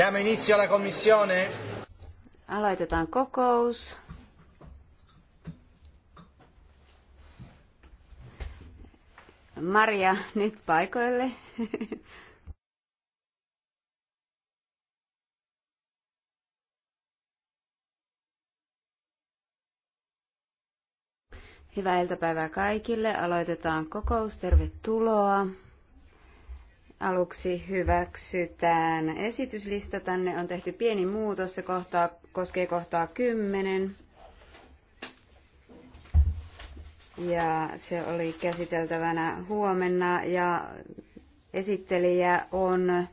Diamo inizio alla commissione. Aloitetaan kokous. Maria nyt paikoille. Hyvää iltapäivää kaikille. Aloitetaan kokous. Tervetuloa. Aluksi hyväksytään esityslista. Tänne on tehty pieni muutos. Se kohtaa, koskee kohtaa 10. Ja se oli käsiteltävänä huomenna. Ja esittelijä on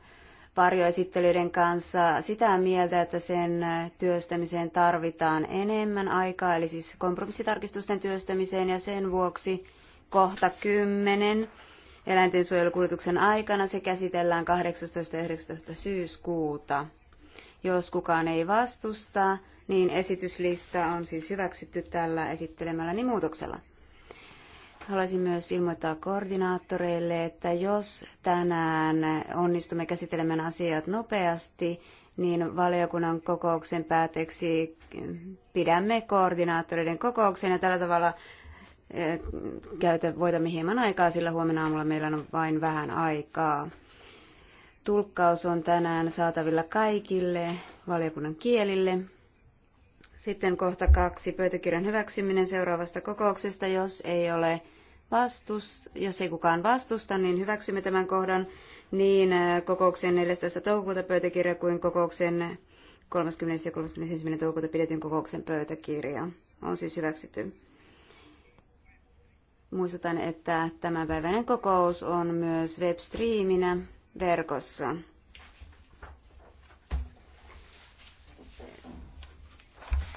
varjoesittelyiden kanssa sitä mieltä, että sen työstämiseen tarvitaan enemmän aikaa, eli siis kompromissitarkistusten työstämiseen, ja sen vuoksi kohta 10 eläintensuojelukuljetuksen aikana. Se käsitellään 18. ja 19. syyskuuta. Jos kukaan ei vastusta, niin esityslista on siis hyväksytty tällä esittelemälläni muutoksella. Haluaisin myös ilmoittaa koordinaattoreille, että jos tänään onnistumme käsittelemään asiat nopeasti, niin valiokunnan kokouksen päätteeksi pidämme koordinaattoreiden kokouksen ja tällä tavalla käytä, voitamme hieman aikaa, sillä huomenna aamulla meillä on vain vähän aikaa. Tulkkaus on tänään saatavilla kaikille valiokunnan kielille. Sitten kohta kaksi, pöytäkirjan hyväksyminen seuraavasta kokouksesta. Jos ei ole vastus, jos ei kukaan vastusta, niin hyväksymme tämän kohdan niin äh, kokouksen 14. toukokuuta pöytäkirja kuin kokouksen 30. ja 31. toukokuuta pidetyn kokouksen pöytäkirja on siis hyväksytty. Muistutan, että tämänpäiväinen kokous on myös webstreaminä verkossa.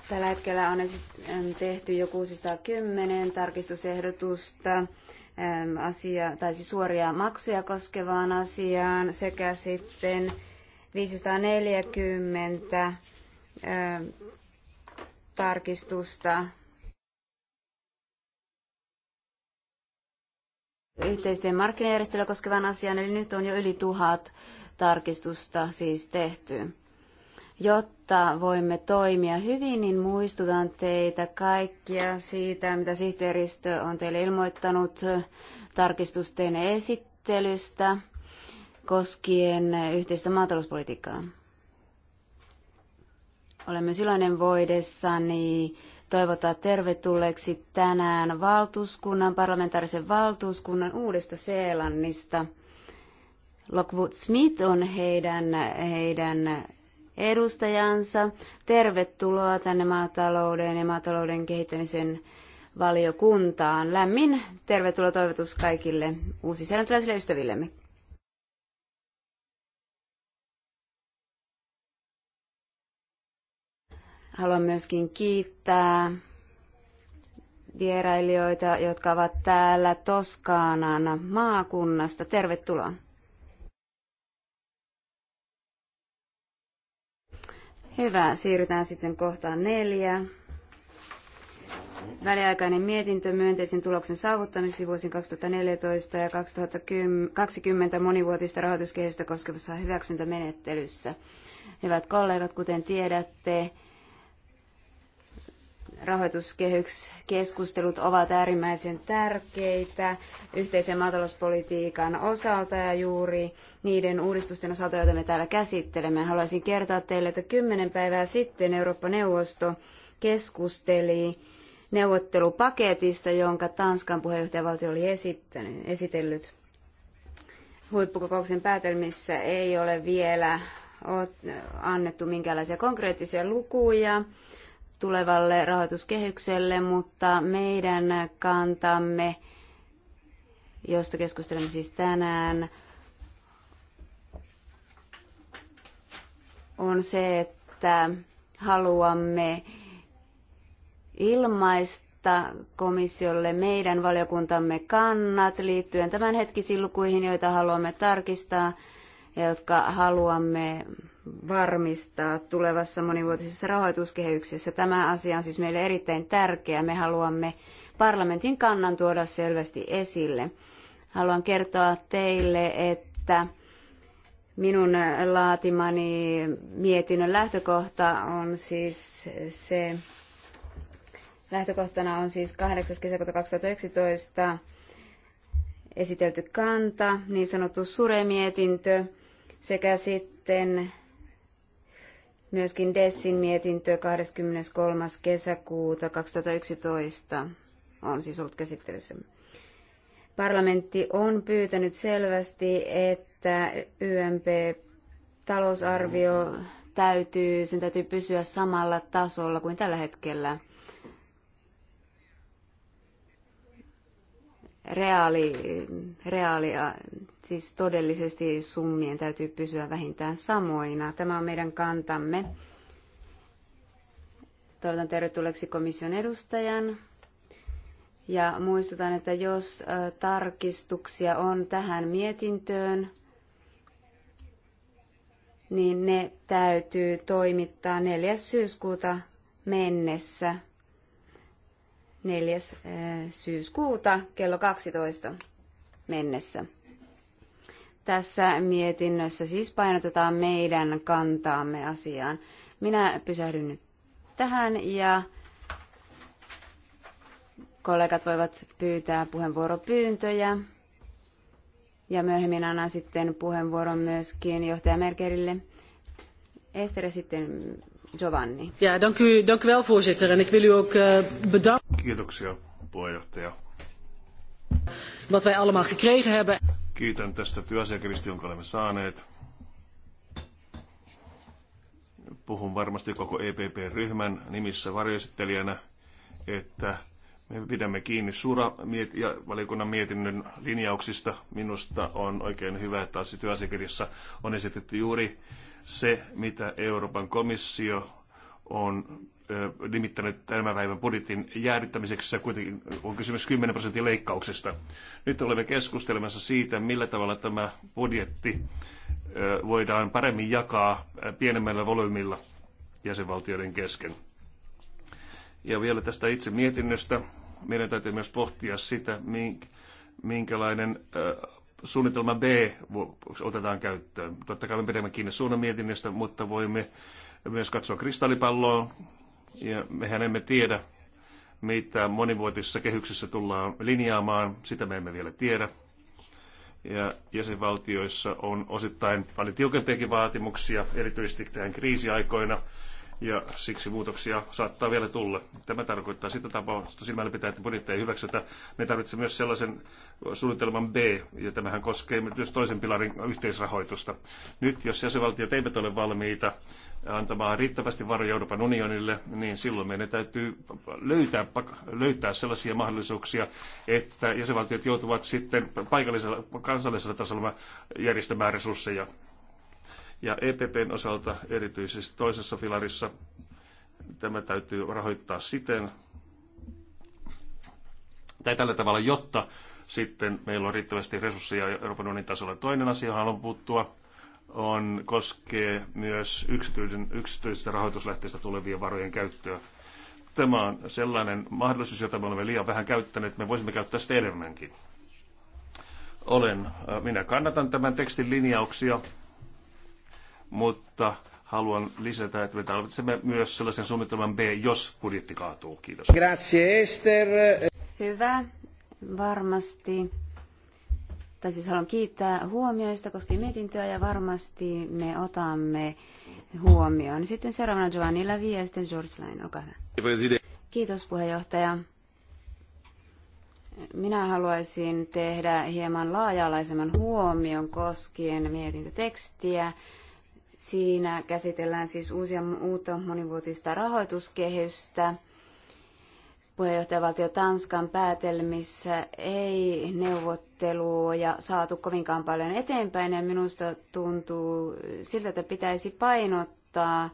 Tällä hetkellä on tehty jo 610 tarkistusehdotusta ähm, asia, tai siis suoria maksuja koskevaan asiaan sekä sitten 540 ähm, tarkistusta yhteisten markkinajärjestelyä koskevan asian, eli nyt on jo yli tuhat tarkistusta siis tehty. Jotta voimme toimia hyvin, niin muistutan teitä kaikkia siitä, mitä sihteeristö on teille ilmoittanut tarkistusten esittelystä koskien yhteistä maatalouspolitiikkaa. Olemme silloinen voidessani toivottaa tervetulleeksi tänään valtuuskunnan, parlamentaarisen valtuuskunnan uudesta Seelannista. Lockwood Smith on heidän, heidän edustajansa. Tervetuloa tänne maatalouden ja maatalouden kehittämisen valiokuntaan. Lämmin tervetuloa toivotus kaikille uusiseelantilaisille ystävillemme. Haluan myöskin kiittää vierailijoita, jotka ovat täällä Toskaanan maakunnasta. Tervetuloa. Hyvä, siirrytään sitten kohtaan neljä. Väliaikainen mietintö myönteisen tuloksen saavuttamiseksi vuosien 2014 ja 2020 monivuotista rahoituskehystä koskevassa hyväksyntämenettelyssä. Hyvät kollegat, kuten tiedätte, rahoituskehyskeskustelut ovat äärimmäisen tärkeitä yhteisen maatalouspolitiikan osalta ja juuri niiden uudistusten osalta, joita me täällä käsittelemme. Haluaisin kertoa teille, että kymmenen päivää sitten Eurooppa-neuvosto keskusteli neuvottelupaketista, jonka Tanskan puheenjohtajavaltio oli esittänyt, esitellyt. Huippukokouksen päätelmissä ei ole vielä annettu minkäänlaisia konkreettisia lukuja tulevalle rahoituskehykselle, mutta meidän kantamme, josta keskustelemme siis tänään, on se, että haluamme ilmaista komissiolle meidän valiokuntamme kannat liittyen tämänhetkisiin lukuihin, joita haluamme tarkistaa ja jotka haluamme varmistaa tulevassa monivuotisessa rahoituskehyksessä. Tämä asia on siis meille erittäin tärkeä. Me haluamme parlamentin kannan tuoda selvästi esille. Haluan kertoa teille, että minun laatimani mietinnön lähtökohta on siis se, lähtökohtana on siis 8. kesäkuuta 2011 esitelty kanta, niin sanottu suremietintö sekä sitten myöskin Dessin mietintö 23. kesäkuuta 2011 on siis ollut käsittelyssä. Parlamentti on pyytänyt selvästi, että YMP-talousarvio täytyy, sen täytyy pysyä samalla tasolla kuin tällä hetkellä. Reaali, reaalia Siis todellisesti summien täytyy pysyä vähintään samoina. Tämä on meidän kantamme. Toivotan tervetulleeksi komission edustajan. Ja muistutan, että jos tarkistuksia on tähän mietintöön, niin ne täytyy toimittaa 4. syyskuuta mennessä. 4. syyskuuta kello 12 mennessä. Tässä mietinnössä siis painotetaan meidän kantaamme asiaan. Minä pysähdyn nyt tähän ja kollegat voivat pyytää puheenvuoropyyntöjä. Ja myöhemmin annan sitten puheenvuoron myöskin johtaja Merkerille. Ester sitten Giovanni. Ja, dank u, dank u wel, voorzitter. En ik wil u ook eh, bedanken. Kiitoksia, puheenjohtaja. Wat wij allemaal gekregen hebben. Kiitän tästä työasiakirjasta, jonka olemme saaneet. Puhun varmasti koko EPP-ryhmän nimissä varjoesittelijänä, että me pidämme kiinni suura ja valiokunnan mietinnön linjauksista. Minusta on oikein hyvä, että työasiakirjassa on esitetty juuri se, mitä Euroopan komissio on nimittänyt tämän päivän budjetin jäädyttämiseksi. Kuitenkin on kysymys 10 prosentin leikkauksesta. Nyt olemme keskustelemassa siitä, millä tavalla tämä budjetti voidaan paremmin jakaa pienemmällä volyymilla jäsenvaltioiden kesken. Ja vielä tästä itse mietinnöstä. Meidän täytyy myös pohtia sitä, minkälainen suunnitelma B otetaan käyttöön. Totta kai me pidämme kiinni suunnan mietinnöstä, mutta voimme myös katsoa kristallipalloa ja mehän emme tiedä, mitä monivuotisessa kehyksessä tullaan linjaamaan, sitä me emme vielä tiedä. Ja jäsenvaltioissa on osittain paljon tiukempiakin vaatimuksia, erityisesti tähän kriisiaikoina, ja siksi muutoksia saattaa vielä tulla. Tämä tarkoittaa sitä tapausta silmällä pitää, että budjettia ei hyväksytä. Me tarvitsemme myös sellaisen suunnitelman B, ja tämähän koskee myös toisen pilarin yhteisrahoitusta. Nyt, jos jäsenvaltiot eivät ole valmiita antamaan riittävästi varoja Euroopan unionille, niin silloin meidän täytyy löytää, löytää sellaisia mahdollisuuksia, että jäsenvaltiot joutuvat sitten paikallisella kansallisella tasolla järjestämään resursseja ja EPPn osalta erityisesti toisessa filarissa tämä täytyy rahoittaa siten, tai tällä tavalla, jotta sitten meillä on riittävästi resursseja Euroopan unionin tasolla. Toinen asia, johon haluan puuttua, on, koskee myös yksityisen, yksityisistä rahoituslähteistä tulevien varojen käyttöä. Tämä on sellainen mahdollisuus, jota me olemme liian vähän käyttäneet. Me voisimme käyttää sitä enemmänkin. Olen, äh, minä kannatan tämän tekstin linjauksia mutta haluan lisätä, että me tarvitsemme myös sellaisen suunnitelman B, jos budjetti kaatuu. Kiitos. Grazie Ester. Hyvä, varmasti. Tai siis haluan kiittää huomioista koskien mietintöä ja varmasti me otamme huomioon. Sitten seuraavana Giovanni Lavi ja sitten George Lain, olkaa hyvä. Kiitos puheenjohtaja. Minä haluaisin tehdä hieman laaja-alaisemman huomion koskien mietintötekstiä. tekstiä Siinä käsitellään siis uusia, uutta monivuotista rahoituskehystä. Puheenjohtajavaltio Tanskan päätelmissä ei neuvotteluja saatu kovinkaan paljon eteenpäin ja minusta tuntuu siltä, että pitäisi painottaa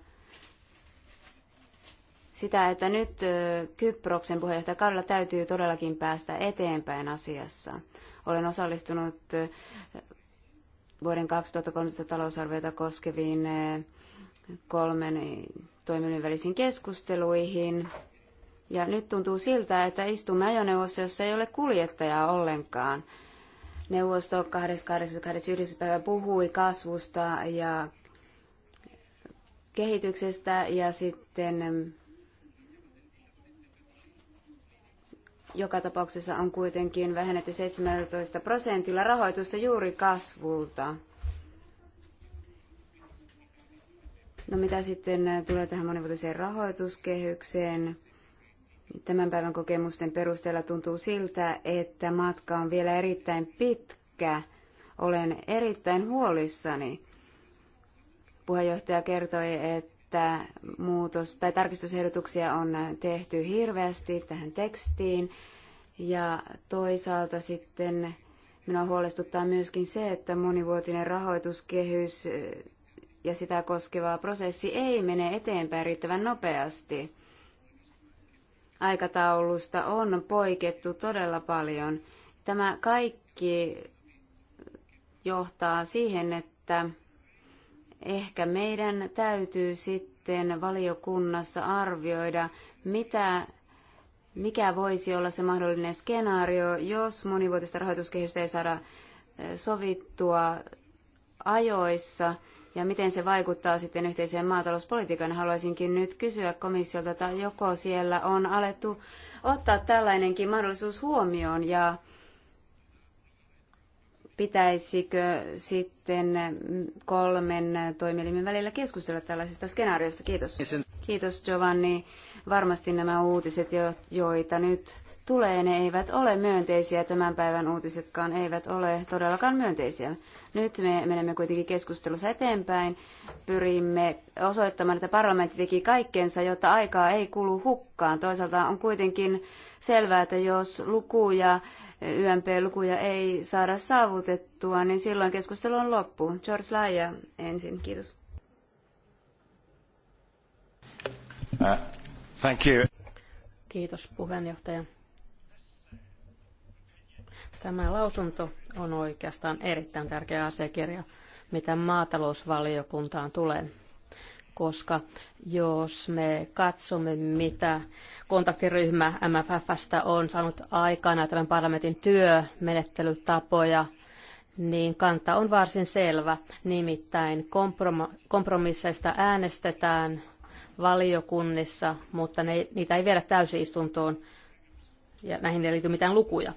sitä, että nyt Kyproksen Karla täytyy todellakin päästä eteenpäin asiassa. Olen osallistunut vuoden 2013 talousarviota koskeviin eh, kolmen toiminnin välisiin keskusteluihin. Ja nyt tuntuu siltä, että istumme ajoneuvossa, jossa ei ole kuljettajaa ollenkaan. Neuvosto 28.29. päivä puhui kasvusta ja kehityksestä ja sitten joka tapauksessa on kuitenkin vähennetty 17 prosentilla rahoitusta juuri kasvulta. No mitä sitten tulee tähän monivuotiseen rahoituskehykseen? Tämän päivän kokemusten perusteella tuntuu siltä, että matka on vielä erittäin pitkä. Olen erittäin huolissani. Puheenjohtaja kertoi, että että muutos- tai tarkistusehdotuksia on tehty hirveästi tähän tekstiin. Ja toisaalta sitten minua huolestuttaa myöskin se, että monivuotinen rahoituskehys eh, ja sitä koskeva prosessi ei mene eteenpäin riittävän nopeasti. Aikataulusta on poikettu todella paljon. Tämä kaikki johtaa siihen, että ehkä meidän täytyy sitten valiokunnassa arvioida, mitä, mikä voisi olla se mahdollinen skenaario, jos monivuotista rahoituskehystä ei saada sovittua ajoissa ja miten se vaikuttaa sitten yhteiseen maatalouspolitiikan. Haluaisinkin nyt kysyä komissiolta, että joko siellä on alettu ottaa tällainenkin mahdollisuus huomioon ja pitäisikö sitten kolmen toimielimen välillä keskustella tällaisesta skenaariosta? Kiitos. Kiitos Giovanni. Varmasti nämä uutiset, joita nyt tulee, ne eivät ole myönteisiä. Tämän päivän uutisetkaan eivät ole todellakaan myönteisiä. Nyt me menemme kuitenkin keskustelussa eteenpäin. Pyrimme osoittamaan, että parlamentti teki kaikkensa, jotta aikaa ei kulu hukkaan. Toisaalta on kuitenkin selvää, että jos lukuja YMP-lukuja ei saada saavutettua, niin silloin keskustelu on loppu. George Laija ensin, kiitos. Uh, thank you. Kiitos puheenjohtaja. Tämä lausunto on oikeastaan erittäin tärkeä asiakirja, mitä maatalousvaliokuntaan tulee koska jos me katsomme, mitä kontaktiryhmä MFFstä on saanut aikana tämän parlamentin työmenettelytapoja, niin kanta on varsin selvä. Nimittäin kompromisseista äänestetään valiokunnissa, mutta ne, niitä ei viedä täysistuntoon ja näihin ei liity mitään lukuja.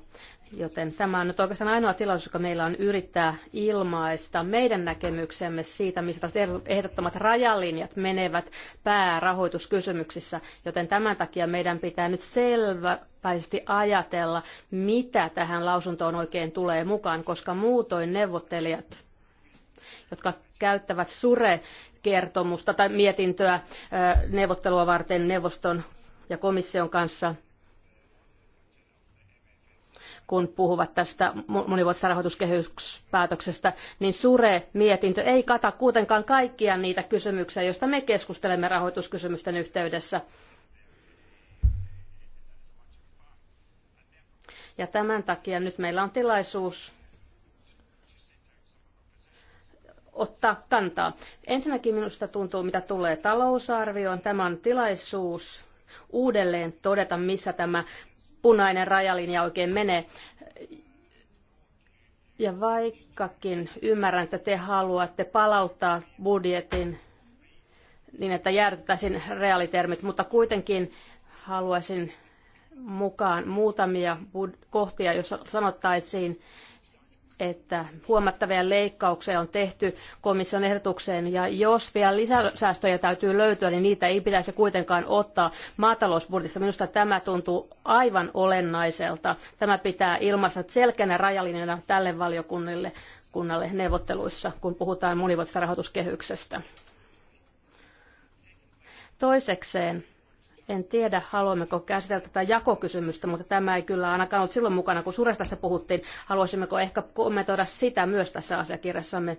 Joten tämä on nyt oikeastaan ainoa tilaisuus, joka meillä on yrittää ilmaista meidän näkemyksemme siitä, mistä ehdottomat rajalinjat menevät päärahoituskysymyksissä. Joten tämän takia meidän pitää nyt selväpäisesti ajatella, mitä tähän lausuntoon oikein tulee mukaan, koska muutoin neuvottelijat, jotka käyttävät SURE-kertomusta tai mietintöä neuvottelua varten neuvoston ja komission kanssa – kun puhuvat tästä monivuotisesta rahoituskehyspäätöksestä, niin SURE-mietintö ei kata kuitenkaan kaikkia niitä kysymyksiä, joista me keskustelemme rahoituskysymysten yhteydessä. Ja tämän takia nyt meillä on tilaisuus ottaa kantaa. Ensinnäkin minusta tuntuu, mitä tulee talousarvioon. Tämä on tilaisuus uudelleen todeta, missä tämä punainen rajalinja oikein menee. Ja vaikkakin ymmärrän, että te haluatte palauttaa budjetin niin, että jäädytettäisiin reaalitermit, mutta kuitenkin haluaisin mukaan muutamia kohtia, jossa sanottaisiin, että huomattavia leikkauksia on tehty komission ehdotukseen, ja jos vielä lisäsäästöjä täytyy löytyä, niin niitä ei pitäisi kuitenkaan ottaa maatalousbudjetissa. Minusta tämä tuntuu aivan olennaiselta. Tämä pitää ilmaista selkeänä rajalinjana tälle valiokunnalle kunnalle neuvotteluissa, kun puhutaan monivuotisesta rahoituskehyksestä. Toisekseen en tiedä, haluammeko käsitellä tätä jakokysymystä, mutta tämä ei kyllä ainakaan ollut silloin mukana, kun Surestasta puhuttiin. Haluaisimmeko ehkä kommentoida sitä myös tässä asiakirjassamme?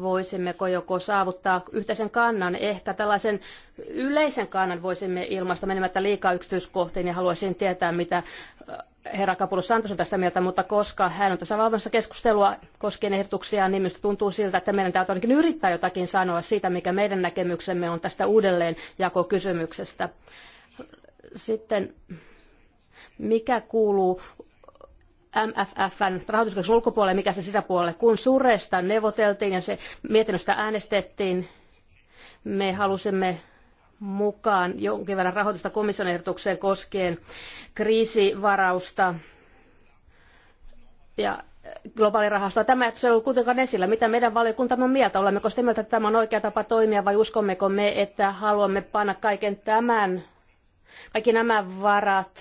Voisimmeko joko saavuttaa yhteisen kannan, ehkä tällaisen yleisen kannan voisimme ilmaista menemättä liikaa yksityiskohtiin ja haluaisin tietää, mitä äh, herra Kapulus Santos on tästä mieltä, mutta koska hän on tässä valvonnassa keskustelua koskien ehdotuksia, niin minusta tuntuu siltä, että meidän täytyy ainakin yrittää jotakin sanoa siitä, mikä meidän näkemyksemme on tästä uudelleenjakokysymyksestä. kysymyksestä sitten mikä kuuluu MFFn rahoituskeskuksen ulkopuolelle, mikä se sisäpuolelle. Kun Suresta neuvoteltiin ja se mietinnöstä äänestettiin, me halusimme mukaan jonkin verran rahoitusta komission ehdotukseen koskien kriisivarausta ja globaalirahastoa. Tämä ei ole kuitenkaan esillä. Mitä meidän valiokuntamme on mieltä? Olemmeko sitä mieltä, että tämä on oikea tapa toimia vai uskommeko me, että haluamme panna kaiken tämän kaikki nämä varat,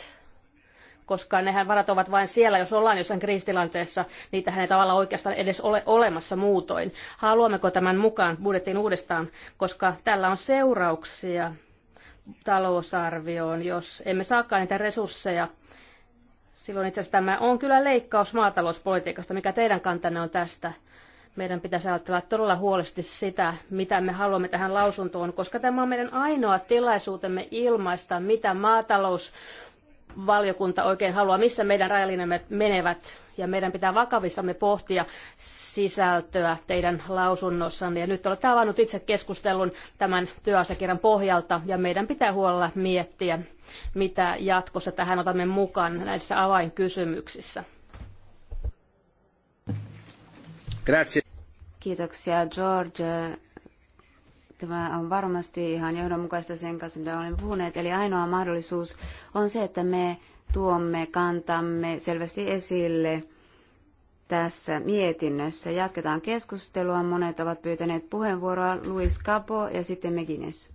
koska nehän varat ovat vain siellä, jos ollaan jossain kriisitilanteessa, niitä ei tavallaan oikeastaan edes ole olemassa muutoin. Haluammeko tämän mukaan budjettiin uudestaan, koska tällä on seurauksia talousarvioon, jos emme saakaan niitä resursseja. Silloin itse asiassa tämä on kyllä leikkaus maatalouspolitiikasta, mikä teidän kantanne on tästä meidän pitäisi ajatella todella huolesti sitä, mitä me haluamme tähän lausuntoon, koska tämä on meidän ainoa tilaisuutemme ilmaista, mitä maatalousvaliokunta oikein haluaa, missä meidän rajalinjamme menevät. Ja meidän pitää vakavissamme pohtia sisältöä teidän lausunnossanne. Ja nyt olette avannut itse keskustelun tämän työasiakirjan pohjalta, ja meidän pitää huolella miettiä, mitä jatkossa tähän otamme mukaan näissä avainkysymyksissä. Grazie. Kiitoksia George. Tämä on varmasti ihan johdonmukaista sen kanssa, mitä olen puhunut. Eli ainoa mahdollisuus on se, että me tuomme kantamme selvästi esille tässä mietinnössä. Jatketaan keskustelua. Monet ovat pyytäneet puheenvuoroa. Luis Capo ja sitten Megines.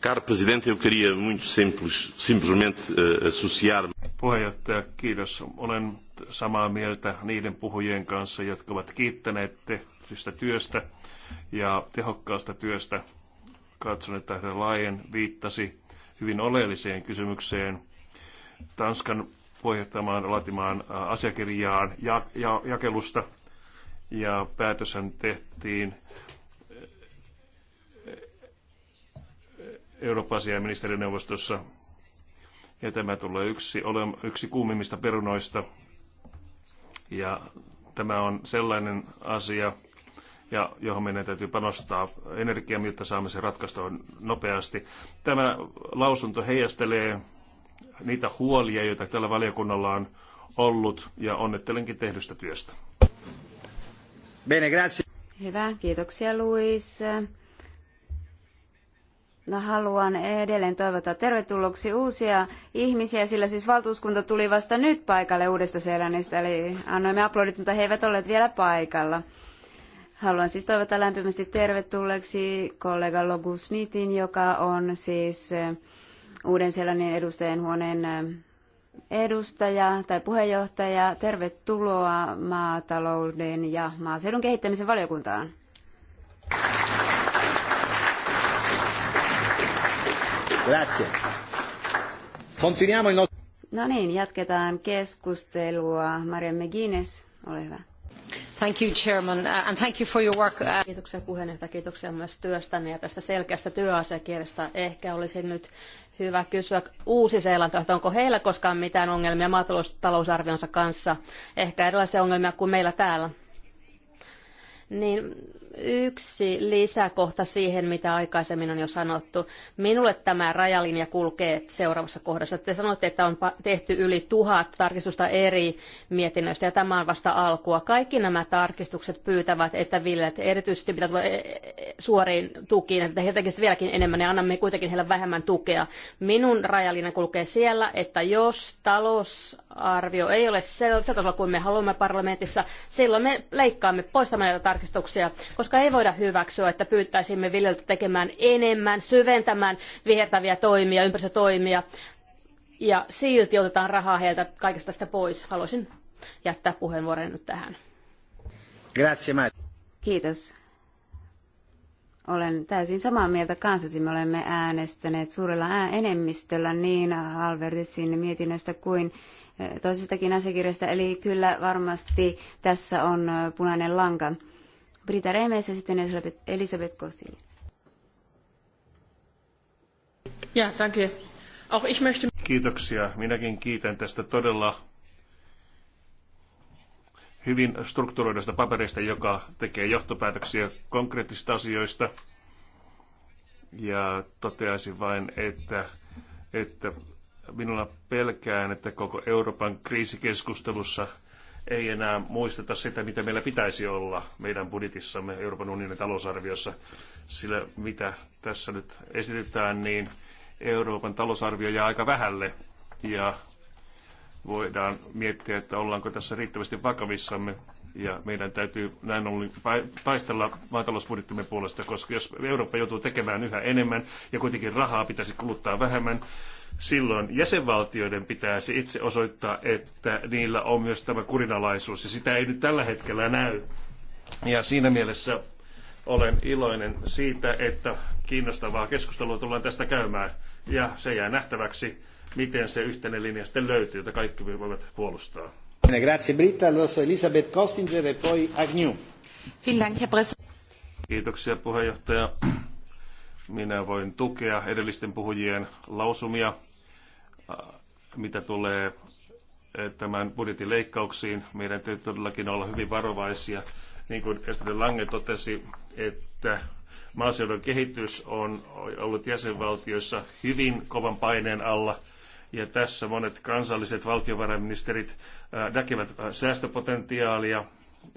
Caro Presidente, eu queria muito simples, simplesmente uh, eh, associar... me Puheenjohtaja, kiitos. Olen samaa mieltä niiden puhujien kanssa, jotka ovat kiittäneet tehtystä työstä ja tehokkaasta työstä. Katson, että herra Laajen viittasi hyvin oleelliseen kysymykseen Tanskan puheenjohtajamaan laatimaan asiakirjaan ja, ja, jakelusta. Ja päätöshän tehtiin Euroopan ministerineuvostossa. Ja tämä tulee yksi, ole, yksi kuumimmista perunoista. Ja tämä on sellainen asia, ja johon meidän täytyy panostaa energiaa, jotta saamme sen ratkaistua nopeasti. Tämä lausunto heijastelee niitä huolia, joita tällä valiokunnalla on ollut, ja onnettelenkin tehdystä työstä. Bene, grazie. Hyvä, kiitoksia Luis haluan edelleen toivottaa tervetulleeksi uusia ihmisiä, sillä siis valtuuskunta tuli vasta nyt paikalle uudesta Seelannista, eli annoimme aplodit, mutta he eivät olleet vielä paikalla. Haluan siis toivottaa lämpimästi tervetulleeksi kollega Logu Smithin, joka on siis eh, uuden Seelannin edustajien huoneen eh, edustaja tai puheenjohtaja. Tervetuloa maatalouden ja maaseudun kehittämisen valiokuntaan. Grazie. Continuiamo il nostro... No niin, jatketaan keskustelua. Maria Megines, ole hyvä. Thank you, Chairman, uh, and thank you for your work. Uh, kiitoksia puheenjohtaja, kiitoksia myös työstäni ja tästä selkeästä työasiakirjasta. Ehkä olisi nyt hyvä kysyä uusi seelantilaisilta, onko heillä koskaan mitään ongelmia maataloustalousarvionsa kanssa, ehkä erilaisia ongelmia kuin meillä täällä. Niin yksi lisäkohta siihen, mitä aikaisemmin on jo sanottu. Minulle tämä rajalinja kulkee seuraavassa kohdassa. Te sanoitte, että on tehty yli tuhat tarkistusta eri mietinnöistä ja tämä on vasta alkua. Kaikki nämä tarkistukset pyytävät, että viljelijät erityisesti pitää tulla suoriin tukiin, että he tekisivät vieläkin enemmän ja annamme kuitenkin heille vähemmän tukea. Minun rajalinja kulkee siellä, että jos talousarvio ei ole sillä tasolla kuin me haluamme parlamentissa, silloin me leikkaamme poistamme näitä tarkistuksia koska ei voida hyväksyä, että pyytäisimme viljelijöiltä tekemään enemmän, syventämään vihertäviä toimia, ympäristötoimia, ja silti otetaan rahaa heiltä kaikesta tästä pois. Haluaisin jättää puheenvuoron nyt tähän. Kiitos. Olen täysin samaa mieltä kanssasi. Me olemme äänestäneet suurella enemmistöllä niin Albertsin mietinnöstä kuin eh, toisestakin asiakirjasta. Eli kyllä varmasti tässä on eh, punainen lanka. Brita Remes ja sitten Elisabeth Kostin. Ja, danke. Auch ich möchte... Kiitoksia. Minäkin kiitän tästä todella hyvin strukturoidusta paperista, joka tekee johtopäätöksiä konkreettisista asioista. Ja toteaisin vain, että, että minulla pelkään, että koko Euroopan kriisikeskustelussa – ei enää muisteta sitä, mitä meillä pitäisi olla meidän budjetissamme Euroopan unionin talousarviossa, sillä mitä tässä nyt esitetään, niin Euroopan talousarvio jää aika vähälle ja voidaan miettiä, että ollaanko tässä riittävästi vakavissamme ja meidän täytyy näin ollen taistella maatalousbudjettimme puolesta, koska jos Eurooppa joutuu tekemään yhä enemmän ja kuitenkin rahaa pitäisi kuluttaa vähemmän, silloin jäsenvaltioiden pitäisi itse osoittaa, että niillä on myös tämä kurinalaisuus ja sitä ei nyt tällä hetkellä näy. Ja siinä mielessä olen iloinen siitä, että kiinnostavaa keskustelua tullaan tästä käymään ja se jää nähtäväksi, miten se yhteinen linja sitten löytyy, jota kaikki voivat puolustaa. E Kiitoksia puheenjohtaja. Minä voin tukea edellisten puhujien lausumia, äh, mitä tulee äh, tämän budjetin leikkauksiin. Meidän täytyy todellakin olla hyvin varovaisia. Niin kuin Ester Lange totesi, että maaseudun kehitys on ollut jäsenvaltioissa hyvin kovan paineen alla ja tässä monet kansalliset valtiovarainministerit äh, näkevät äh, säästöpotentiaalia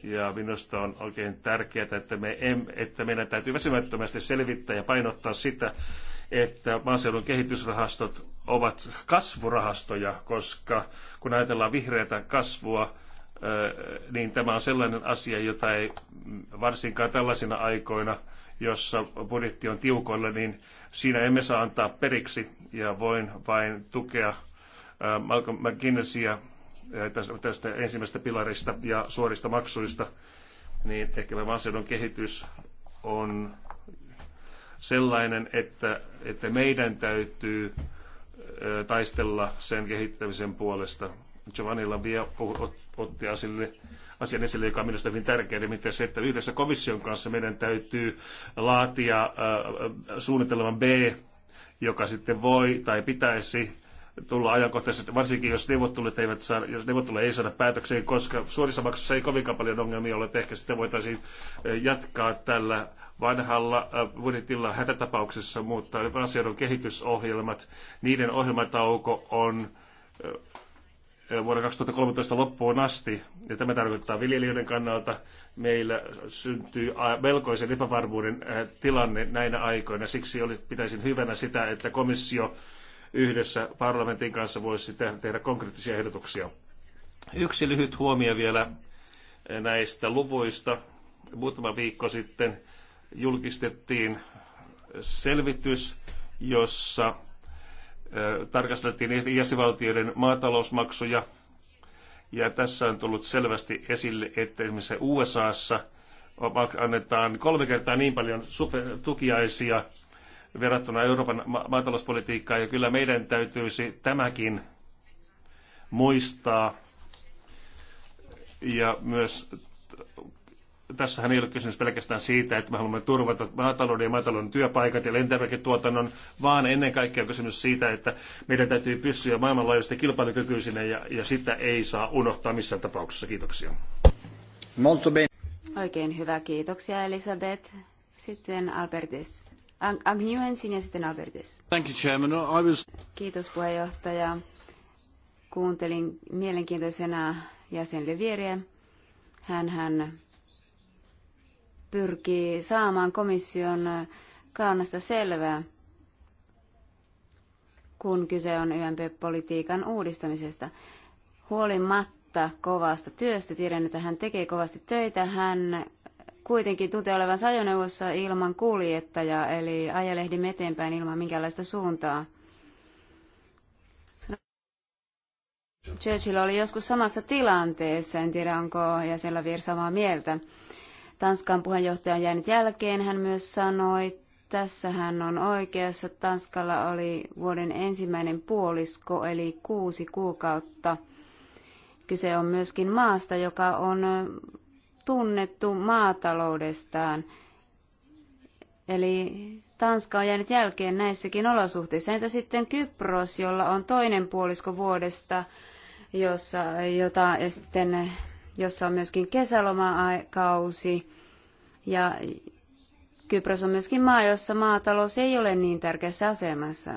ja minusta on oikein tärkeää, että, me em, että meidän täytyy väsymättömästi selvittää ja painottaa sitä, että maaseudun kehitysrahastot ovat kasvurahastoja, koska kun ajatellaan vihreätä kasvua, äh, niin tämä on sellainen asia, jota ei varsinkaan tällaisina aikoina – jossa budjetti on tiukoilla, niin siinä emme saa antaa periksi ja voin vain tukea Malcolm McGinnessia tästä ensimmäisestä pilarista ja suorista maksuista, niin ehkä maaseudun kehitys on sellainen, että, että meidän täytyy taistella sen kehittämisen puolesta. Giovannilla vielä otti asille, asian esille, joka on minusta hyvin tärkeä, nimittäin se, että yhdessä komission kanssa meidän täytyy laatia äh, suunnitelman B, joka sitten voi tai pitäisi tulla ajankohtaisesti, varsinkin jos neuvottelut, eivät saa, jos neuvottelut ei saada päätökseen, koska suorissa maksussa ei kovinkaan paljon ongelmia ole, että ehkä sitten voitaisiin jatkaa tällä vanhalla budjetilla hätätapauksessa, mutta asioiden kehitysohjelmat, niiden ohjelmatauko on Vuoden 2013 loppuun asti. Ja tämä tarkoittaa viljelijöiden kannalta, meillä syntyy melkoisen epävarmuuden eh, tilanne näinä aikoina. Siksi oli, pitäisin hyvänä sitä, että komissio yhdessä parlamentin kanssa voisi tehdä konkreettisia ehdotuksia. Yksi lyhyt huomio vielä eh, näistä luvuista. Muutama viikko sitten julkistettiin selvitys, jossa tarkasteltiin jäsenvaltioiden maatalousmaksuja, ja tässä on tullut selvästi esille, että esimerkiksi USAssa annetaan kolme kertaa niin paljon tukiaisia verrattuna Euroopan maatalouspolitiikkaan, ja kyllä meidän täytyisi tämäkin muistaa ja myös tässähän ei ole kysymys pelkästään siitä, että me haluamme turvata maatalouden ja maatalouden työpaikat ja lentäväketuotannon, vaan ennen kaikkea kysymys siitä, että meidän täytyy pysyä maailmanlaajuisesti kilpailukykyisinä ja, ja sitä ei saa unohtaa missään tapauksessa. Kiitoksia. Oikein hyvä, kiitoksia Elisabeth. Sitten Albertis. Agnew ensin ja sitten Albertis. Thank you, Chairman. I was... Kiitos puheenjohtaja. Kuuntelin mielenkiintoisena jäsen Levieriä. Hän, hän pyrkii saamaan komission kannasta selvää, kun kyse on YMP-politiikan uudistamisesta. Huolimatta kovasta työstä, tiedän, että hän tekee kovasti töitä, hän kuitenkin tuntee olevansa ajoneuvossa ilman kuljettajaa, eli ajelehdimme eteenpäin ilman minkäänlaista suuntaa. Churchill oli joskus samassa tilanteessa, en tiedä onko jäsenellä vielä samaa mieltä. Tanskan puheenjohtaja on jäänyt jälkeen, hän myös sanoi. Tässä hän on oikeassa. Tanskalla oli vuoden ensimmäinen puolisko, eli kuusi kuukautta. Kyse on myöskin maasta, joka on tunnettu maataloudestaan. Eli Tanska on jäänyt jälkeen näissäkin olosuhteissa. Entä sitten Kypros, jolla on toinen puolisko vuodesta, jossa, jota ja sitten jossa on myöskin aikausi ja Kypros on myöskin maa, jossa maatalous ei ole niin tärkeässä asemassa.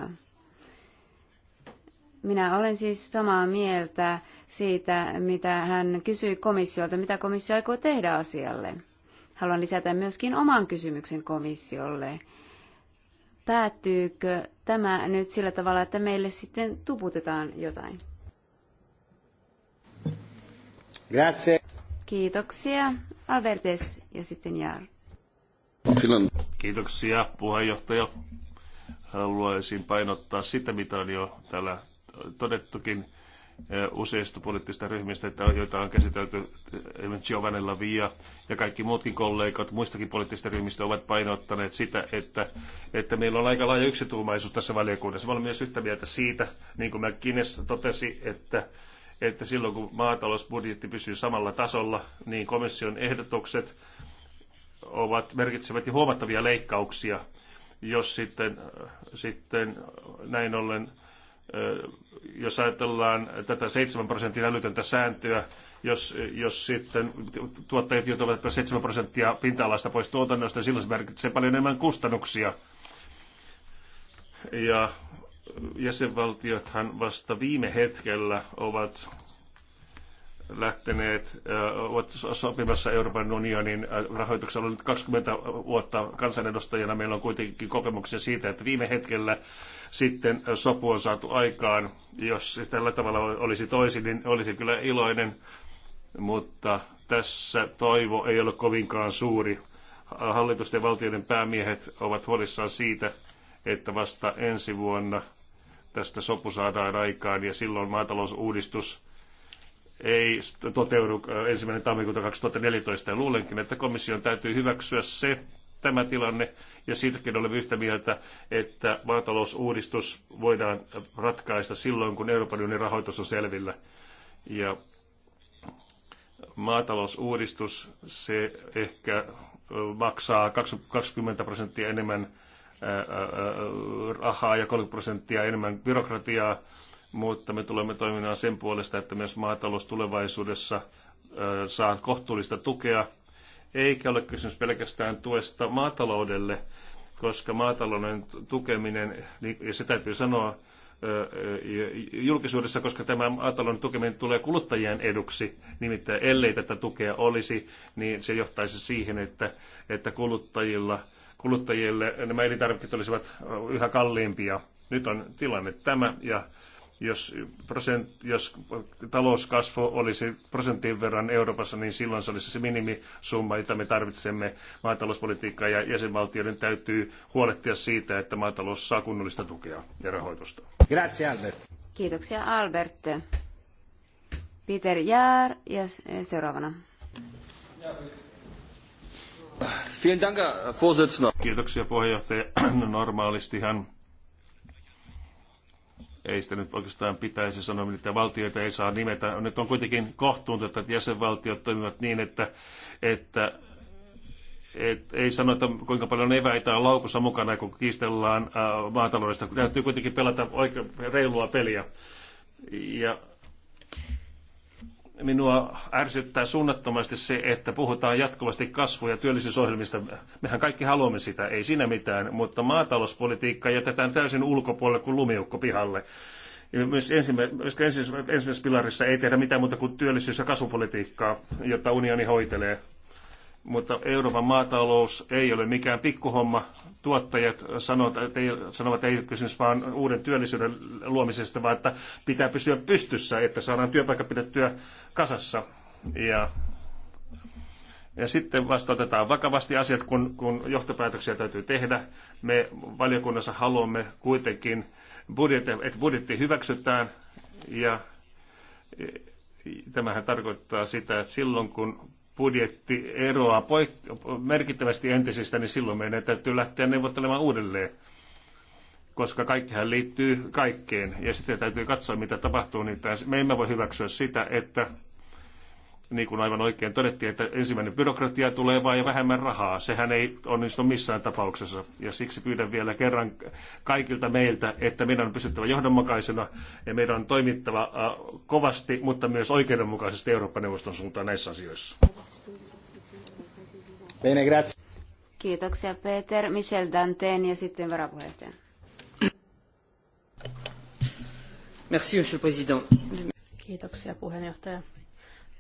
Minä olen siis samaa mieltä siitä, mitä hän kysyi komissiolta, mitä komissio aikoo tehdä asialle. Haluan lisätä myöskin oman kysymyksen komissiolle. Päättyykö tämä nyt sillä tavalla, että meille sitten tuputetaan jotain? Grazie. Kiitoksia. Albertes ja sitten Jaar. Kiitoksia puheenjohtaja. Haluaisin painottaa sitä, mitä on jo täällä todettukin eh, useista poliittisista ryhmistä, että joita on käsitelty eh, esimerkiksi Giovanella Via ja kaikki muutkin kollegat muistakin poliittisista ryhmistä ovat painottaneet sitä, että, että meillä on aika laaja yksituumaisuus tässä valiokunnassa. Me olemme myös yhtä mieltä siitä, niin kuin McGuinness totesi, että että silloin kun maatalousbudjetti pysyy samalla tasolla, niin komission ehdotukset ovat, merkitsevät jo huomattavia leikkauksia, jos sitten, sitten näin ollen, jos ajatellaan tätä 7 prosentin älytöntä sääntöä, jos, jos sitten tuottajat joutuvat 7 prosenttia pinta-alasta pois tuotannosta, silloin se merkitsee paljon enemmän kustannuksia. Ja jäsenvaltiothan vasta viime hetkellä ovat lähteneet, äh, ovat sopimassa Euroopan unionin äh, rahoituksen. Olen nyt 20 vuotta kansanedustajana. Meillä on kuitenkin kokemuksia siitä, että viime hetkellä sitten sopu on saatu aikaan. Jos tällä tavalla olisi toisin, niin olisi kyllä iloinen, mutta tässä toivo ei ole kovinkaan suuri. Hallitusten ja valtioiden päämiehet ovat huolissaan siitä, että vasta ensi vuonna tästä sopu saadaan aikaan ja silloin maatalousuudistus ei toteudu äh, ensimmäinen tammikuuta 2014 ja luulenkin, että komission täytyy hyväksyä se tämä tilanne ja siitäkin olemme yhtä mieltä, että maatalousuudistus voidaan ratkaista silloin, kun Euroopan unionin rahoitus on selvillä. Ja maatalousuudistus, se ehkä maksaa 20 prosenttia enemmän rahaa ja 30 prosenttia enemmän byrokratiaa, mutta me tulemme toimimaan sen puolesta, että myös maatalous tulevaisuudessa saa kohtuullista tukea. Eikä ole kysymys pelkästään tuesta maataloudelle, koska maatalouden tukeminen, niin, ja se täytyy sanoa julkisuudessa, koska tämä maatalouden tukeminen tulee kuluttajien eduksi, nimittäin ellei tätä tukea olisi, niin se johtaisi siihen, että, että kuluttajilla – kuluttajille nämä elintarvikkeet olisivat yhä kalliimpia. Nyt on tilanne tämä ja jos, prosent, jos talouskasvu olisi prosentin verran Euroopassa, niin silloin se olisi se minimisumma, jota me tarvitsemme maatalouspolitiikkaa ja jäsenvaltioiden täytyy huolehtia siitä, että maatalous saa kunnollista tukea ja rahoitusta. Grazie Albert. Kiitoksia Albert. Peter Jaar ja seuraavana. Ja. Vielen Dank, Kiitoksia puheenjohtaja. No, normaalistihan ei sitä nyt oikeastaan pitäisi sanoa, että valtioita ei saa nimetä. Nyt on kuitenkin kohtuutonta, että jäsenvaltiot toimivat niin, että, että et ei sano, että kuinka paljon eväitä on laukussa mukana, kun kiistellään äh, maataloudesta. Täytyy kuitenkin pelata oikein reilua peliä. Ja minua ärsyttää suunnattomasti se, että puhutaan jatkuvasti kasvu- ja työllisyysohjelmista. Mehän kaikki haluamme sitä, ei siinä mitään, mutta maatalouspolitiikka jätetään täysin ulkopuolelle kuin lumiukko pihalle. Myös ensimmäisessä, ensimmäisessä pilarissa ei tehdä mitään muuta kuin työllisyys- ja kasvupolitiikkaa, jota unioni hoitelee. Mutta Euroopan maatalous ei ole mikään pikkuhomma. Tuottajat sanovat, että ei, sanovat, että ei ole kysymys vaan uuden työllisyyden luomisesta, vaan että pitää pysyä pystyssä, että saadaan työpaikka pidettyä kasassa. Ja ja sitten vasta otetaan vakavasti asiat, kun, kun johtopäätöksiä täytyy tehdä. Me valiokunnassa haluamme kuitenkin, budjetti, että budjetti hyväksytään. Ja e, tämähän tarkoittaa sitä, että silloin kun budjetti eroaa poik- merkittävästi entisistä, niin silloin meidän täytyy lähteä neuvottelemaan uudelleen, koska kaikkihan liittyy kaikkeen. Ja sitten täytyy katsoa, mitä tapahtuu. Niin me emme voi hyväksyä sitä, että niin kuin aivan oikein todettiin, että ensimmäinen byrokratia tulee vain ja vähemmän rahaa. Sehän ei onnistu missään tapauksessa. Ja siksi pyydän vielä kerran kaikilta meiltä, että meidän on pysyttävä johdonmukaisena ja meidän on toimittava äh, kovasti, mutta myös oikeudenmukaisesti Eurooppa-neuvoston suuntaan näissä asioissa. Kiitoksia Peter, Michel Danten ja sitten varapuheenjohtaja. Merci, monsieur le président. Kiitoksia puheenjohtaja.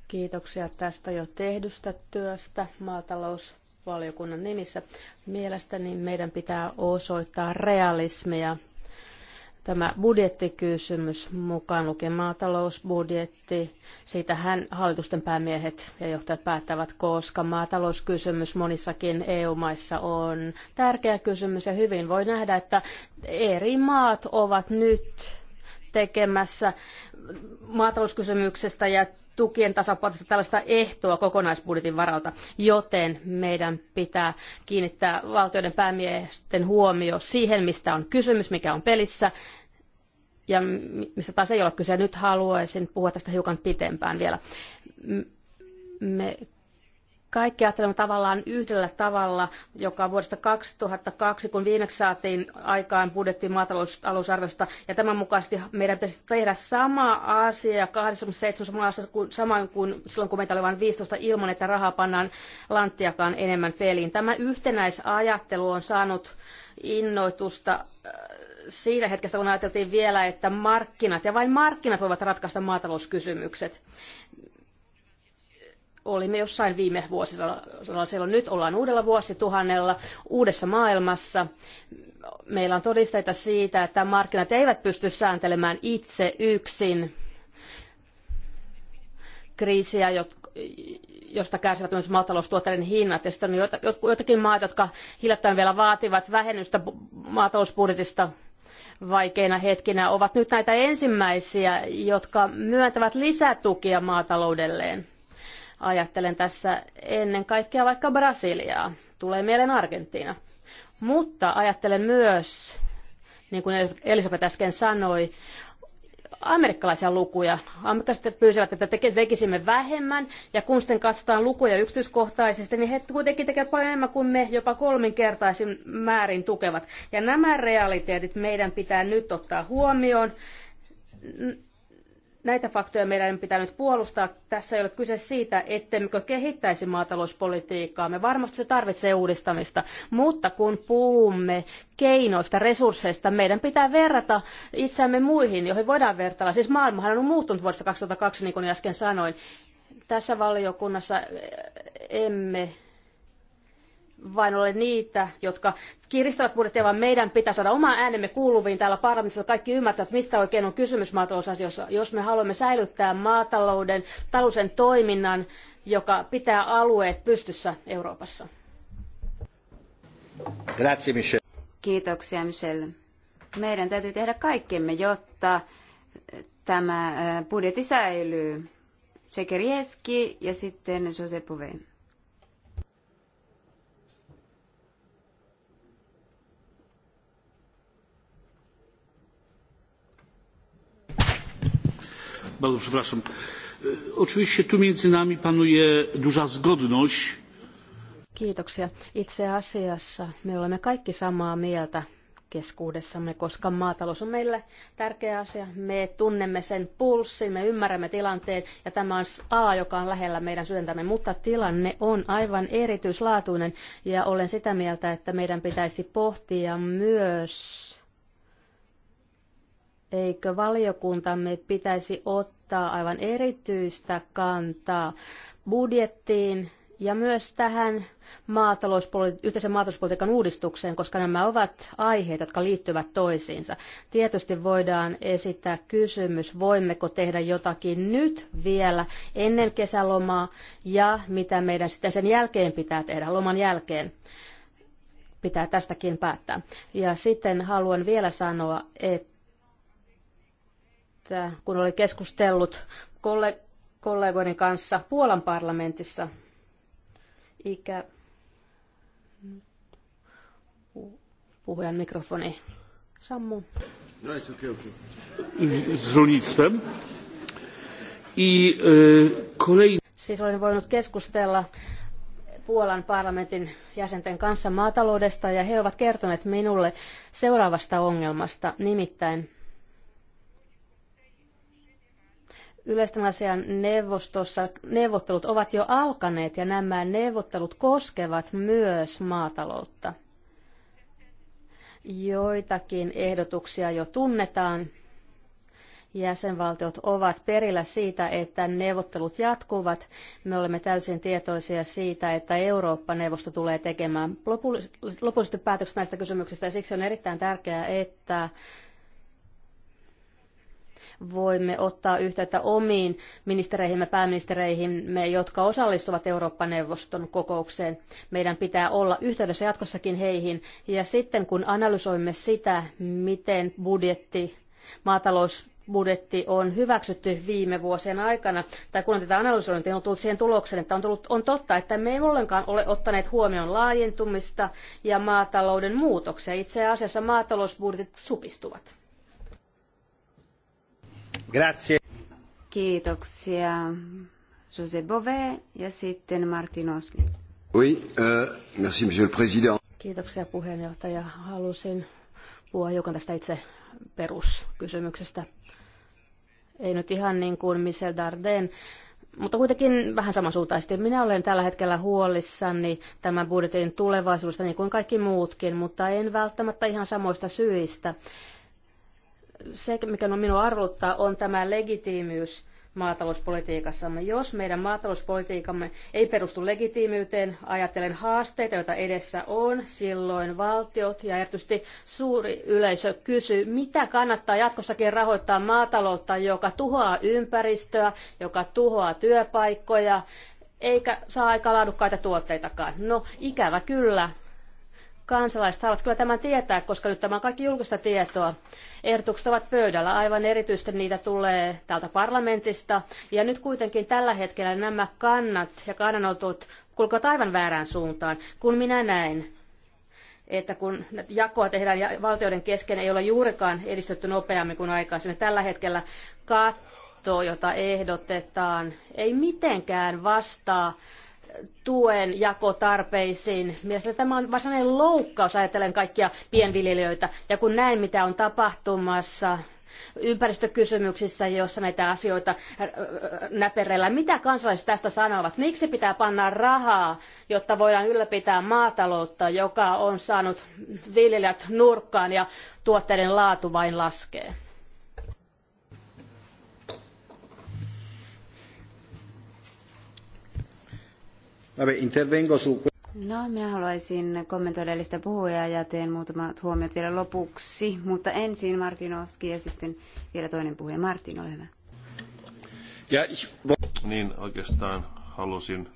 Kiitoksia tästä jo tehdystä työstä maatalousvaliokunnan nimissä. Mielestäni meidän pitää osoittaa realismia. Tämä budjettikysymys mukaan lukien maatalousbudjetti, siitä hän hallitusten päämiehet ja johtajat päättävät, koska maatalouskysymys monissakin EU-maissa on tärkeä kysymys ja hyvin voi nähdä, että eri maat ovat nyt tekemässä maatalouskysymyksestä ja tukien tasapuolista tällaista ehtoa kokonaisbudjetin varalta, joten meidän pitää kiinnittää valtioiden päämiesten huomio siihen, mistä on kysymys, mikä on pelissä, ja mistä taas ei ole kyse. Nyt haluaisin puhua tästä hiukan pitempään vielä. Me kaikki ajattelemme tavallaan yhdellä tavalla, joka vuodesta 2002, kun viimeksi saatiin aikaan budjettiin maatalousalusarvosta ja tämän mukaisesti meidän pitäisi tehdä sama asia 27 maassa kuin, samoin kuin silloin, kun meitä oli vain 15 ilman, että rahaa pannaan lanttiakaan enemmän peliin. Tämä yhtenäisajattelu on saanut innoitusta äh, siinä hetkessä, kun ajateltiin vielä, että markkinat ja vain markkinat voivat ratkaista maatalouskysymykset olimme jossain viime vuosisadalla, silloin nyt ollaan uudella vuosituhannella, uudessa maailmassa. Meillä on todisteita siitä, että markkinat eivät pysty sääntelemään itse yksin kriisiä, josta kärsivät myös maataloustuotteiden hinnat. Ja sitten on joitakin maat, jotka hiljattain vielä vaativat vähennystä maatalousbudjetista vaikeina hetkinä, ovat nyt näitä ensimmäisiä, jotka myöntävät lisätukia maataloudelleen Ajattelen tässä ennen kaikkea vaikka Brasiliaa. Tulee mieleen Argentiina. Mutta ajattelen myös, niin kuin Elisabeth äsken sanoi, amerikkalaisia lukuja. Amerikkalaiset pyysivät, että tekisimme vähemmän, ja kun sitten katsotaan lukuja yksityiskohtaisesti, niin he kuitenkin tekevät paljon enemmän kuin me, jopa kolminkertaisin määrin tukevat. Ja nämä realiteetit meidän pitää nyt ottaa huomioon Näitä faktoja meidän pitää nyt puolustaa. Tässä ei ole kyse siitä, ettemmekö kehittäisi maatalouspolitiikkaa. Me varmasti se tarvitsee uudistamista. Mutta kun puhumme keinoista, resursseista, meidän pitää verrata itseämme muihin, joihin voidaan vertailla. Siis maailmahan on muuttunut vuodesta 2002, niin kuin äsken sanoin. Tässä valiokunnassa emme vain ole niitä, jotka kiristävät budjettia, vaan meidän pitää saada oma äänemme kuuluviin täällä parlamentissa, kaikki ymmärtävät, mistä oikein on kysymys maatalousasioissa. Jos me haluamme säilyttää maatalouden, talousen toiminnan, joka pitää alueet pystyssä Euroopassa. Grazie, Michel. Kiitoksia, Michel. Meidän täytyy tehdä kaikkemme, jotta tämä budjetti säilyy. Tsekerieski ja sitten Josep Poveen. bardzo przepraszam. E, oczywiście tu między nami panuje duża zgodność. Kiitoksia. Itse asiassa me olemme kaikki samaa mieltä keskuudessamme, koska maatalous on meille tärkeä asia. Me tunnemme sen pulssin, me ymmärrämme tilanteen ja tämä on ala, joka on lähellä meidän sydäntämme, mutta tilanne on aivan erityislaatuinen ja olen sitä mieltä, että meidän pitäisi pohtia myös eikö valiokuntamme pitäisi ottaa ottaa aivan erityistä kantaa budjettiin ja myös tähän yhteisen maatalouspolitiikan uudistukseen, koska nämä ovat aiheet, jotka liittyvät toisiinsa. Tietysti voidaan esittää kysymys, voimmeko tehdä jotakin nyt vielä ennen kesälomaa ja mitä meidän sitten sen jälkeen pitää tehdä, loman jälkeen pitää tästäkin päättää. Ja sitten haluan vielä sanoa, että että kun olen keskustellut kollegoiden kanssa Puolan parlamentissa, ikä... Puhujan mikrofoni sammuu. No, it's okay, okay. Z rolnictwem. I e, kolejny... Siis olen voinut keskustella Puolan parlamentin jäsenten kanssa maataloudesta ja he ovat kertoneet minulle seuraavasta ongelmasta, nimittäin yleisten asian neuvostossa neuvottelut ovat jo alkaneet ja nämä neuvottelut koskevat myös maataloutta. Joitakin ehdotuksia jo tunnetaan. Jäsenvaltiot ovat perillä siitä, että neuvottelut jatkuvat. Me olemme täysin tietoisia siitä, että Eurooppa-neuvosto tulee tekemään lopulliset päätökset näistä kysymyksistä ja siksi on erittäin tärkeää, että voimme ottaa yhteyttä omiin ministereihimme, pääministereihimme, jotka osallistuvat Eurooppa-neuvoston kokoukseen. Meidän pitää olla yhteydessä jatkossakin heihin. Ja sitten kun analysoimme sitä, miten budjetti, maatalous budjetti on hyväksytty viime vuosien aikana, tai kun on tätä analysointia, on tullut siihen tulokseen, että on, tullut, on totta, että me ei ollenkaan ole ottaneet huomioon laajentumista ja maatalouden muutoksia. Itse asiassa maatalousbudjetit supistuvat. Grazie. Kiitoksia Jose Bové ja sitten Martin Osli. Oui, euh, merci monsieur le président. Kiitoksia puheenjohtaja. Halusin puhua hiukan tästä itse peruskysymyksestä. Ei nyt ihan niin kuin Michel Darden, mutta kuitenkin vähän samansuuntaisesti. Minä olen tällä hetkellä huolissani tämän budjetin tulevaisuudesta, niin kuin kaikki muutkin, mutta en välttämättä ihan samoista syistä se, mikä minua arvottaa, on tämä legitiimiys maatalouspolitiikassamme. Jos meidän maatalouspolitiikamme ei perustu legitiimiyteen, ajattelen haasteita, joita edessä on, silloin valtiot ja erityisesti suuri yleisö kysyy, mitä kannattaa jatkossakin rahoittaa maataloutta, joka tuhoaa ympäristöä, joka tuhoaa työpaikkoja, eikä saa aika laadukkaita tuotteitakaan. No ikävä kyllä, kansalaiset haluavat kyllä tämän tietää, koska nyt tämä on kaikki julkista tietoa. Ehdotukset ovat pöydällä, aivan erityisesti niitä tulee täältä parlamentista. Ja nyt kuitenkin tällä hetkellä nämä kannat ja kannanotot kulkevat aivan väärään suuntaan, kun minä näin, että kun jakoa tehdään valtioiden kesken, ei ole juurikaan edistytty nopeammin kuin aikaisemmin. Tällä hetkellä katto, jota ehdotetaan, ei mitenkään vastaa tuen jakotarpeisiin. Mielestäni tämä on varsinainen loukkaus, ajatellen kaikkia pienviljelijöitä. Ja kun näin, mitä on tapahtumassa ympäristökysymyksissä, joissa näitä asioita näperellä. Mitä kansalaiset tästä sanovat? Miksi pitää panna rahaa, jotta voidaan ylläpitää maataloutta, joka on saanut viljelijät nurkkaan ja tuotteiden laatu vain laskee? No, minä haluaisin kommentoida edellistä puhujaa ja teen muutamat huomiot vielä lopuksi, mutta ensin Martinovski ja sitten vielä toinen puhuja. Martin, ole hyvä. Ja, niin, oikeastaan halusin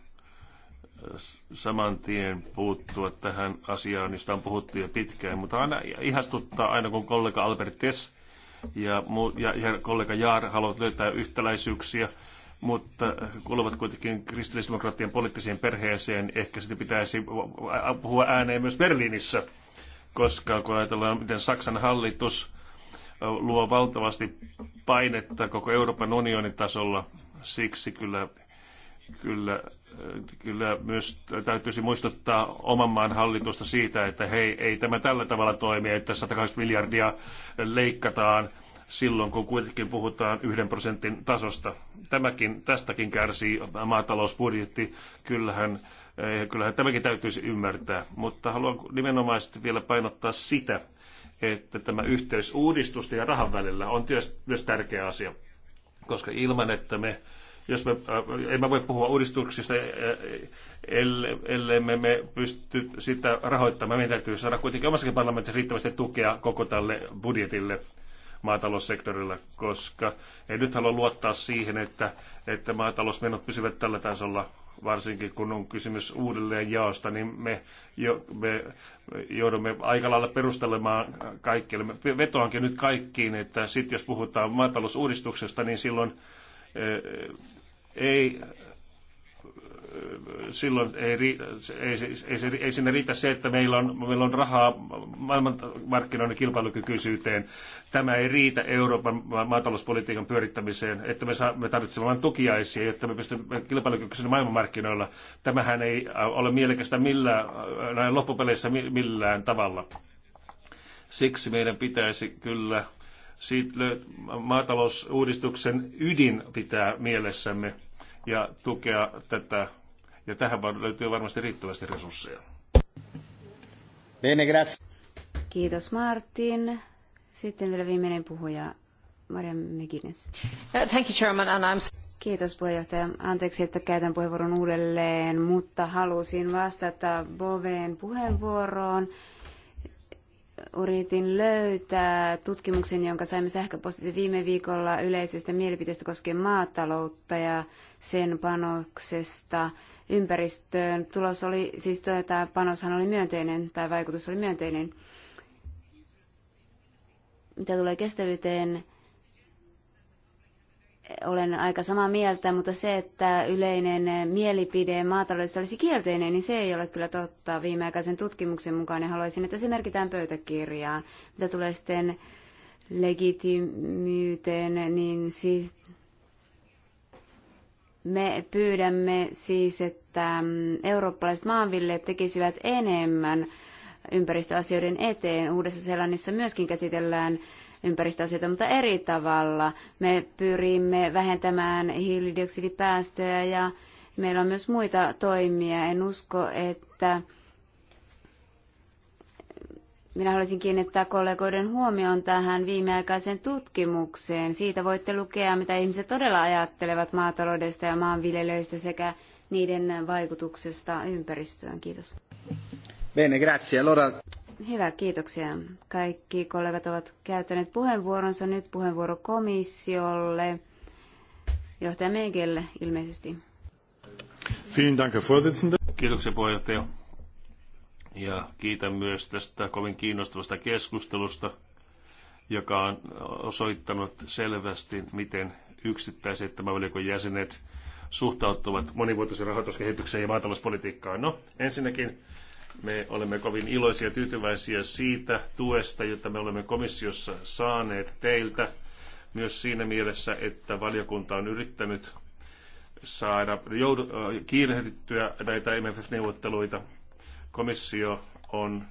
äh, saman tien puuttua tähän asiaan, josta on puhuttu jo pitkään, mutta aina ihastuttaa aina, kun kollega Albert Tess ja, ja, ja kollega Jaar haluavat löytää yhtäläisyyksiä mutta kuuluvat kuitenkin kristillisdemokraattien poliittiseen perheeseen. Ehkä sitä pitäisi puhua ääneen myös Berliinissä, koska kun ajatellaan, miten Saksan hallitus luo valtavasti painetta koko Euroopan unionin tasolla, siksi kyllä, kyllä kyllä myös täytyisi muistuttaa oman maan hallitusta siitä, että hei, ei tämä tällä tavalla toimi, että 180 miljardia leikataan silloin, kun kuitenkin puhutaan yhden prosentin tasosta. Tämäkin, tästäkin kärsii maatalousbudjetti. Kyllähän, eh, kyllähän tämäkin täytyisi ymmärtää, mutta haluan nimenomaisesti vielä painottaa sitä, että tämä yhteys uudistusta ja rahan välillä on tietysti myös tärkeä asia, koska ilman, että me jos me, äh, emme voi puhua uudistuksista, eh, ellei me, me pysty sitä rahoittamaan. Meidän täytyy saada kuitenkin omassakin parlamentissa riittävästi tukea koko tälle budjetille maataloussektorilla, koska ei nyt halua luottaa siihen, että, että maatalousmenot pysyvät tällä tasolla, varsinkin kun on kysymys uudelleen jaosta, niin me, jo, me joudumme aika lailla perustelemaan kaikkelle. Me vetoankin nyt kaikkiin, että sitten jos puhutaan maatalousuudistuksesta, niin silloin eh, ei silloin ei, ei, ei, ei sinne riitä se, että meillä on, meillä on rahaa maailmanmarkkinoiden kilpailukykyisyyteen. Tämä ei riitä Euroopan maatalouspolitiikan pyörittämiseen, että me, saa, me tarvitsemme vain tukiaisia, jotta me pystymme kilpailukykyisenä maailmanmarkkinoilla. Tämähän ei ole mielekästä millään, näin loppupeleissä millään tavalla. Siksi meidän pitäisi kyllä maatalousuudistuksen ydin pitää mielessämme ja tukea tätä ja tähän löytyy varmasti riittävästi resursseja. Bene, grazie. Kiitos Martin. Sitten vielä viimeinen puhuja, Maria McGuinness. Uh, thank you, Chairman, and I'm... Kiitos puheenjohtaja. Anteeksi, että käytän puheenvuoron uudelleen, mutta halusin vastata Boveen puheenvuoroon. Yritin löytää tutkimuksen, jonka saimme sähköpostitse viime viikolla yleisestä mielipiteestä koskien maataloutta ja sen panoksesta ympäristöön. Tulos oli, siis tämä panoshan oli myönteinen, tai vaikutus oli myönteinen. Mitä tulee kestävyyteen, olen aika samaa mieltä, mutta se, että yleinen mielipide maataloudessa olisi kielteinen, niin se ei ole kyllä totta viimeaikaisen tutkimuksen mukaan, ja haluaisin, että se merkitään pöytäkirjaan. Mitä tulee sitten legitimyyteen, niin siitä me pyydämme siis, että mm, eurooppalaiset maanviljelijät tekisivät enemmän ympäristöasioiden eteen. Uudessa Seelannissa myöskin käsitellään ympäristöasioita, mutta eri tavalla. Me pyrimme vähentämään hiilidioksidipäästöjä ja meillä on myös muita toimia. En usko, että minä haluaisin kiinnittää kollegoiden huomioon tähän viimeaikaiseen tutkimukseen. Siitä voitte lukea, mitä ihmiset todella ajattelevat maataloudesta ja maanviljelöistä sekä niiden vaikutuksesta ympäristöön. Kiitos. Bene, grazie. Allora... Hyvä, kiitoksia. Kaikki kollegat ovat käyttäneet puheenvuoronsa. Nyt puheenvuoro komissiolle. Johtaja Megel ilmeisesti. Vielen Dank, Herr Kiitoksia puheenjohtaja. Ja kiitän myös tästä kovin kiinnostavasta keskustelusta, joka on osoittanut selvästi, miten yksittäiset tämän valikon jäsenet suhtautuvat monivuotisen rahoituskehitykseen ja maatalouspolitiikkaan. No, ensinnäkin me olemme kovin iloisia ja tyytyväisiä siitä tuesta, jota me olemme komissiossa saaneet teiltä, myös siinä mielessä, että valiokunta on yrittänyt saada joudu, äh, kiirehdittyä näitä MFF-neuvotteluita Komissio on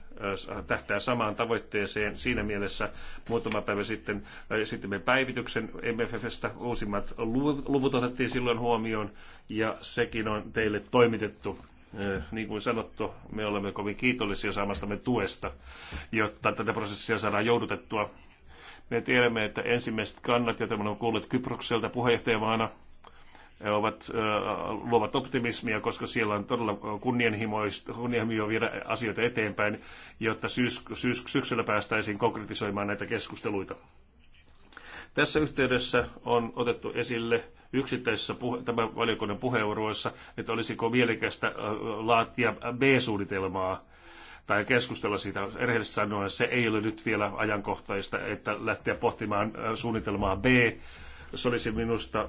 äh, tähtää samaan tavoitteeseen siinä mielessä muutama päivä sitten äh, esitimme päivityksen MFFstä. Uusimmat luvut otettiin silloin huomioon ja sekin on teille toimitettu. Äh, niin kuin sanottu, me olemme kovin kiitollisia saamastamme tuesta, jotta tätä prosessia saadaan joudutettua. Me tiedämme, että ensimmäiset kannat, joita me olemme kuulleet Kyprokselta puheenjohtajamaana, ovat, luovat optimismia, koska siellä on todella kunnianhimoa viedä asioita eteenpäin, jotta syys, syys, syksyllä päästäisiin konkretisoimaan näitä keskusteluita. Tässä yhteydessä on otettu esille yksittäisissä puhe- tämän valiokunnan puheenvuoroissa, että olisiko mielekästä laatia B-suunnitelmaa tai keskustella siitä. Erheellisesti sanoen se ei ole nyt vielä ajankohtaista, että lähteä pohtimaan suunnitelmaa B, se olisi minusta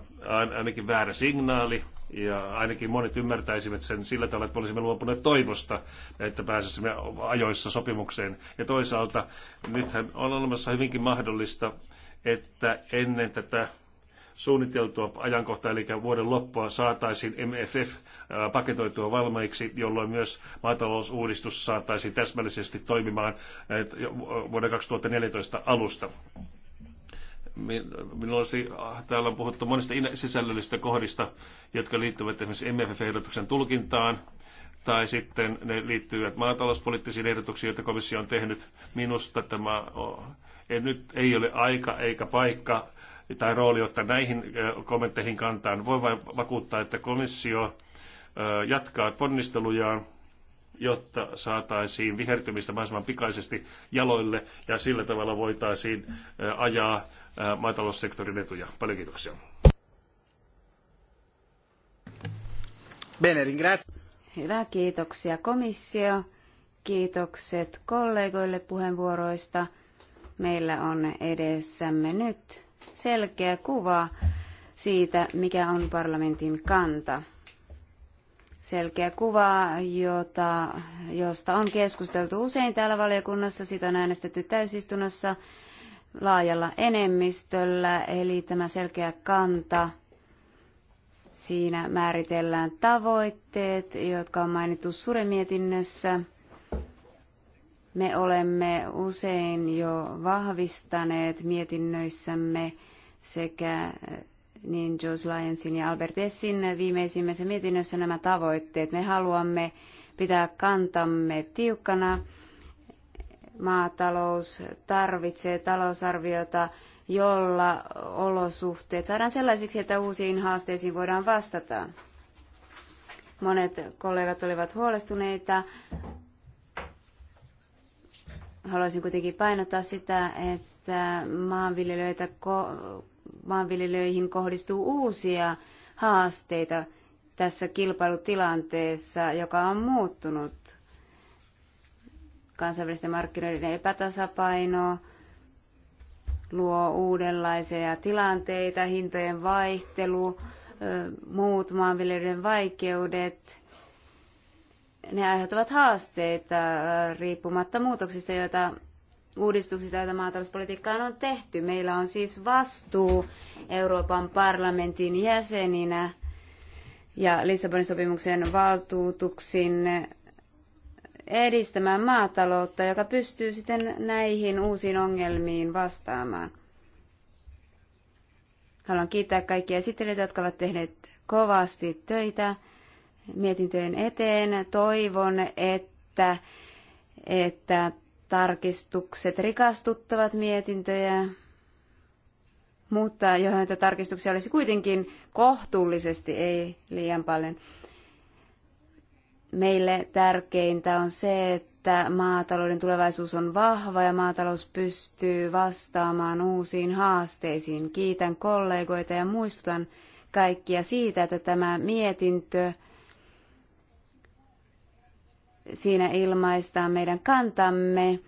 ainakin väärä signaali ja ainakin monet ymmärtäisivät sen sillä tavalla, että me olisimme luopuneet toivosta, että pääsisimme ajoissa sopimukseen. Ja toisaalta nythän on olemassa hyvinkin mahdollista, että ennen tätä suunniteltua ajankohtaa, eli vuoden loppua, saataisiin MFF paketoitua valmiiksi, jolloin myös maatalousuudistus saataisiin täsmällisesti toimimaan vuoden 2014 alusta. Minulla olisi, ah, täällä on puhuttu monista sisällöllisistä kohdista, jotka liittyvät esimerkiksi MFF-ehdotuksen tulkintaan, tai sitten ne liittyvät maatalouspoliittisiin ehdotuksiin, joita komissio on tehnyt. Minusta tämä ei, nyt ei ole aika eikä paikka tai rooli ottaa näihin kommentteihin kantaan. Voi vain vakuuttaa, että komissio jatkaa ponnistelujaan jotta saataisiin vihertymistä mahdollisimman pikaisesti jaloille ja sillä tavalla voitaisiin ajaa maataloussektorin etuja. Paljon kiitoksia. Bene, Hyvä, kiitoksia komissio. Kiitokset kollegoille puheenvuoroista. Meillä on edessämme nyt selkeä kuva siitä, mikä on parlamentin kanta. Selkeä kuva, jota, josta on keskusteltu usein täällä valiokunnassa, sitä on äänestetty täysistunnossa laajalla enemmistöllä, eli tämä selkeä kanta. Siinä määritellään tavoitteet, jotka on mainittu suremietinnössä. Me olemme usein jo vahvistaneet mietinnöissämme sekä niin Jos Lyonsin ja Albert Essin viimeisimmässä mietinnössä nämä tavoitteet. Me haluamme pitää kantamme tiukkana maatalous tarvitsee talousarviota, jolla olosuhteet saadaan sellaisiksi, että uusiin haasteisiin voidaan vastata. Monet kollegat olivat huolestuneita. Haluaisin kuitenkin painottaa sitä, että maanviljelijöitä, maanviljelijöihin kohdistuu uusia haasteita tässä kilpailutilanteessa, joka on muuttunut kansainvälisten markkinoiden epätasapaino luo uudenlaisia tilanteita, hintojen vaihtelu, muut maanviljelijöiden vaikeudet. Ne aiheuttavat haasteita riippumatta muutoksista, joita uudistuksista, joita maatalouspolitiikkaan on tehty. Meillä on siis vastuu Euroopan parlamentin jäseninä ja Lissabonin sopimuksen valtuutuksin edistämään maataloutta, joka pystyy sitten näihin uusiin ongelmiin vastaamaan. Haluan kiittää kaikkia esittelijöitä, jotka ovat tehneet kovasti töitä mietintöjen eteen. Toivon, että, että tarkistukset rikastuttavat mietintöjä, mutta että tarkistuksia olisi kuitenkin kohtuullisesti, ei liian paljon. Meille tärkeintä on se, että maatalouden tulevaisuus on vahva ja maatalous pystyy vastaamaan uusiin haasteisiin. Kiitän kollegoita ja muistutan kaikkia siitä, että tämä mietintö siinä ilmaistaan meidän kantamme.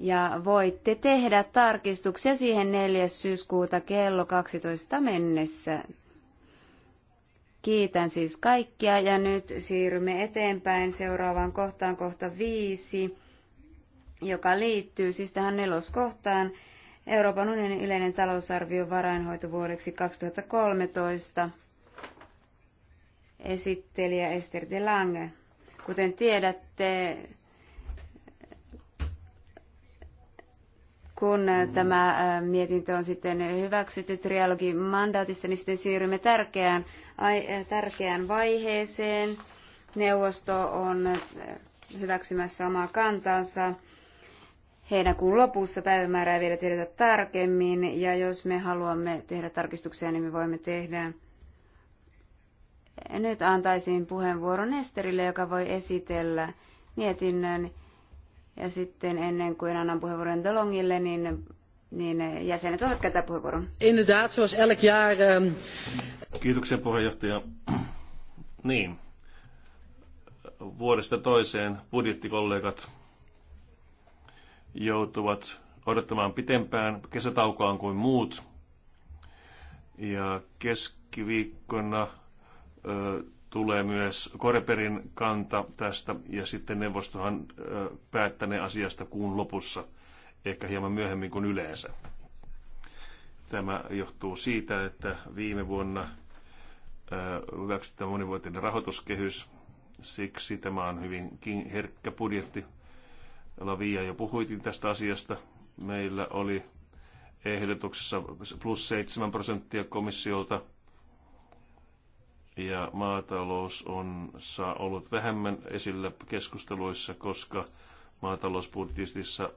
Ja voitte tehdä tarkistuksia siihen 4. syyskuuta kello 12 mennessä Kiitän siis kaikkia ja nyt siirrymme eteenpäin seuraavaan kohtaan, kohta viisi, joka liittyy siis tähän neloskohtaan. Euroopan unionin yleinen talousarvio varainhoitovuodeksi 2013. Esittelijä Ester de Lange. Kuten tiedätte, kun tämä mietintö on sitten hyväksytty trialogin mandaatista, niin sitten siirrymme tärkeään, tärkeään vaiheeseen. Neuvosto on hyväksymässä omaa kantansa. Heinäkuun lopussa päivämäärää vielä tiedetä tarkemmin, ja jos me haluamme tehdä tarkistuksia, niin me voimme tehdä. Nyt antaisin puheenvuoron Esterille, joka voi esitellä mietinnön ja sitten ennen kuin annan puheenvuoron Delongille, niin, niin jäsenet ovat käyttää puheenvuoron. Inderdaad, zoals elk jaar... Um... Kiitoksia puheenjohtaja. Niin, vuodesta toiseen budjettikollegat joutuvat odottamaan pitempään kesätaukoaan kuin muut. Ja keskiviikkona ö, tulee myös Koreperin kanta tästä ja sitten neuvostohan päättäne asiasta kuun lopussa, ehkä hieman myöhemmin kuin yleensä. Tämä johtuu siitä, että viime vuonna hyväksytään monivuotinen rahoituskehys, siksi tämä on hyvin herkkä budjetti. Lavia jo puhuitin tästä asiasta. Meillä oli ehdotuksessa plus 7 prosenttia komissiolta – ja maatalous on saa ollut vähemmän esillä keskusteluissa, koska maatalousbudjetissa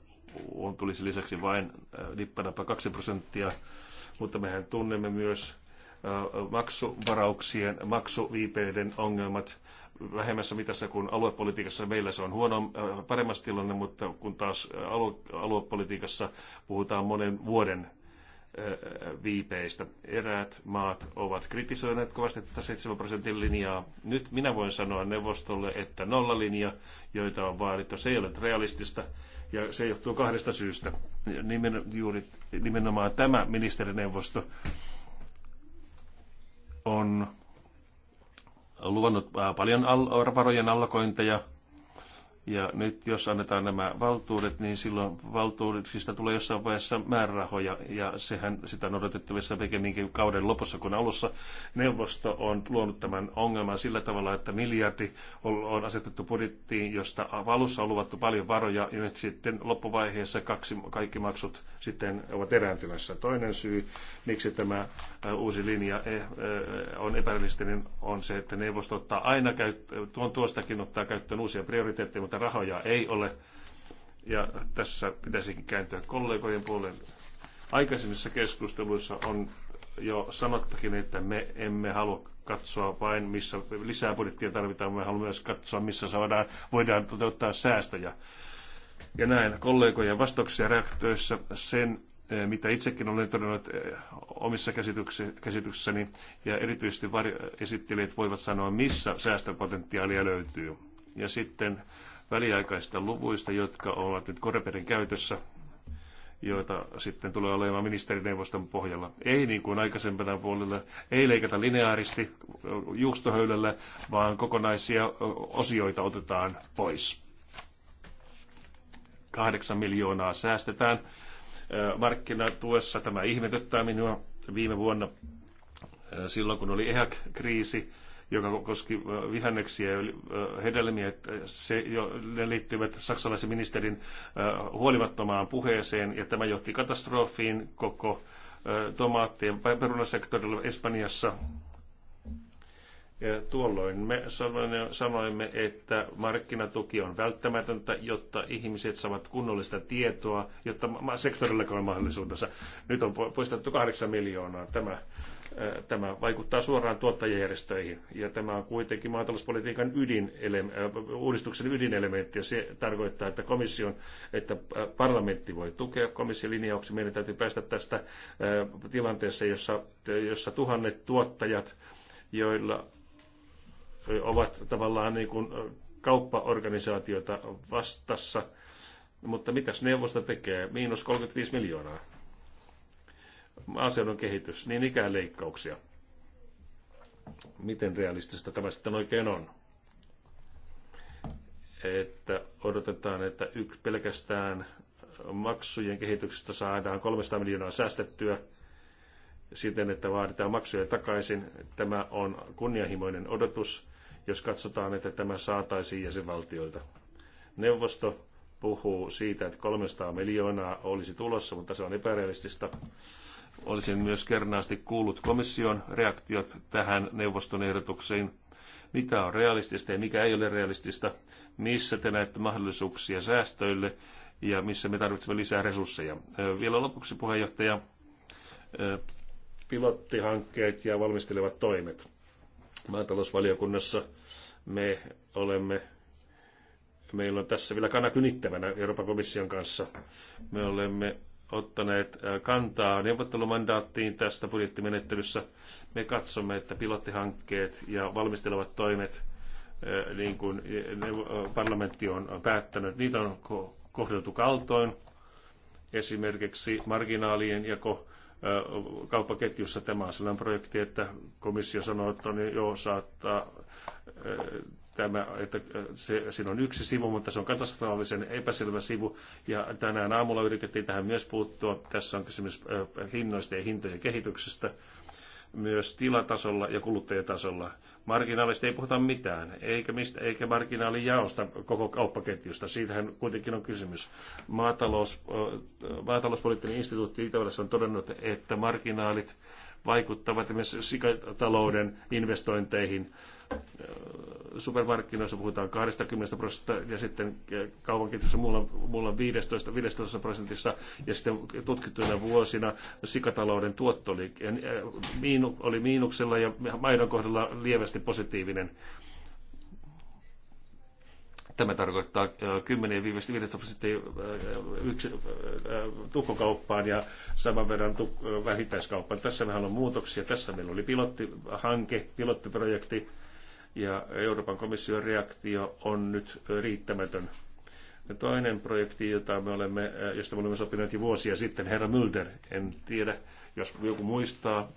on tulisi lisäksi vain lippanapa äh, 2 prosenttia, mutta mehän tunnemme myös äh, maksuvarauksien, maksuviipeiden ongelmat vähemmässä mitassa kuin aluepolitiikassa. Meillä se on huono, äh, paremmassa tilanne, mutta kun taas alue, aluepolitiikassa puhutaan monen vuoden viipeistä. Eräät maat ovat kritisoineet kovasti tätä 7 prosentin linjaa. Nyt minä voin sanoa neuvostolle, että nollalinja, joita on vaadittu, se ei ole realistista ja se johtuu kahdesta syystä. Nimen, juuri nimenomaan tämä ministerineuvosto on luvannut äh, paljon varojen allokointeja ja nyt jos annetaan nämä valtuudet, niin silloin valtuudista tulee jossain vaiheessa määrärahoja, ja sehän sitä on odotettavissa pikemminkin kauden lopussa kuin alussa. Neuvosto on luonut tämän ongelman sillä tavalla, että miljardi on asetettu budjettiin, josta alussa on luvattu paljon varoja, ja nyt sitten loppuvaiheessa kaksi, kaikki maksut sitten ovat erääntymässä. Toinen syy, miksi tämä äh, uusi linja eh, äh, on epärealistinen, on se, että neuvosto ottaa aina käyttöön, tuon tuostakin ottaa käyttöön uusia prioriteetteja, mutta että rahoja ei ole. Ja tässä pitäisikin kääntyä kollegojen puoleen. Aikaisemmissa keskusteluissa on jo sanottakin, että me emme halua katsoa vain, missä lisää budjettia tarvitaan, me haluamme myös katsoa, missä saadaan, voidaan toteuttaa säästöjä. Ja näin kollegojen vastauksia reaktioissa sen, eh, mitä itsekin olen todennut eh, omissa käsityksissäni, ja erityisesti esittelijät voivat sanoa, missä säästöpotentiaalia löytyy. Ja sitten väliaikaisista luvuista, jotka ovat nyt Koreperin käytössä, joita sitten tulee olemaan ministerineuvoston pohjalla. Ei niin kuin aikaisempana puolella, ei leikata lineaaristi juustohöylällä, vaan kokonaisia osioita otetaan pois. Kahdeksan miljoonaa säästetään markkinatuessa. Tämä ihmetyttää minua viime vuonna silloin, kun oli ehac kriisi joka koski äh, vihanneksia ja äh, hedelmiä. Se, jo, ne liittyvät saksalaisen ministerin äh, huolimattomaan puheeseen ja tämä johti katastrofiin koko tomaattien perunasektorilla Espanjassa. Ja tuolloin me sanoimme, että markkinatuki on välttämätöntä, jotta ihmiset saavat kunnollista tietoa, jotta sektorillakin on mahdollisuutensa. Nyt on poistettu kahdeksan miljoonaa. Tämä Tämä vaikuttaa suoraan tuottajajärjestöihin ja tämä on kuitenkin maatalouspolitiikan ydin uudistuksen ydinelementti ja se tarkoittaa, että komission, että parlamentti voi tukea komission linjauksia. Meidän täytyy päästä tästä tilanteessa, jossa, jossa tuhannet tuottajat, joilla ovat tavallaan niin kuin kauppaorganisaatiota vastassa. Mutta mitäs neuvosto tekee? Miinus 35 miljoonaa maaseudun kehitys, niin ikään leikkauksia. Miten realistista tämä sitten oikein on? Että odotetaan, että yksi pelkästään maksujen kehityksestä saadaan 300 miljoonaa säästettyä siten, että vaaditaan maksuja takaisin. Tämä on kunnianhimoinen odotus, jos katsotaan, että tämä saataisiin jäsenvaltioilta. Neuvosto puhuu siitä, että 300 miljoonaa olisi tulossa, mutta se on epärealistista. Olisin myös kernaasti kuullut komission reaktiot tähän neuvoston ehdotuksiin. Mikä on realistista ja mikä ei ole realistista? Missä te näette mahdollisuuksia säästöille ja missä me tarvitsemme lisää resursseja? Vielä lopuksi puheenjohtaja, pilottihankkeet ja valmistelevat toimet. Maatalousvaliokunnassa me olemme meillä on tässä vielä kana kynittävänä Euroopan komission kanssa. Me olemme ottaneet kantaa neuvottelumandaattiin tästä budjettimenettelyssä. Me katsomme, että pilottihankkeet ja valmistelevat toimet, niin kuin parlamentti on päättänyt, niitä on kohdeltu kaltoin. Esimerkiksi marginaalien ja kauppaketjussa tämä on sellainen projekti, että komissio sanoo, että on no niin, jo saattaa tämä, että äh, se, siinä on yksi sivu, mutta se on katastrofaalisen epäselvä sivu. Ja tänään aamulla yritettiin tähän myös puuttua. Tässä on kysymys äh, hinnoista ja hintojen kehityksestä myös tilatasolla ja kuluttajatasolla. Marginaalista ei puhuta mitään, eikä, mistä, eikä marginaalijaosta koko kauppaketjusta. Siitähän kuitenkin on kysymys. Maatalous, äh, maatalouspoliittinen instituutti Itävallassa on todennut, että marginaalit vaikuttavat myös sikatalouden investointeihin supermarkkinoissa puhutaan 20 prosentista ja sitten kaupanketjussa mulla, mulla 15, 15 prosentissa ja sitten tutkittuina vuosina sikatalouden tuotto oli, miinu, oli miinuksella ja maidon kohdalla lievästi positiivinen. Tämä tarkoittaa 10-15 prosenttia tukkokauppaan ja saman verran tuk- vähittäiskauppaan. Tässä vähän on muutoksia. Tässä meillä oli pilottihanke, pilottiprojekti, ja Euroopan komission reaktio on nyt riittämätön. Ja toinen projekti, jota me olemme, josta me olemme sopineet jo vuosia sitten, herra Mulder, en tiedä, jos joku muistaa,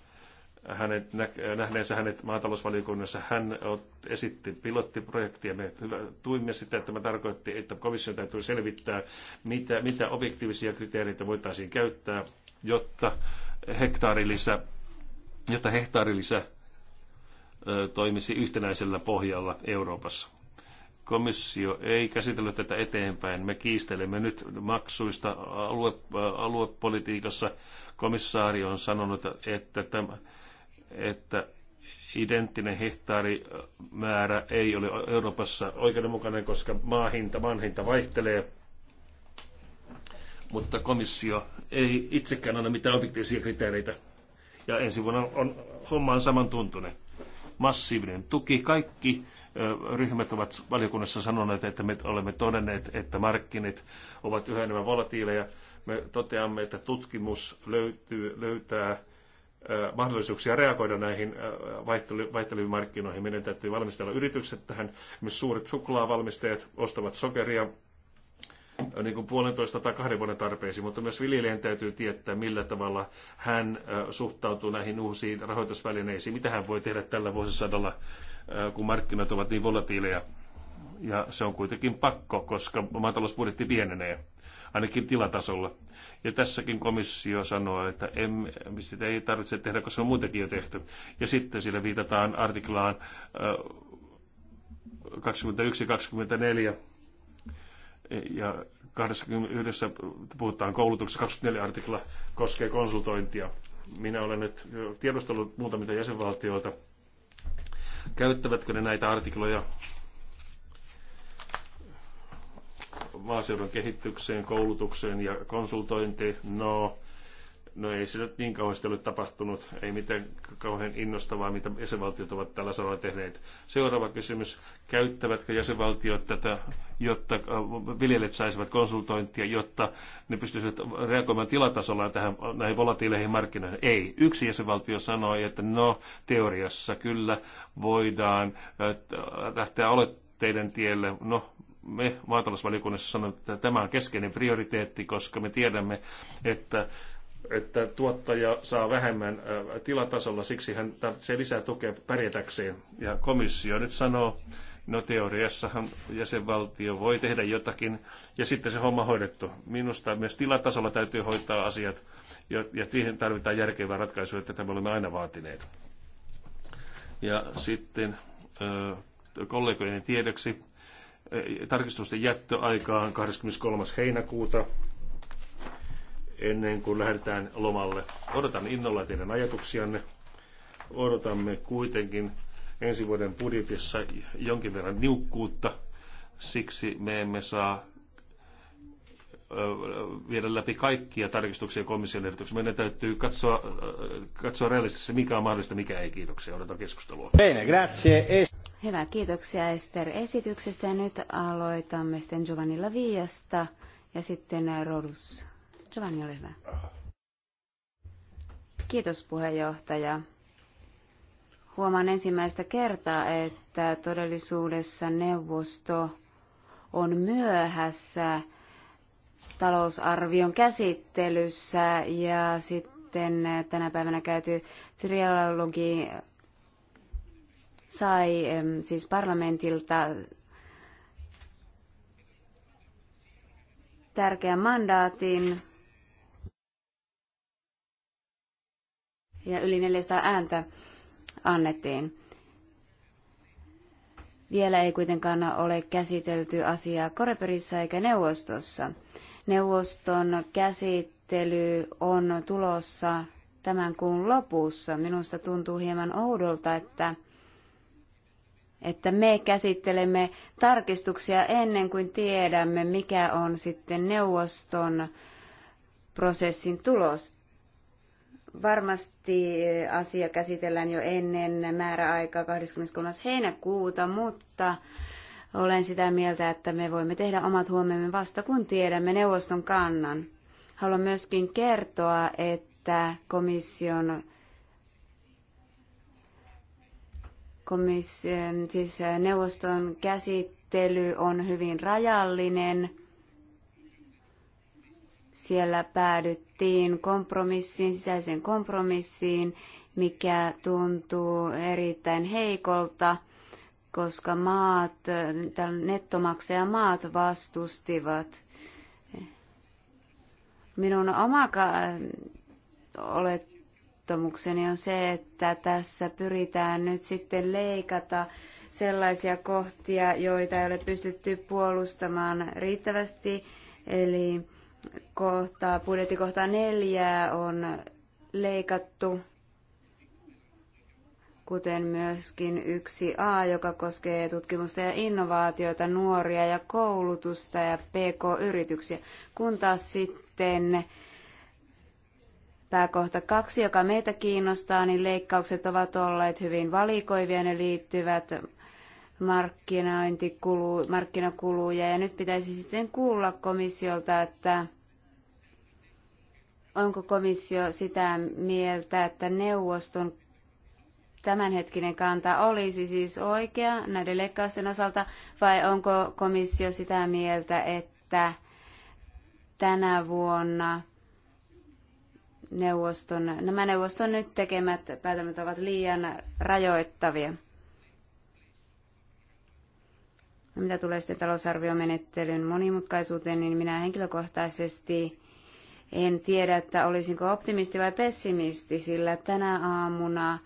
hänet, nähneensä hänet maatalousvaliokunnassa, hän esitti pilottiprojektia. Me tuimme sitä, että tämä tarkoitti, että komission täytyy selvittää, mitä, mitä objektiivisia kriteereitä voitaisiin käyttää, jotta hehtaarilisä, jotta hektaarilisa toimisi yhtenäisellä pohjalla Euroopassa. Komissio ei käsitellyt tätä eteenpäin. Me kiistelemme nyt maksuista alue, aluepolitiikassa. Komissaari on sanonut, että, tämä, että identtinen hehtaarimäärä ei ole Euroopassa oikeudenmukainen, koska maahinta, maanhinta vaihtelee. Mutta komissio ei itsekään anna mitään objektiivisia kriteereitä. Ja ensi vuonna on homma on samantuntunen massiivinen tuki. Kaikki ryhmät ovat valiokunnassa sanoneet, että me olemme todenneet, että markkinat ovat yhä enemmän volatiileja. Me toteamme, että tutkimus löytyy, löytää mahdollisuuksia reagoida näihin vaihteleviin markkinoihin. Meidän täytyy valmistella yritykset tähän. Myös suuret suklaavalmistajat ostavat sokeria Äh, niin kuin puolentoista tai kahden vuoden tarpeisiin, mutta myös viljelijän täytyy tietää, millä tavalla hän äh, suhtautuu näihin uusiin rahoitusvälineisiin, mitä hän voi tehdä tällä vuosisadalla, äh, kun markkinat ovat niin volatiileja. Ja se on kuitenkin pakko, koska maatalousbudjetti pienenee ainakin tilatasolla. Ja tässäkin komissio sanoo, että em, sitä ei tarvitse tehdä, koska se on muutenkin jo tehty. Ja sitten sillä viitataan artiklaan 21-24 ja 21 puhutaan koulutuksessa, 24 artikla koskee konsultointia. Minä olen nyt tiedustellut muutamilta jäsenvaltioilta, käyttävätkö ne näitä artikloja maaseudun kehitykseen, koulutukseen ja konsultointiin. No, No ei se nyt niin kauheasti ole tapahtunut, ei mitään kauhean innostavaa, mitä jäsenvaltiot ovat tällä saralla tehneet. Seuraava kysymys, käyttävätkö jäsenvaltiot tätä, jotta äh, viljelijät saisivat konsultointia, jotta ne pystyisivät reagoimaan tilatasolla tähän, näihin volatiileihin markkinoihin? Ei. Yksi jäsenvaltio sanoi, että no teoriassa kyllä voidaan äh, lähteä aloitteiden tielle. No me maatalousvaliokunnassa sanoimme, että tämä on keskeinen prioriteetti, koska me tiedämme, että että tuottaja saa vähemmän tilatasolla, siksi hän tarvitsee lisää tukea pärjätäkseen. Ja komissio nyt sanoo, no teoriassahan jäsenvaltio voi tehdä jotakin, ja sitten se homma hoidettu. Minusta myös tilatasolla täytyy hoitaa asiat, ja siihen tarvitaan järkevää ratkaisua, että tämä olemme aina vaatineet. Ja sitten kollegojen tiedoksi tarkistusten jättöaikaan 23. heinäkuuta ennen kuin lähdetään lomalle. Odotan innolla teidän ajatuksianne. Odotamme kuitenkin ensi vuoden budjetissa jonkin verran niukkuutta. Siksi me emme saa viedä läpi kaikkia tarkistuksia komission ehdotuksia. Meidän täytyy katsoa, katsoa realistisesti, mikä on mahdollista, mikä ei. Kiitoksia. Odotan keskustelua. Bene, grazie. Hyvä, kiitoksia Ester esityksestä. Ja nyt aloitamme sitten Giovanni Laviasta ja sitten Rodus Giovanni, ole hyvä. Kiitos puheenjohtaja. Huomaan ensimmäistä kertaa, että todellisuudessa neuvosto on myöhässä talousarvion käsittelyssä ja sitten tänä päivänä käyty trialogi sai siis parlamentilta tärkeän mandaatin ja yli 400 ääntä annettiin. Vielä ei kuitenkaan ole käsitelty asiaa Koreperissä eikä neuvostossa. Neuvoston käsittely on tulossa tämän kuun lopussa. Minusta tuntuu hieman oudolta, että, että me käsittelemme tarkistuksia ennen kuin tiedämme, mikä on sitten neuvoston prosessin tulos. Varmasti asia käsitellään jo ennen määräaikaa 23. heinäkuuta, mutta olen sitä mieltä, että me voimme tehdä omat huomiomme vasta, kun tiedämme neuvoston kannan. Haluan myöskin kertoa, että komission komission, siis neuvoston käsittely on hyvin rajallinen siellä päädyttiin kompromissiin, sisäiseen kompromissiin, mikä tuntuu erittäin heikolta, koska maat, maat vastustivat. Minun oma olettamukseni on se, että tässä pyritään nyt sitten leikata sellaisia kohtia, joita ei ole pystytty puolustamaan riittävästi, eli kohtaa, budjettikohtaa neljää on leikattu, kuten myöskin yksi a joka koskee tutkimusta ja innovaatioita nuoria ja koulutusta ja PK-yrityksiä, kun taas sitten Pääkohta kaksi, joka meitä kiinnostaa, niin leikkaukset ovat olleet hyvin valikoivia. Ne liittyvät markkinointikulu, markkinakuluja. Ja nyt pitäisi sitten kuulla komissiolta, että onko komissio sitä mieltä, että neuvoston tämänhetkinen kanta olisi siis oikea näiden leikkausten osalta, vai onko komissio sitä mieltä, että tänä vuonna neuvoston, nämä neuvoston nyt tekemät päätelmät ovat liian rajoittavia? Mitä tulee sitten talousarviomenettelyn monimutkaisuuteen, niin minä henkilökohtaisesti en tiedä, että olisinko optimisti vai pessimisti, sillä tänä aamuna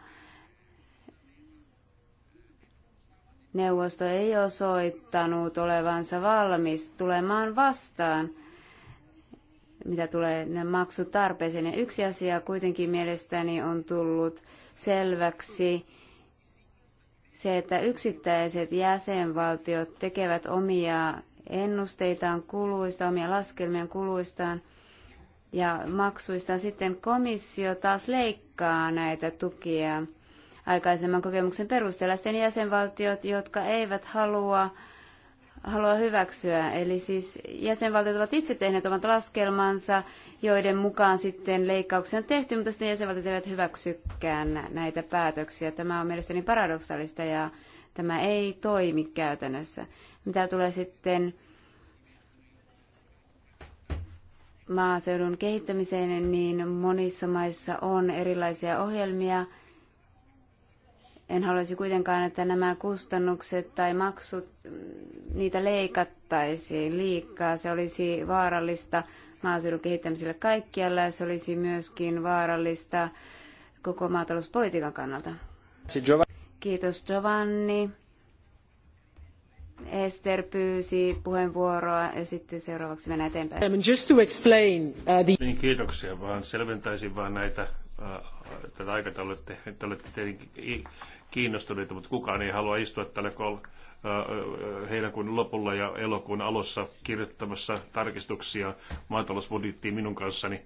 neuvosto ei osoittanut olevansa valmis tulemaan vastaan, mitä tulee maksutarpeeseen. Ja yksi asia kuitenkin mielestäni on tullut selväksi, se, että yksittäiset jäsenvaltiot tekevät omia ennusteitaan kuluista, omia laskelmien kuluistaan ja maksuistaan, sitten komissio taas leikkaa näitä tukia aikaisemman kokemuksen perusteella. Sitten jäsenvaltiot, jotka eivät halua halua hyväksyä. Eli siis jäsenvaltiot ovat itse tehneet omat laskelmansa joiden mukaan sitten leikkauksia on tehty, mutta sitten jäsenvaltiot eivät hyväksykään näitä päätöksiä. Tämä on mielestäni paradoksaalista ja tämä ei toimi käytännössä. Mitä tulee sitten maaseudun kehittämiseen, niin monissa maissa on erilaisia ohjelmia. En haluaisi kuitenkaan, että nämä kustannukset tai maksut, mm, niitä leikattaisiin liikaa. Se olisi vaarallista maaseudun kehittämiselle kaikkialla ja se olisi myöskin vaarallista koko maatalouspolitiikan kannalta. Kiitos Giovanni. Ester pyysi puheenvuoroa ja sitten seuraavaksi mennään eteenpäin. Um, just to explain, uh, the... Niin, kiitoksia, vaan selventäisin vaan näitä uh, tätä aikataulua, että te olette tietenkin kiinnostuneita, mutta kukaan ei halua istua tällä kol- heinäkuun lopulla ja elokuun alussa kirjoittamassa tarkistuksia maatalousbudjettiin minun kanssani.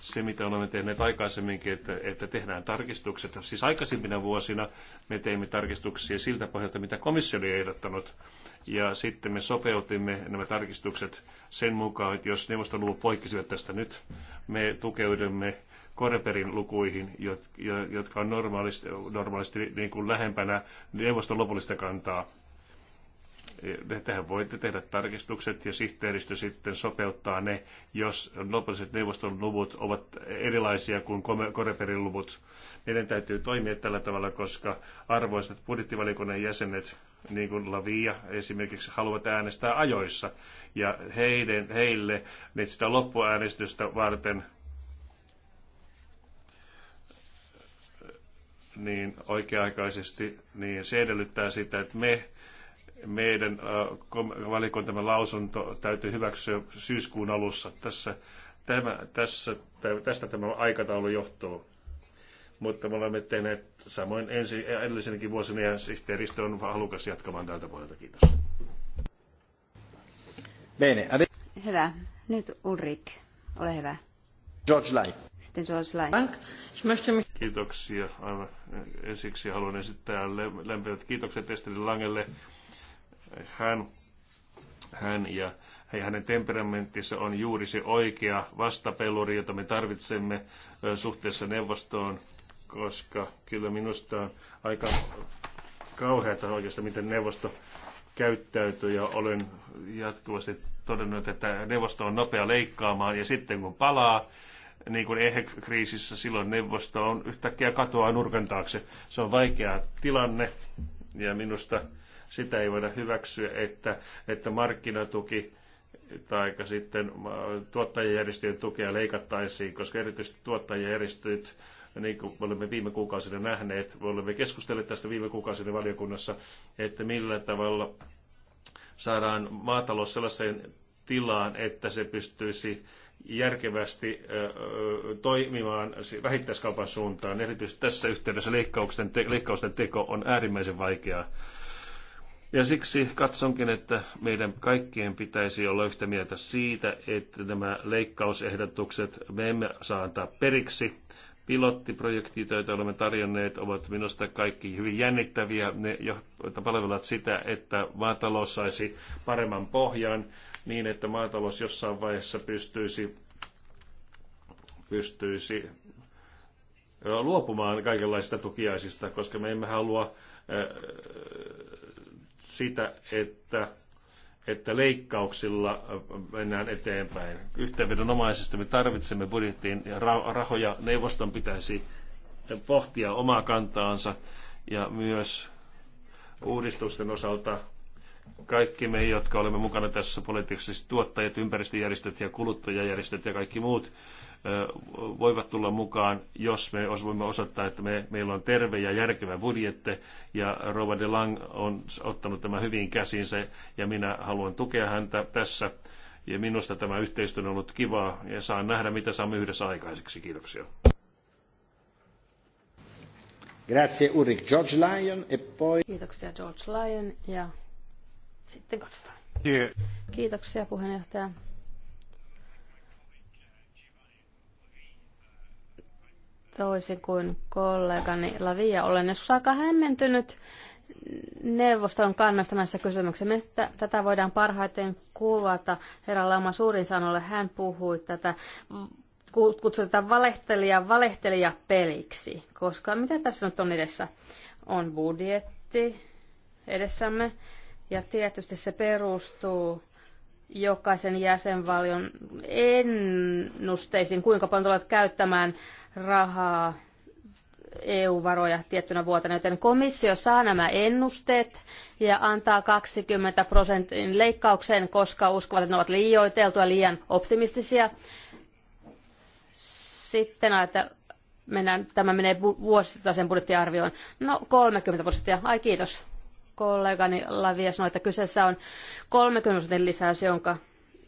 Se, mitä olemme tehneet aikaisemminkin, että, että tehdään tarkistukset. Siis aikaisempina vuosina me teimme tarkistuksia siltä pohjalta, mitä komissio oli ehdottanut. Ja sitten me sopeutimme nämä tarkistukset sen mukaan, että jos neuvostoluvut luvut poikkisivat tästä nyt, me tukeudumme Koreperin lukuihin, jotka on normaalisti, normaalisti niin kuin lähempänä neuvoston lopullista kantaa. E, Tähän voitte tehdä tarkistukset ja sihteeristö sitten sopeuttaa ne, jos lopulliset neuvoston luvut ovat erilaisia kuin Koreperin luvut. Meidän täytyy toimia tällä tavalla, koska arvoisat budjettivalikunnan jäsenet niin kuin Lavia esimerkiksi haluavat äänestää ajoissa. Ja heidän, heille niin sitä loppuäänestystä varten niin oikea-aikaisesti, niin se edellyttää sitä, että me, meidän valikuntamme lausunto täytyy hyväksyä syyskuun alussa. Tässä, tämä, tässä, tästä tämä aikataulu johtuu. Mutta me olemme tehneet samoin ensi, edellisenkin vuosina ja sihteeristö on halukas jatkamaan tältä pohjalta. Kiitos. Bene. Hyvä. Nyt Ulrik, ole hyvä. George Lai. Sitten George Lai. Kiitoksia. Aivan ensiksi haluan esittää lämpimät kiitokset Esteri Langelle. Hän, hän ja hänen temperamenttinsa on juuri se oikea vastapeluri, jota me tarvitsemme suhteessa neuvostoon, koska kyllä minusta on aika kauheata oikeastaan, miten neuvosto käyttäytyy ja olen jatkuvasti todennut, että neuvosto on nopea leikkaamaan ja sitten kun palaa, niin kuin kriisissä silloin neuvosto on yhtäkkiä katoaa nurkan taakse. Se on vaikea tilanne ja minusta sitä ei voida hyväksyä, että, että markkinatuki tai sitten tuottajajärjestöjen tukea leikattaisiin, koska erityisesti tuottajajärjestöt, niin kuin olemme viime kuukausina nähneet, olemme keskustelleet tästä viime kuukausina valiokunnassa, että millä tavalla saadaan maatalous sellaiseen tilaan, että se pystyisi järkevästi toimimaan vähittäiskaupan suuntaan. Erityisesti tässä yhteydessä leikkausten, te- leikkausten teko on äärimmäisen vaikeaa. Ja siksi katsonkin, että meidän kaikkien pitäisi olla yhtä mieltä siitä, että nämä leikkausehdotukset me emme saa antaa periksi pilottiprojektit, joita olemme tarjonneet, ovat minusta kaikki hyvin jännittäviä. Ne palvelevat sitä, että maatalous saisi paremman pohjan niin, että maatalous jossain vaiheessa pystyisi, pystyisi luopumaan kaikenlaisista tukiaisista, koska me emme halua sitä, että että leikkauksilla äh, mennään eteenpäin. Yhteenvedonomaisesti me tarvitsemme budjettiin rahoja. Neuvoston pitäisi pohtia omaa kantaansa ja myös uudistusten osalta kaikki me, jotka olemme mukana tässä politiikassa, siis tuottajat, ympäristöjärjestöt ja kuluttajajärjestöt ja kaikki muut, voivat tulla mukaan, jos me voimme osoittaa, että me, meillä on terve ja järkevä budjette, ja Rova de Lang on ottanut tämä hyvin käsinsä, ja minä haluan tukea häntä tässä, ja minusta tämä yhteistyö on ollut kivaa, ja saan nähdä, mitä saamme yhdessä aikaiseksi. Kiitoksia. Grazie Ulrich George Lyon e poi... Kiitoksia George Lyon ja sitten katsotaan. Yeah. Kiitoksia puheenjohtaja. Toisin kuin kollegani Lavia, olen joskus aika hämmentynyt neuvoston kannasta näissä kysymyksissä. Mistä tätä voidaan parhaiten kuvata? Herra Lauma suurin sanolle hän puhui tätä kutsutaan valehtelija valehtelija peliksi, koska mitä tässä nyt on edessä? On budjetti edessämme ja tietysti se perustuu jokaisen jäsenvaltion ennusteisiin, kuinka paljon tulevat käyttämään rahaa EU-varoja tiettynä vuotena, joten komissio saa nämä ennusteet ja antaa 20 prosentin leikkauksen, koska uskovat, että ne ovat liioiteltuja, liian optimistisia. Sitten ah, että mennään, tämä menee vuosittaisen budjettiarvioon. No 30 prosenttia, ai kiitos kollegani Lavia sanoi, että kyseessä on 30 lisäys jonka,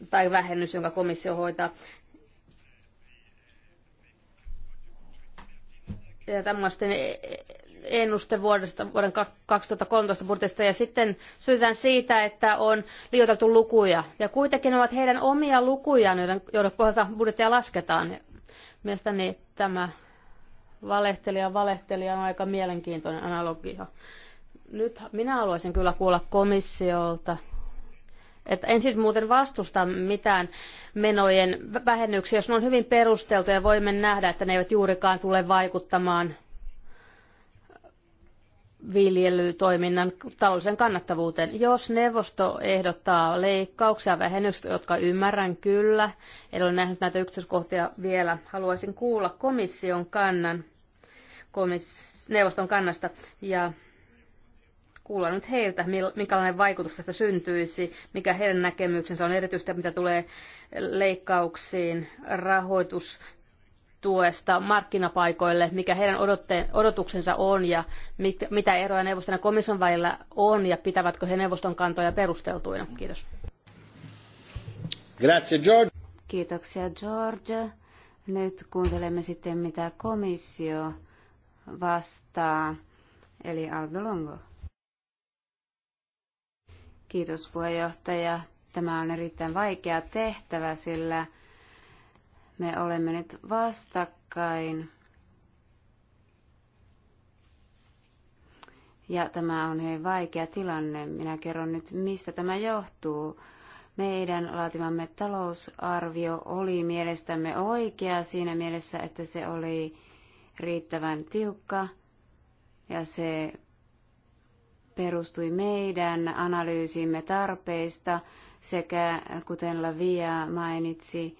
tai vähennys, jonka komissio hoitaa. Ja tämä sitten ennuste vuodesta, vuoden 2013 budjetista ja sitten syytetään siitä, että on liioiteltu lukuja. Ja kuitenkin ne ovat heidän omia lukujaan, joiden, joiden pohjalta budjettia lasketaan. Mielestäni tämä valehtelija valehtelija on aika mielenkiintoinen analogia. Nyt minä haluaisin kyllä kuulla komissiolta, että en siis muuten vastusta mitään menojen vähennyksiä, jos ne on hyvin perusteltuja ja voimme nähdä, että ne eivät juurikaan tule vaikuttamaan viljelytoiminnan taloudellisen kannattavuuteen. Jos neuvosto ehdottaa leikkauksia, vähennyksiä, jotka ymmärrän kyllä, en ole nähnyt näitä yksityiskohtia vielä, haluaisin kuulla komission kannan, komis- neuvoston kannasta ja kuulla nyt heiltä, minkälainen vaikutus tästä syntyisi, mikä heidän näkemyksensä on erityisesti, mitä tulee leikkauksiin, rahoitus tuesta markkinapaikoille, mikä heidän odotuksensa on ja mit, mitä eroja neuvoston ja komission välillä on ja pitävätkö he neuvoston kantoja perusteltuina. Kiitos. Grazie, George. Kiitoksia George. Nyt kuuntelemme sitten mitä komissio vastaa, eli Aldo Longo. Kiitos puheenjohtaja. Tämä on erittäin vaikea tehtävä, sillä me olemme nyt vastakkain. Ja tämä on hyvin vaikea tilanne. Minä kerron nyt, mistä tämä johtuu. Meidän laatimamme talousarvio oli mielestämme oikea siinä mielessä, että se oli riittävän tiukka ja se perustui meidän analyysimme tarpeista sekä, kuten Lavia mainitsi,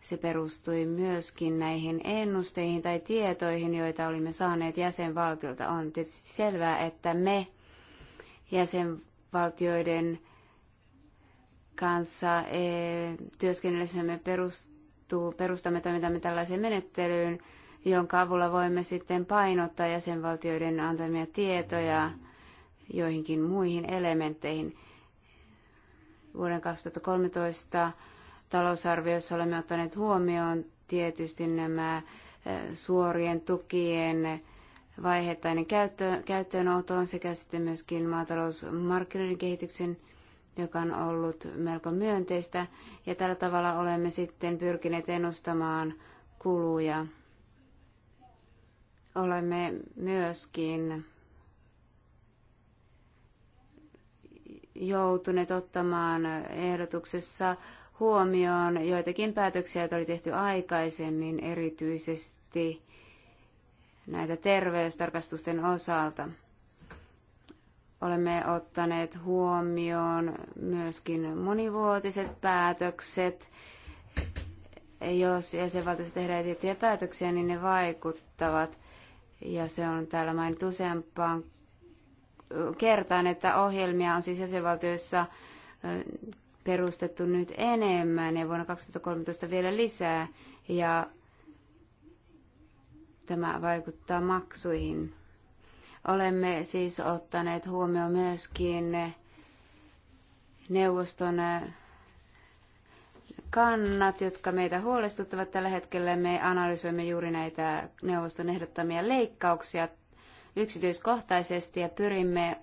se perustui myöskin näihin ennusteihin tai tietoihin, joita olimme saaneet jäsenvaltiolta. On tietysti selvää, että me jäsenvaltioiden kanssa e, työskennellessämme perustuu, perustamme toimintamme tällaiseen menettelyyn, jonka avulla voimme sitten painottaa jäsenvaltioiden antamia tietoja joihinkin muihin elementteihin. Vuoden 2013 talousarviossa olemme ottaneet huomioon tietysti nämä eh, suorien tukien vaiheittainen käyttö, käyttöönoton sekä sitten myöskin maatalousmarkkinoiden kehityksen, joka on ollut melko myönteistä. Ja tällä tavalla olemme sitten pyrkineet ennustamaan kuluja. Olemme myöskin joutuneet ottamaan ehdotuksessa huomioon joitakin päätöksiä, joita oli tehty aikaisemmin, erityisesti näitä terveystarkastusten osalta. Olemme ottaneet huomioon myöskin monivuotiset päätökset. Jos jäsenvaltiossa tehdään tiettyjä päätöksiä, niin ne vaikuttavat. Ja se on täällä mainittu useampaan kertaan, että ohjelmia on siis jäsenvaltioissa perustettu nyt enemmän ja vuonna 2013 vielä lisää ja tämä vaikuttaa maksuihin. Olemme siis ottaneet huomioon myöskin neuvoston kannat, jotka meitä huolestuttavat tällä hetkellä. Me analysoimme juuri näitä neuvoston ehdottamia leikkauksia yksityiskohtaisesti ja pyrimme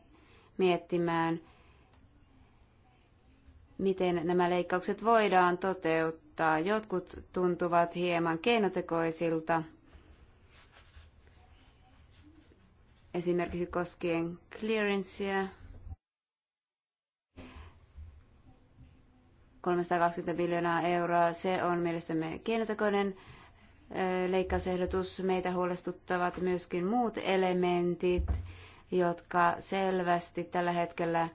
miettimään, miten nämä leikkaukset voidaan toteuttaa. Jotkut tuntuvat hieman keinotekoisilta, esimerkiksi koskien clearancea, 320 miljoonaa euroa, se on mielestämme keinotekoinen leikkausehdotus. Meitä huolestuttavat myöskin muut elementit, jotka selvästi tällä hetkellä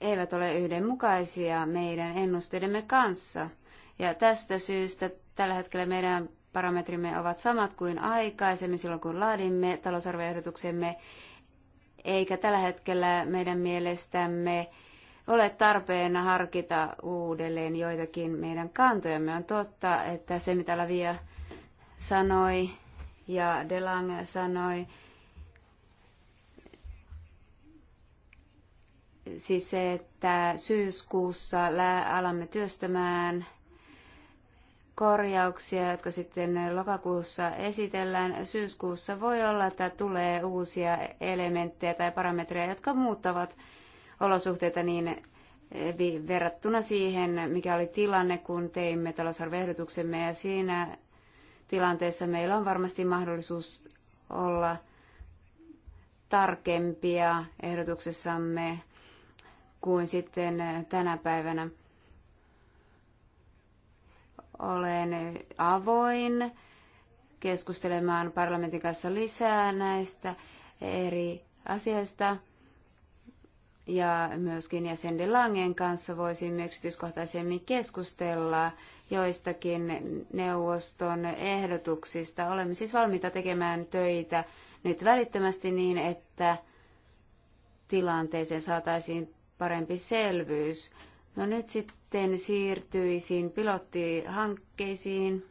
eivät ole yhdenmukaisia meidän ennusteidemme kanssa. Ja tästä syystä tällä hetkellä meidän parametrimme ovat samat kuin aikaisemmin silloin, kun laadimme talousarvioehdotuksemme, eikä tällä hetkellä meidän mielestämme ole tarpeena harkita uudelleen joitakin meidän kantojamme. On totta, että se mitä Lavia sanoi ja Delang sanoi, siis se, että syyskuussa alamme työstämään korjauksia, jotka sitten lokakuussa esitellään. Syyskuussa voi olla, että tulee uusia elementtejä tai parametreja, jotka muuttavat olosuhteita niin eh, verrattuna siihen, mikä oli tilanne, kun teimme talousarvehdotuksemme ja siinä tilanteessa meillä on varmasti mahdollisuus olla tarkempia ehdotuksessamme kuin sitten tänä päivänä. Olen avoin keskustelemaan parlamentin kanssa lisää näistä eri asioista ja myöskin jäsen De Langen kanssa voisimme yksityiskohtaisemmin keskustella joistakin neuvoston ehdotuksista. Olemme siis valmiita tekemään töitä nyt välittömästi niin, että tilanteeseen saataisiin parempi selvyys. No nyt sitten siirtyisin pilottihankkeisiin.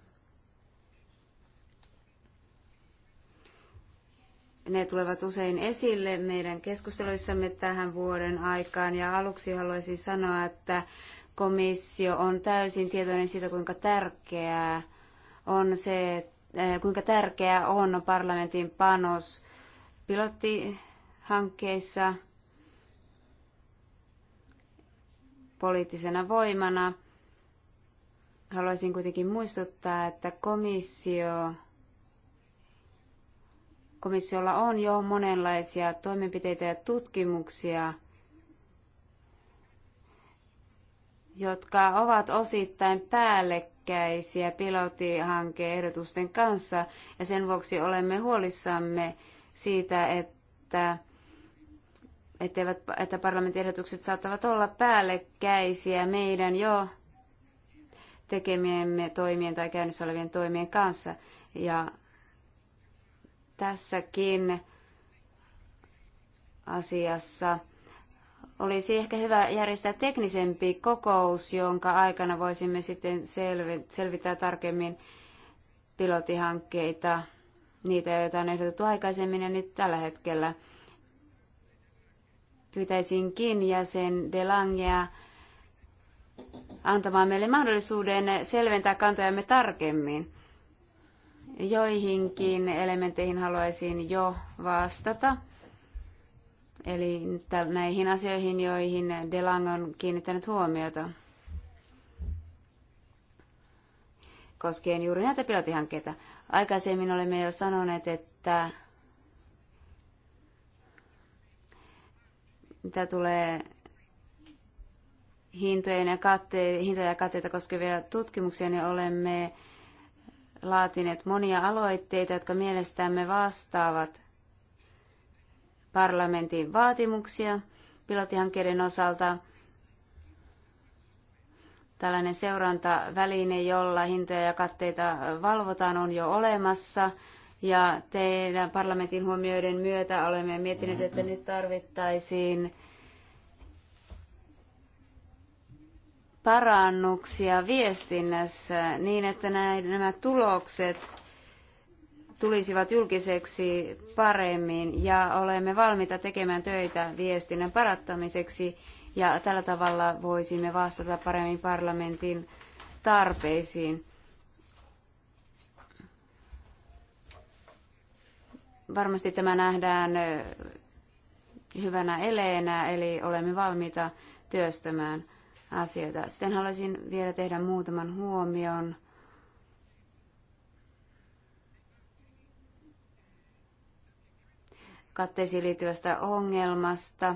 Ne tulevat usein esille meidän keskusteluissamme tähän vuoden aikaan ja aluksi haluaisin sanoa, että komissio on täysin tietoinen siitä, kuinka tärkeää on se, eh, kuinka tärkeää on parlamentin panos pilottihankkeissa poliittisena voimana. Haluaisin kuitenkin muistuttaa, että komissio Komissiolla on jo monenlaisia toimenpiteitä ja tutkimuksia, jotka ovat osittain päällekkäisiä pilotihankeehdotusten kanssa, ja sen vuoksi olemme huolissamme siitä, että etteivät, että parlamentin ehdotukset saattavat olla päällekkäisiä meidän jo tekemiemme toimien tai käynnissä olevien toimien kanssa. Ja tässäkin asiassa. Olisi ehkä hyvä järjestää teknisempi kokous, jonka aikana voisimme sitten selvittää tarkemmin pilotihankkeita, niitä, joita on ehdotettu aikaisemmin ja nyt tällä hetkellä. Pyytäisinkin jäsen Delangea antamaan meille mahdollisuuden selventää kantojamme tarkemmin. Joihinkin elementteihin haluaisin jo vastata. Eli näihin asioihin, joihin Delang on kiinnittänyt huomiota. Koskien juuri näitä pilotihankkeita. Aikaisemmin olemme jo sanoneet, että mitä tulee hintojen ja katte, hintoja ja katteita koskevia tutkimuksia, niin olemme laatineet monia aloitteita, jotka mielestämme vastaavat parlamentin vaatimuksia pilottihankkeiden osalta. Tällainen seurantaväline, jolla hintoja ja katteita valvotaan, on jo olemassa. Ja teidän parlamentin huomioiden myötä olemme miettineet, että nyt tarvittaisiin parannuksia viestinnässä niin, että nämä tulokset tulisivat julkiseksi paremmin ja olemme valmiita tekemään töitä viestinnän parattamiseksi ja tällä tavalla voisimme vastata paremmin parlamentin tarpeisiin. Varmasti tämä nähdään hyvänä eleenä, eli olemme valmiita työstämään asioita. Sitten haluaisin vielä tehdä muutaman huomion. katteisiin liittyvästä ongelmasta.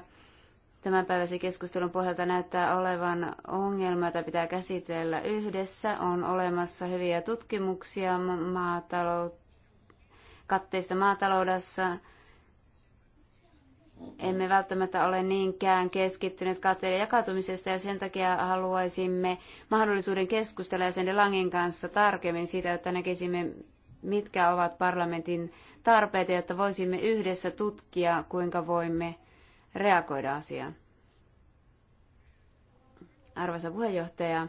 Tämänpäiväisen keskustelun pohjalta näyttää olevan ongelma, jota pitää käsitellä yhdessä. On olemassa hyviä tutkimuksia maatalou- katteista maataloudessa emme välttämättä ole niinkään keskittyneet katteiden jakautumisesta ja sen takia haluaisimme mahdollisuuden keskustella sen Langin kanssa tarkemmin siitä, että näkisimme mitkä ovat parlamentin tarpeet, jotta voisimme yhdessä tutkia, kuinka voimme reagoida asiaan. Arvoisa puheenjohtaja,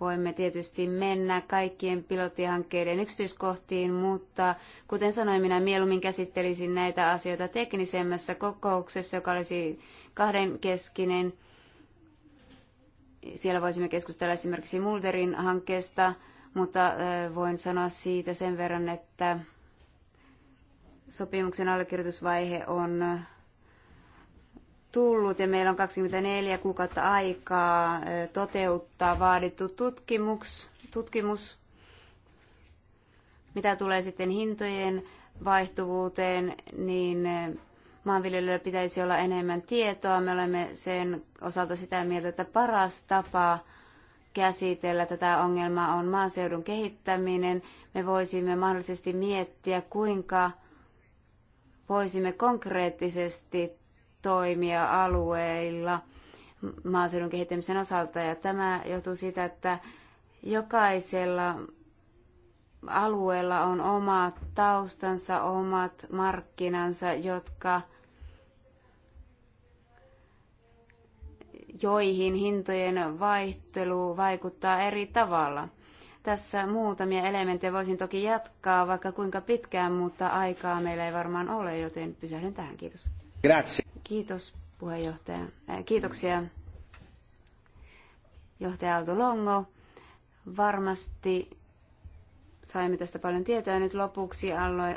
voimme tietysti mennä kaikkien pilottihankkeiden yksityiskohtiin, mutta kuten sanoin, minä mieluummin käsittelisin näitä asioita teknisemmässä kokouksessa, joka olisi kahdenkeskinen. Siellä voisimme keskustella esimerkiksi Mulderin hankkeesta, mutta voin sanoa siitä sen verran, että sopimuksen allekirjoitusvaihe on tullut ja meillä on 24 kuukautta aikaa toteuttaa vaadittu tutkimus, tutkimus mitä tulee sitten hintojen vaihtuvuuteen, niin maanviljelijöillä pitäisi olla enemmän tietoa. Me olemme sen osalta sitä mieltä, että paras tapa käsitellä tätä ongelmaa on maaseudun kehittäminen. Me voisimme mahdollisesti miettiä, kuinka voisimme konkreettisesti toimia alueilla maaseudun kehittämisen osalta. Ja tämä johtuu siitä, että jokaisella alueella on oma taustansa, omat markkinansa, jotka joihin hintojen vaihtelu vaikuttaa eri tavalla. Tässä muutamia elementtejä voisin toki jatkaa vaikka kuinka pitkään, mutta aikaa meillä ei varmaan ole, joten pysähdyn tähän. Kiitos. Grazie. Kiitos puheenjohtaja. Äh, kiitoksia johtaja Alto Longo. Varmasti saimme tästä paljon tietoa. Nyt lopuksi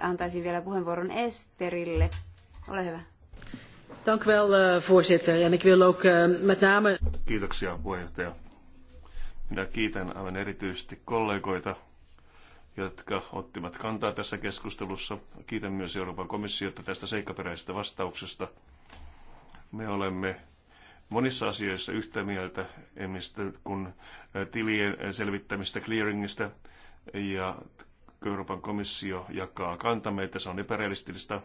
antaisin vielä puheenvuoron Esterille. Ole hyvä. Dank wel, eh, voorzitter. En ik wil ook eh, met name... Kiitoksia, puheenjohtaja. Minä kiitän aivan erityisesti kollegoita jotka ottivat kantaa tässä keskustelussa. Kiitän myös Euroopan komissiota tästä seikkaperäisestä vastauksesta. Me olemme monissa asioissa yhtä mieltä, kun tilien selvittämistä, clearingistä, ja Euroopan komissio jakaa kantamme, että se on epärealistista,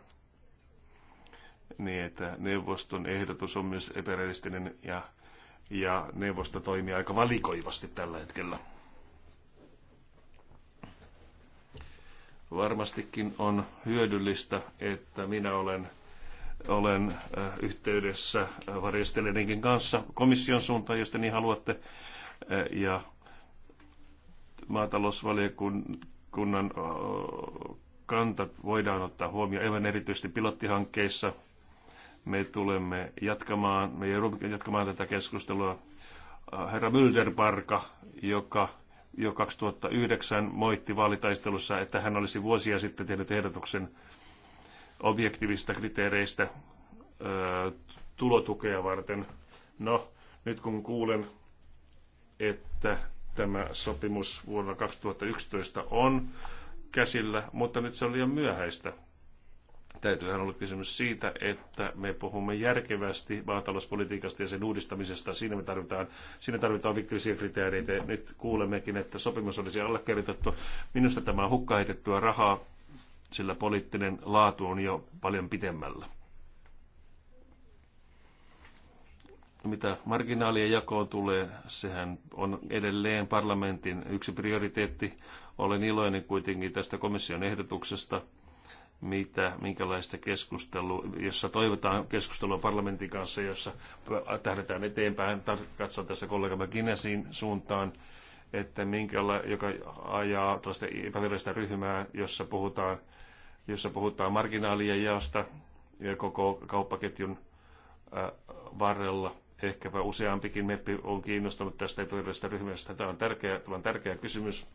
niin että neuvoston ehdotus on myös epärealistinen, ja, ja neuvosto toimii aika valikoivasti tällä hetkellä. Varmastikin on hyödyllistä, että minä olen, olen äh, yhteydessä äh, varjostelijanenkin kanssa komission suuntaan, jos te niin haluatte. Äh, ja maatalousvaliokunnan kanta voidaan ottaa huomioon, aivan erityisesti pilottihankkeissa. Me tulemme jatkamaan, me joudumme jatkamaan tätä keskustelua. Herra Mylderparka, joka jo 2009 moitti vaalitaistelussa, että hän olisi vuosia sitten tehnyt ehdotuksen objektiivista kriteereistä ö, tulotukea varten. No, nyt kun kuulen, että tämä sopimus vuonna 2011 on käsillä, mutta nyt se on liian myöhäistä. Täytyyhän olla kysymys siitä, että me puhumme järkevästi maatalouspolitiikasta ja sen uudistamisesta. Siinä, me tarvitaan, siinä tarvitaan objektiivisia kriteereitä. Nyt kuulemmekin, että sopimus olisi allekirjoitettu. Minusta tämä on hukkaheitettyä rahaa, sillä poliittinen laatu on jo paljon pitemmällä. mitä marginaalien jakoon tulee, sehän on edelleen parlamentin yksi prioriteetti. Olen iloinen kuitenkin tästä komission ehdotuksesta mitä, minkälaista keskustelua, jossa toivotaan keskustelua parlamentin kanssa, jossa tähdetään eteenpäin. katsotaan tässä kollegamme Kinesin suuntaan, että minkälaista joka ajaa tällaista epävirallista ryhmää, jossa puhutaan, jossa puhutaan marginaalien jaosta ja koko kauppaketjun äh, varrella. Ehkäpä useampikin meppi on kiinnostunut tästä epävirallisesta ryhmästä. Tämä on tärkeä, tämä on tärkeä kysymys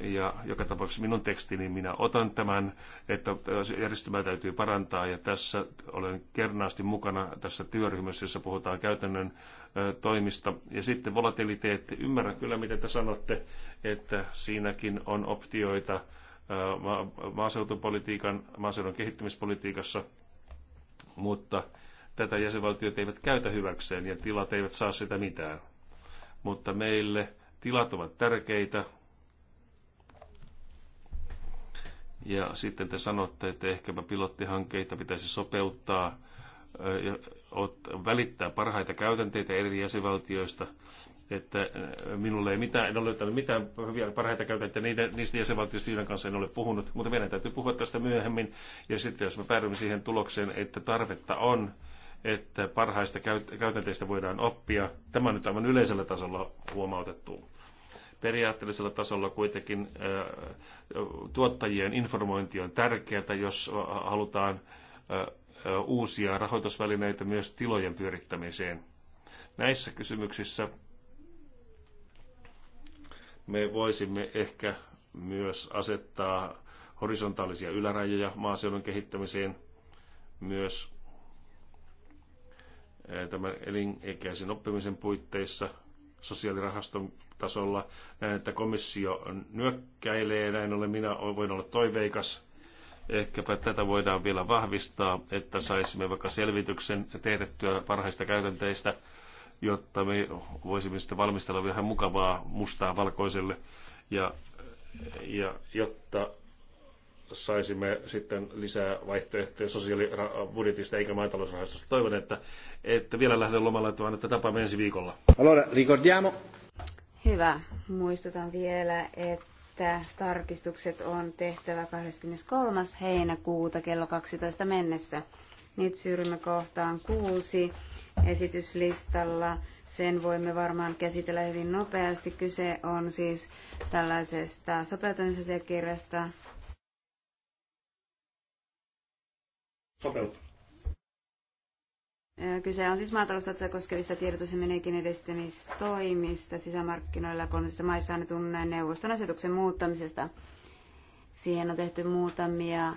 ja joka tapauksessa minun tekstini minä otan tämän, että järjestelmää täytyy parantaa ja tässä olen kernaasti mukana tässä työryhmässä, jossa puhutaan käytännön toimista. Ja sitten volatiliteetti. Ymmärrän kyllä, mitä te sanotte, että siinäkin on optioita maaseutupolitiikan, maaseudun kehittämispolitiikassa, mutta tätä jäsenvaltiot eivät käytä hyväkseen ja tilat eivät saa sitä mitään. Mutta meille tilat ovat tärkeitä, Ja sitten te sanotte, että ehkäpä pilottihankkeita pitäisi sopeuttaa ja välittää parhaita käytänteitä eri jäsenvaltioista että minulle ei mitään, en ole löytänyt mitään hyviä parhaita käytäntöjä niiden, niistä jäsenvaltioista, joiden kanssa en ole puhunut, mutta meidän täytyy puhua tästä myöhemmin. Ja sitten jos me päädymme siihen tulokseen, että tarvetta on, että parhaista käytänteistä voidaan oppia, tämä on nyt aivan yleisellä tasolla huomautettu. Periaatteellisella tasolla kuitenkin tuottajien informointi on tärkeää, jos halutaan uusia rahoitusvälineitä myös tilojen pyörittämiseen. Näissä kysymyksissä me voisimme ehkä myös asettaa horisontaalisia ylärajoja maaseudun kehittämiseen myös tämän elinikäisen oppimisen puitteissa sosiaalirahaston tasolla. Näin, että komissio nyökkäilee, näin ollen minä voin olla toiveikas. Ehkäpä tätä voidaan vielä vahvistaa, että saisimme vaikka selvityksen tehdettyä parhaista käytänteistä, jotta me voisimme sitten valmistella vähän mukavaa mustaa valkoiselle ja, ja jotta saisimme sitten lisää vaihtoehtoja sosiaalibudjetista eikä maatalousrahastosta. Toivon, että, että vielä lähden lomalle, että tapaamme ensi viikolla. Allora, ricordiamo Hyvä. Muistutan vielä, että tarkistukset on tehtävä 23. heinäkuuta kello 12 mennessä. Nyt syrjymme kohtaan kuusi esityslistalla. Sen voimme varmaan käsitellä hyvin nopeasti. Kyse on siis tällaisesta sopeutumisasiakirjasta. Sopeutuminen Kyse on siis maataloustuotteita koskevista tiedotus- ja menekin edistämistoimista sisämarkkinoilla kolmansissa maissa annetun neuvoston asetuksen muuttamisesta. Siihen on tehty muutamia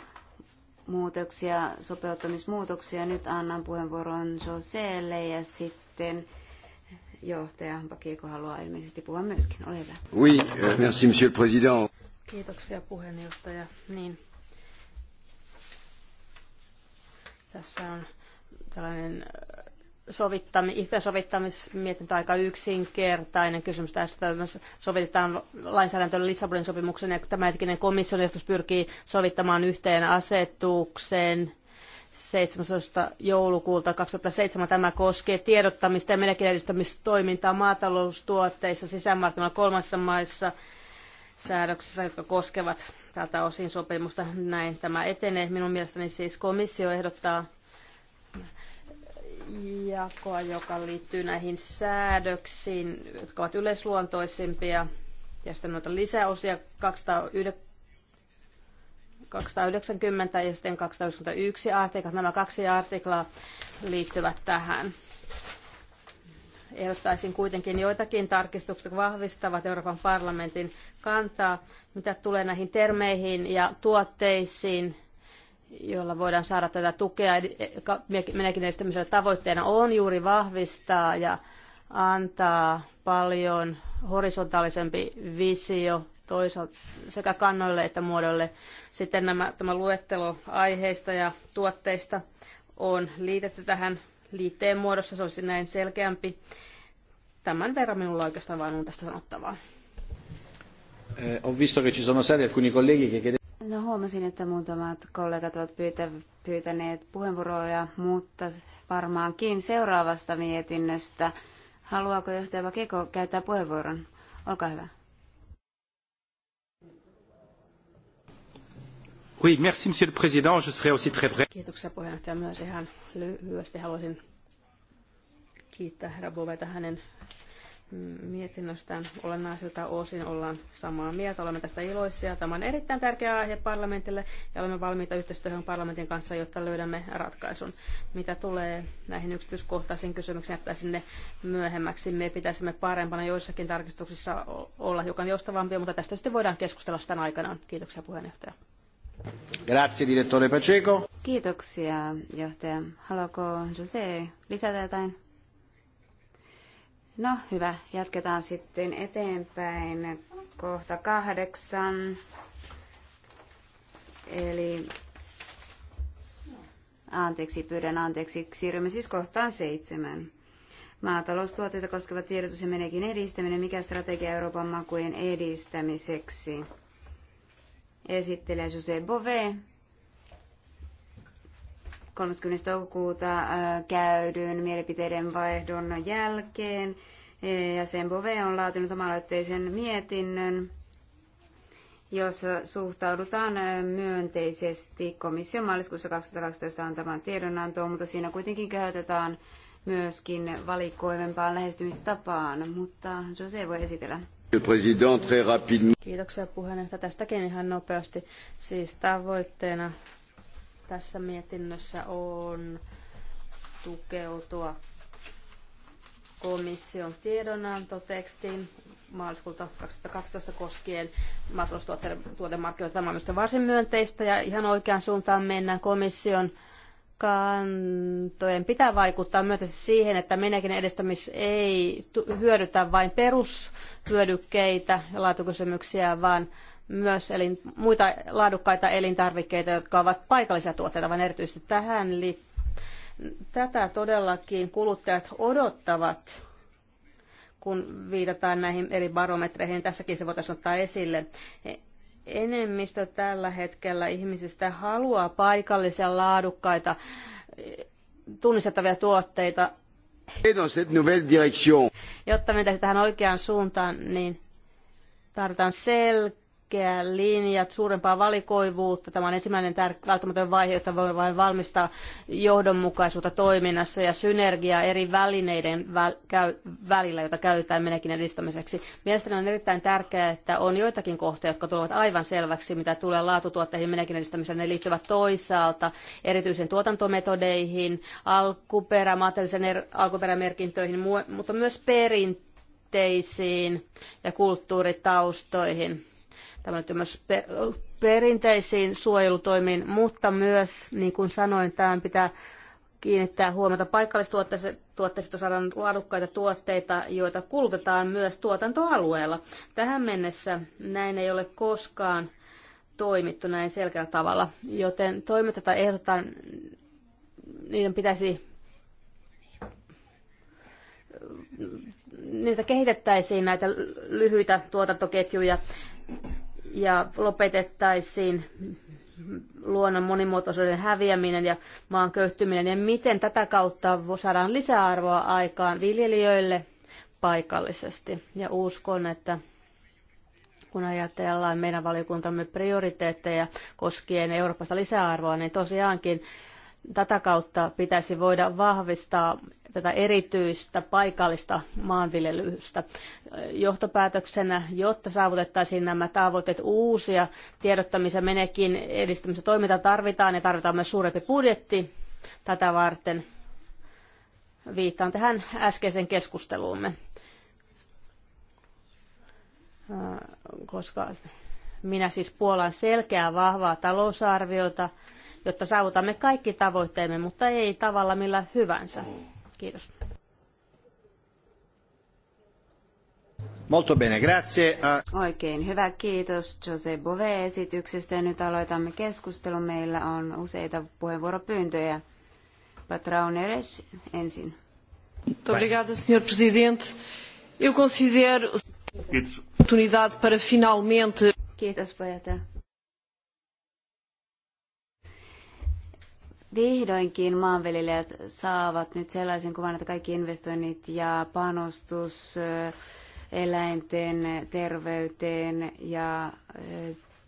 muutoksia, sopeuttamismuutoksia. Nyt annan puheenvuoron Joselle ja sitten johtaja Pakieko haluaa ilmeisesti puhua myöskin. Ole hyvä. Oui, euh, merci, monsieur le président. Kiitoksia puheenjohtaja. Niin. Tässä on tällainen äh, sovittami, yhteensovittamismietintö aika yksinkertainen kysymys tästä. Me sovitetaan lainsäädäntöön Lissabonin sopimuksen ja hetkinen komission ehdotus pyrkii sovittamaan yhteen asetukseen 17. joulukuuta 2007 tämä koskee tiedottamista ja melkein maataloustuotteissa sisämarkkinoilla kolmassa maissa säädöksissä, jotka koskevat tältä osin sopimusta. Näin tämä etenee. Minun mielestäni siis komissio ehdottaa jakoa, joka liittyy näihin säädöksiin, jotka ovat yleisluontoisimpia. Ja sitten noita lisäosia 290 ja sitten 291 artiklaa, Nämä kaksi artiklaa liittyvät tähän. Ehdottaisin kuitenkin joitakin tarkistuksia, jotka vahvistavat Euroopan parlamentin kantaa, mitä tulee näihin termeihin ja tuotteisiin, jolla voidaan saada tätä tukea, e- menekin edistämisellä tavoitteena on juuri vahvistaa ja antaa paljon horisontaalisempi visio toisaalta sekä kannoille että muodolle. Sitten nämä, tämä luettelo aiheista ja tuotteista on liitetty tähän liitteen muodossa, se olisi näin selkeämpi. Tämän verran minulla oikeastaan vain on tästä sanottavaa. Eh, ho visto che ci sono stati alcuni colleghi che chiedevano No huomasin, että muutamat kollegat ovat pyytä, pyytäneet puheenvuoroja, mutta varmaankin seuraavasta mietinnöstä. Haluaako johtaja Keko käyttää puheenvuoron? Olkaa hyvä. Oui, merci, monsieur le président. Je serai aussi très bref. Kiitoksia puheenjohtaja. Myös ihan lyhyesti haluaisin kiittää herra Boveta hänen mietinnöstään olennaisilta osin ollaan samaa mieltä. Olemme tästä iloisia. Tämä on erittäin tärkeä aihe parlamentille ja olemme valmiita yhteistyöhön parlamentin kanssa, jotta löydämme ratkaisun. Mitä tulee näihin yksityiskohtaisiin kysymyksiin, jättäisin ne myöhemmäksi. Me pitäisimme parempana joissakin tarkistuksissa olla hiukan joustavampia, mutta tästä sitten voidaan keskustella sitä aikanaan. Kiitoksia puheenjohtaja. Grazie, direttore Pacheco. Kiitoksia, johtaja. Haluaako Jose lisätä jotain? No hyvä, jatketaan sitten eteenpäin. Kohta kahdeksan. Eli anteeksi, pyydän anteeksi. Siirrymme siis kohtaan seitsemän. Maataloustuotteita koskeva tiedotus ja menekin edistäminen. Mikä strategia Euroopan makujen edistämiseksi? Esittelee Jose bove. 30. toukokuuta äh, käydyn mielipiteiden vaihdon jälkeen. Äh, ja sen Bove on laatinut oma-aloitteisen mietinnön, jossa suhtaudutaan äh, myönteisesti komission maaliskuussa 2012 antamaan tiedonantoon, mutta siinä kuitenkin käytetään myöskin valikoivempaan lähestymistapaan. Mutta Jose voi esitellä. Kiitoksia puheenjohtaja tästäkin ihan nopeasti. Siis tavoitteena tässä mietinnössä on tukeutua komission tiedonantotekstiin maaliskuulta 2012 koskien maataloustuotemarkkinoita. Tämä on myös varsin myönteistä ja ihan oikeaan suuntaan mennään komission kantojen pitää vaikuttaa myönteisesti siihen, että menekin edistämis ei hyödytä vain perushyödykkeitä ja laatukysymyksiä, vaan myös elin, muita laadukkaita elintarvikkeita, jotka ovat paikallisia tuotteita, vaan erityisesti tähän li, tätä todellakin kuluttajat odottavat, kun viitataan näihin eri barometreihin. Tässäkin se voitaisiin ottaa esille. E-, enemmistö tällä hetkellä ihmisistä haluaa paikallisia laadukkaita tunnistettavia tuotteita. Jotta mentäisiin tähän oikeaan suuntaan, niin tarvitaan selkeä selkeä linja, suurempaa valikoivuutta. Tämä on ensimmäinen tär- välttämätön vaihe, jota voi vain valmistaa johdonmukaisuutta toiminnassa ja synergiaa eri välineiden väl- käy- välillä, joita käytetään menekin edistämiseksi. Mielestäni on erittäin tärkeää, että on joitakin kohtia, jotka tulevat aivan selväksi, mitä tulee laatutuotteihin menekin edistämiseen. Ne liittyvät toisaalta erityisen tuotantometodeihin, alkuperä, materiaalisen er- alkuperämerkintöihin, mutta myös perinteisiin ja kulttuuritaustoihin. Tämä liittyy perinteisiin suojelutoimiin, mutta myös, niin kuin sanoin, tämän pitää kiinnittää huomiota paikallistuotteista saadaan laadukkaita tuotteita, joita kulutetaan myös tuotantoalueella. Tähän mennessä näin ei ole koskaan toimittu näin selkeällä tavalla, joten toimet, joita ehdotetaan, niiden pitäisi niitä kehitettäisiin näitä lyhyitä tuotantoketjuja ja lopetettaisiin luonnon monimuotoisuuden häviäminen ja maan köyhtyminen ja miten tätä kautta saadaan lisäarvoa aikaan viljelijöille paikallisesti. Ja uskon, että kun ajatellaan meidän valiokuntamme prioriteetteja koskien Euroopasta lisäarvoa, niin tosiaankin tätä kautta pitäisi voida vahvistaa tätä erityistä paikallista maanviljelystä johtopäätöksenä, jotta saavutettaisiin nämä tavoitteet uusia tiedottamisen menekin edistämisen toiminta tarvitaan ja tarvitaan myös suurempi budjetti tätä varten. Viittaan tähän äskeiseen keskusteluumme, äh, koska minä siis puolan selkeää vahvaa talousarviota, jotta saavutamme kaikki tavoitteemme, mutta ei tavalla millä hyvänsä. Oikein hyvä, kiitos Jose Bove esityksestä. Nyt aloitamme keskustelun. Meillä on useita puheenvuoropyyntöjä. Patrão ensin. obrigada, senhor presidente. Eu considero oportunidade para finalmente... Kiitos puheenjohtaja. Vihdoinkin maanviljelijät saavat nyt sellaisen kuvan, että kaikki investoinnit ja panostus eläinten terveyteen ja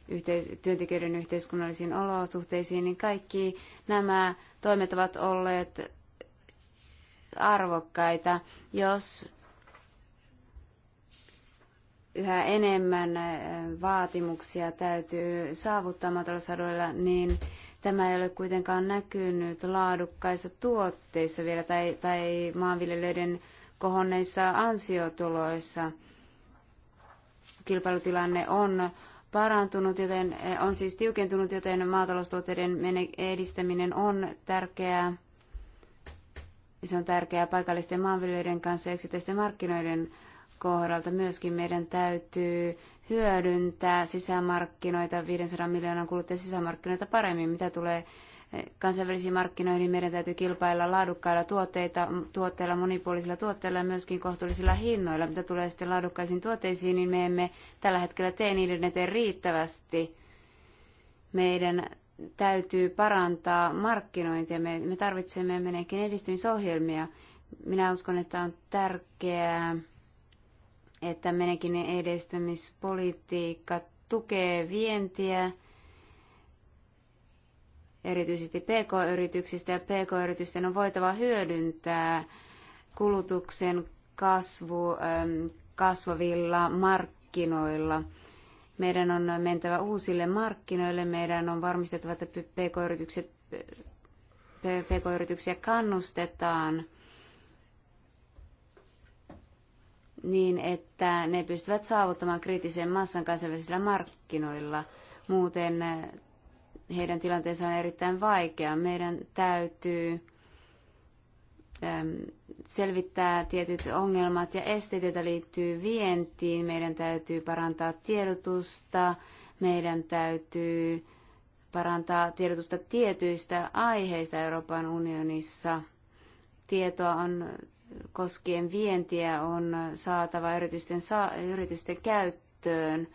yhteis- työntekijöiden yhteiskunnallisiin olosuhteisiin, niin kaikki nämä toimet ovat olleet arvokkaita, jos yhä enemmän vaatimuksia täytyy saavuttaa matalasadoilla, niin Tämä ei ole kuitenkaan näkynyt laadukkaissa tuotteissa vielä tai, tai maanviljelijöiden kohonneissa ansiotuloissa. Kilpailutilanne on parantunut, joten eh, on siis tiukentunut, joten maataloustuotteiden edistäminen on tärkeää. Se on tärkeää paikallisten maanviljelijöiden kanssa ja yksittäisten markkinoiden kohdalta. Myöskin meidän täytyy hyödyntää sisämarkkinoita, 500 miljoonan kuluttajan sisämarkkinoita paremmin, mitä tulee eh, kansainvälisiin markkinoihin, meidän täytyy kilpailla laadukkailla tuotteita, tuotteilla, monipuolisilla tuotteilla ja myöskin kohtuullisilla hinnoilla. Mitä tulee sitten laadukkaisiin tuotteisiin, niin me emme tällä hetkellä tee niiden eteen riittävästi. Meidän täytyy parantaa markkinointia. Me, me tarvitsemme meneekin edistymisohjelmia. Minä uskon, että on tärkeää että menekin edistämispolitiikka tukee vientiä erityisesti pk-yrityksistä ja pk-yritysten on voitava hyödyntää kulutuksen kasvu, ähm, kasvavilla markkinoilla. Meidän on mentävä uusille markkinoille, meidän on varmistettava, että pk-yritykset, pk-yrityksiä kannustetaan – niin, että ne pystyvät saavuttamaan kriittisen massan kansainvälisillä markkinoilla. Muuten eh, heidän tilanteensa on erittäin vaikea. Meidän täytyy selvittää tietyt ongelmat ja esteet, joita liittyy vientiin. Meidän täytyy parantaa tiedotusta, meidän täytyy parantaa tiedotusta tietyistä aiheista Euroopan unionissa. Tietoa on koskien vientiä on saatava yritysten, sa- yritysten käyttöön.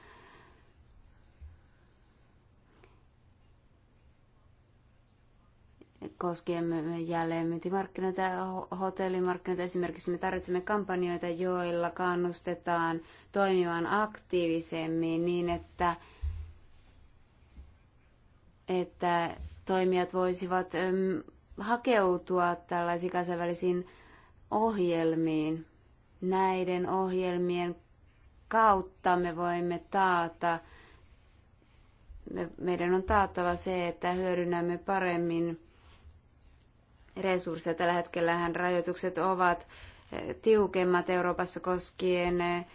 koskien jälleenmyyntimarkkinoita ja hotellimarkkinoita. Esimerkiksi me tarvitsemme kampanjoita, joilla kannustetaan toimimaan aktiivisemmin niin, että, että toimijat voisivat mm, hakeutua tällaisiin kansainvälisiin ohjelmiin. Näiden ohjelmien kautta me voimme taata, me, meidän on taattava se, että hyödynnämme paremmin resursseja. Tällä hetkellähän rajoitukset ovat eh, tiukemmat Euroopassa koskien eh,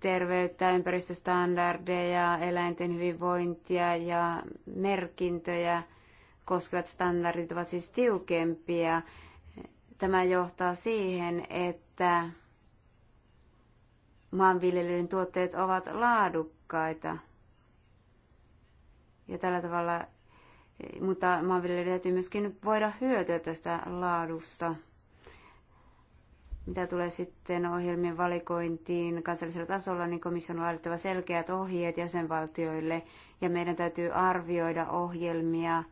terveyttä, ympäristöstandardeja, eläinten hyvinvointia ja merkintöjä koskevat standardit ovat siis tiukempia Tämä johtaa siihen, että maanviljelyiden tuotteet ovat laadukkaita. Ja tällä tavalla, mutta maanviljelijöiden täytyy myöskin voida hyötyä tästä laadusta. Mitä tulee sitten ohjelmien valikointiin kansallisella tasolla, niin komission on laadittava selkeät ohjeet jäsenvaltioille ja meidän täytyy arvioida ohjelmia.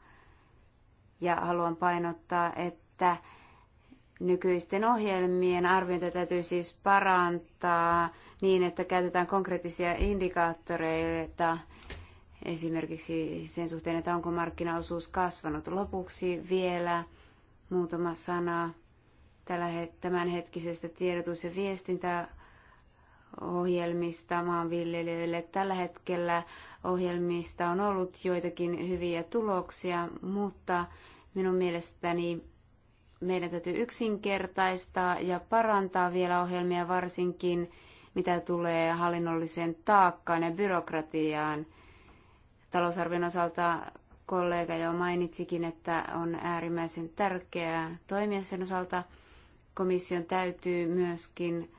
Ja haluan painottaa, että Nykyisten ohjelmien arviointia täytyy siis parantaa niin, että käytetään konkreettisia indikaattoreita esimerkiksi sen suhteen, että onko markkinaosuus kasvanut. Lopuksi vielä muutama sana tällä tämänhetkisestä tiedotus- ja viestintäohjelmista maanviljelijöille. Tällä hetkellä ohjelmista on ollut joitakin hyviä tuloksia, mutta minun mielestäni meidän täytyy yksinkertaistaa ja parantaa vielä ohjelmia varsinkin, mitä tulee hallinnolliseen taakkaan ja byrokratiaan. Talousarvion osalta kollega jo mainitsikin, että on äärimmäisen tärkeää toimia sen osalta. Komission täytyy myöskin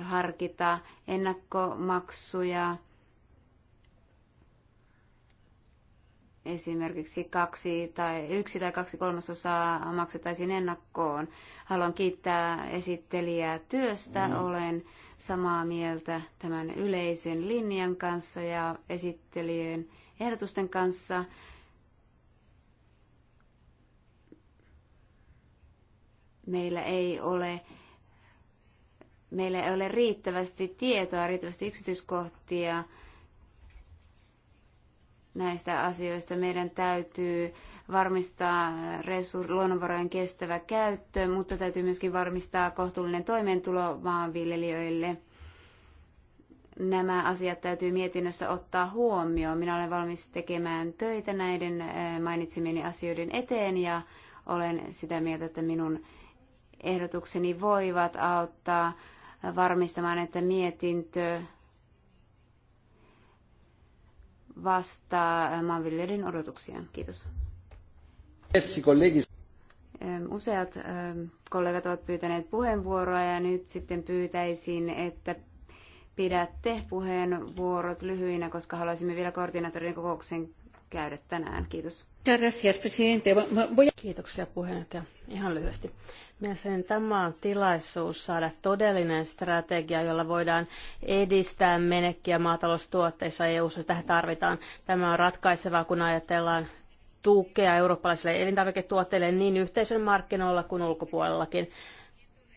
harkita ennakkomaksuja esimerkiksi kaksi tai yksi tai kaksi kolmasosaa maksettaisiin ennakkoon. Haluan kiittää esittelijää työstä. Mm. Olen samaa mieltä tämän yleisen linjan kanssa ja esittelijän ehdotusten kanssa. Meillä ei ole meillä ei ole riittävästi tietoa, riittävästi yksityiskohtia näistä asioista. Meidän täytyy varmistaa resur- luonnonvarojen kestävä käyttö, mutta täytyy myöskin varmistaa kohtuullinen toimeentulo maanviljelijöille. Nämä asiat täytyy mietinnössä ottaa huomioon. Minä olen valmis tekemään töitä näiden eh, mainitsemieni asioiden eteen ja olen sitä mieltä, että minun ehdotukseni voivat auttaa varmistamaan, että mietintö vastaa äh, maanviljelijöiden odotuksia. Kiitos. Ähm, useat ähm, kollegat ovat pyytäneet puheenvuoroa ja nyt sitten pyytäisin, että pidätte puheenvuorot lyhyinä, koska haluaisimme vielä koordinaattorin kokouksen käydä tänään. Kiitos. Kiitoksia puheenjohtaja. Ihan lyhyesti. Mielestäni tämä on tilaisuus saada todellinen strategia, jolla voidaan edistää menekkiä maataloustuotteissa EU-ssa. Tähän tarvitaan. Tämä on ratkaisevaa, kun ajatellaan tukea eurooppalaisille elintarviketuotteille niin yhteisön markkinoilla kuin ulkopuolellakin.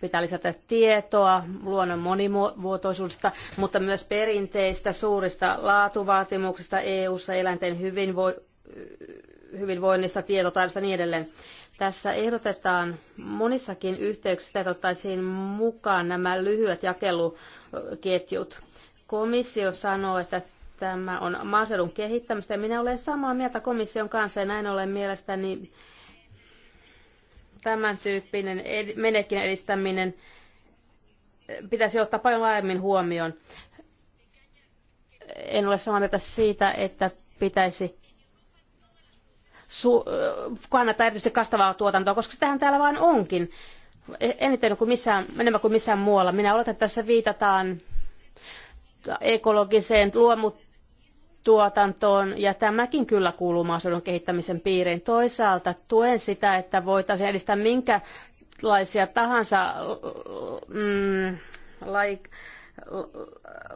Pitää lisätä tietoa luonnon monimuotoisuudesta, mutta myös perinteistä suurista laatuvaatimuksista EU-ssa eläinten hyvinvoinnista hyvinvoinnista, tietotaidosta ja niin edelleen. Tässä ehdotetaan monissakin yhteyksissä, että ottaisiin mukaan nämä lyhyet jakeluketjut. Komissio sanoo, että tämä on maaseudun kehittämistä ja minä olen samaa mieltä komission kanssa ja näin olen mielestäni tämän tyyppinen ed- menekin edistäminen eh, pitäisi ottaa paljon laajemmin huomioon. En ole samaa mieltä siitä, että pitäisi kannattaa erityisesti kastavaa tuotantoa, koska sitähän täällä vain onkin. E, eniten kuin missään, enemmän kuin missään muualla. Minä oletan, että tässä viitataan ekologiseen luomutuotantoon, ja tämäkin kyllä kuuluu maaseudun kehittämisen piiriin. Toisaalta tuen sitä, että voitaisiin edistää minkälaisia tahansa mm, like,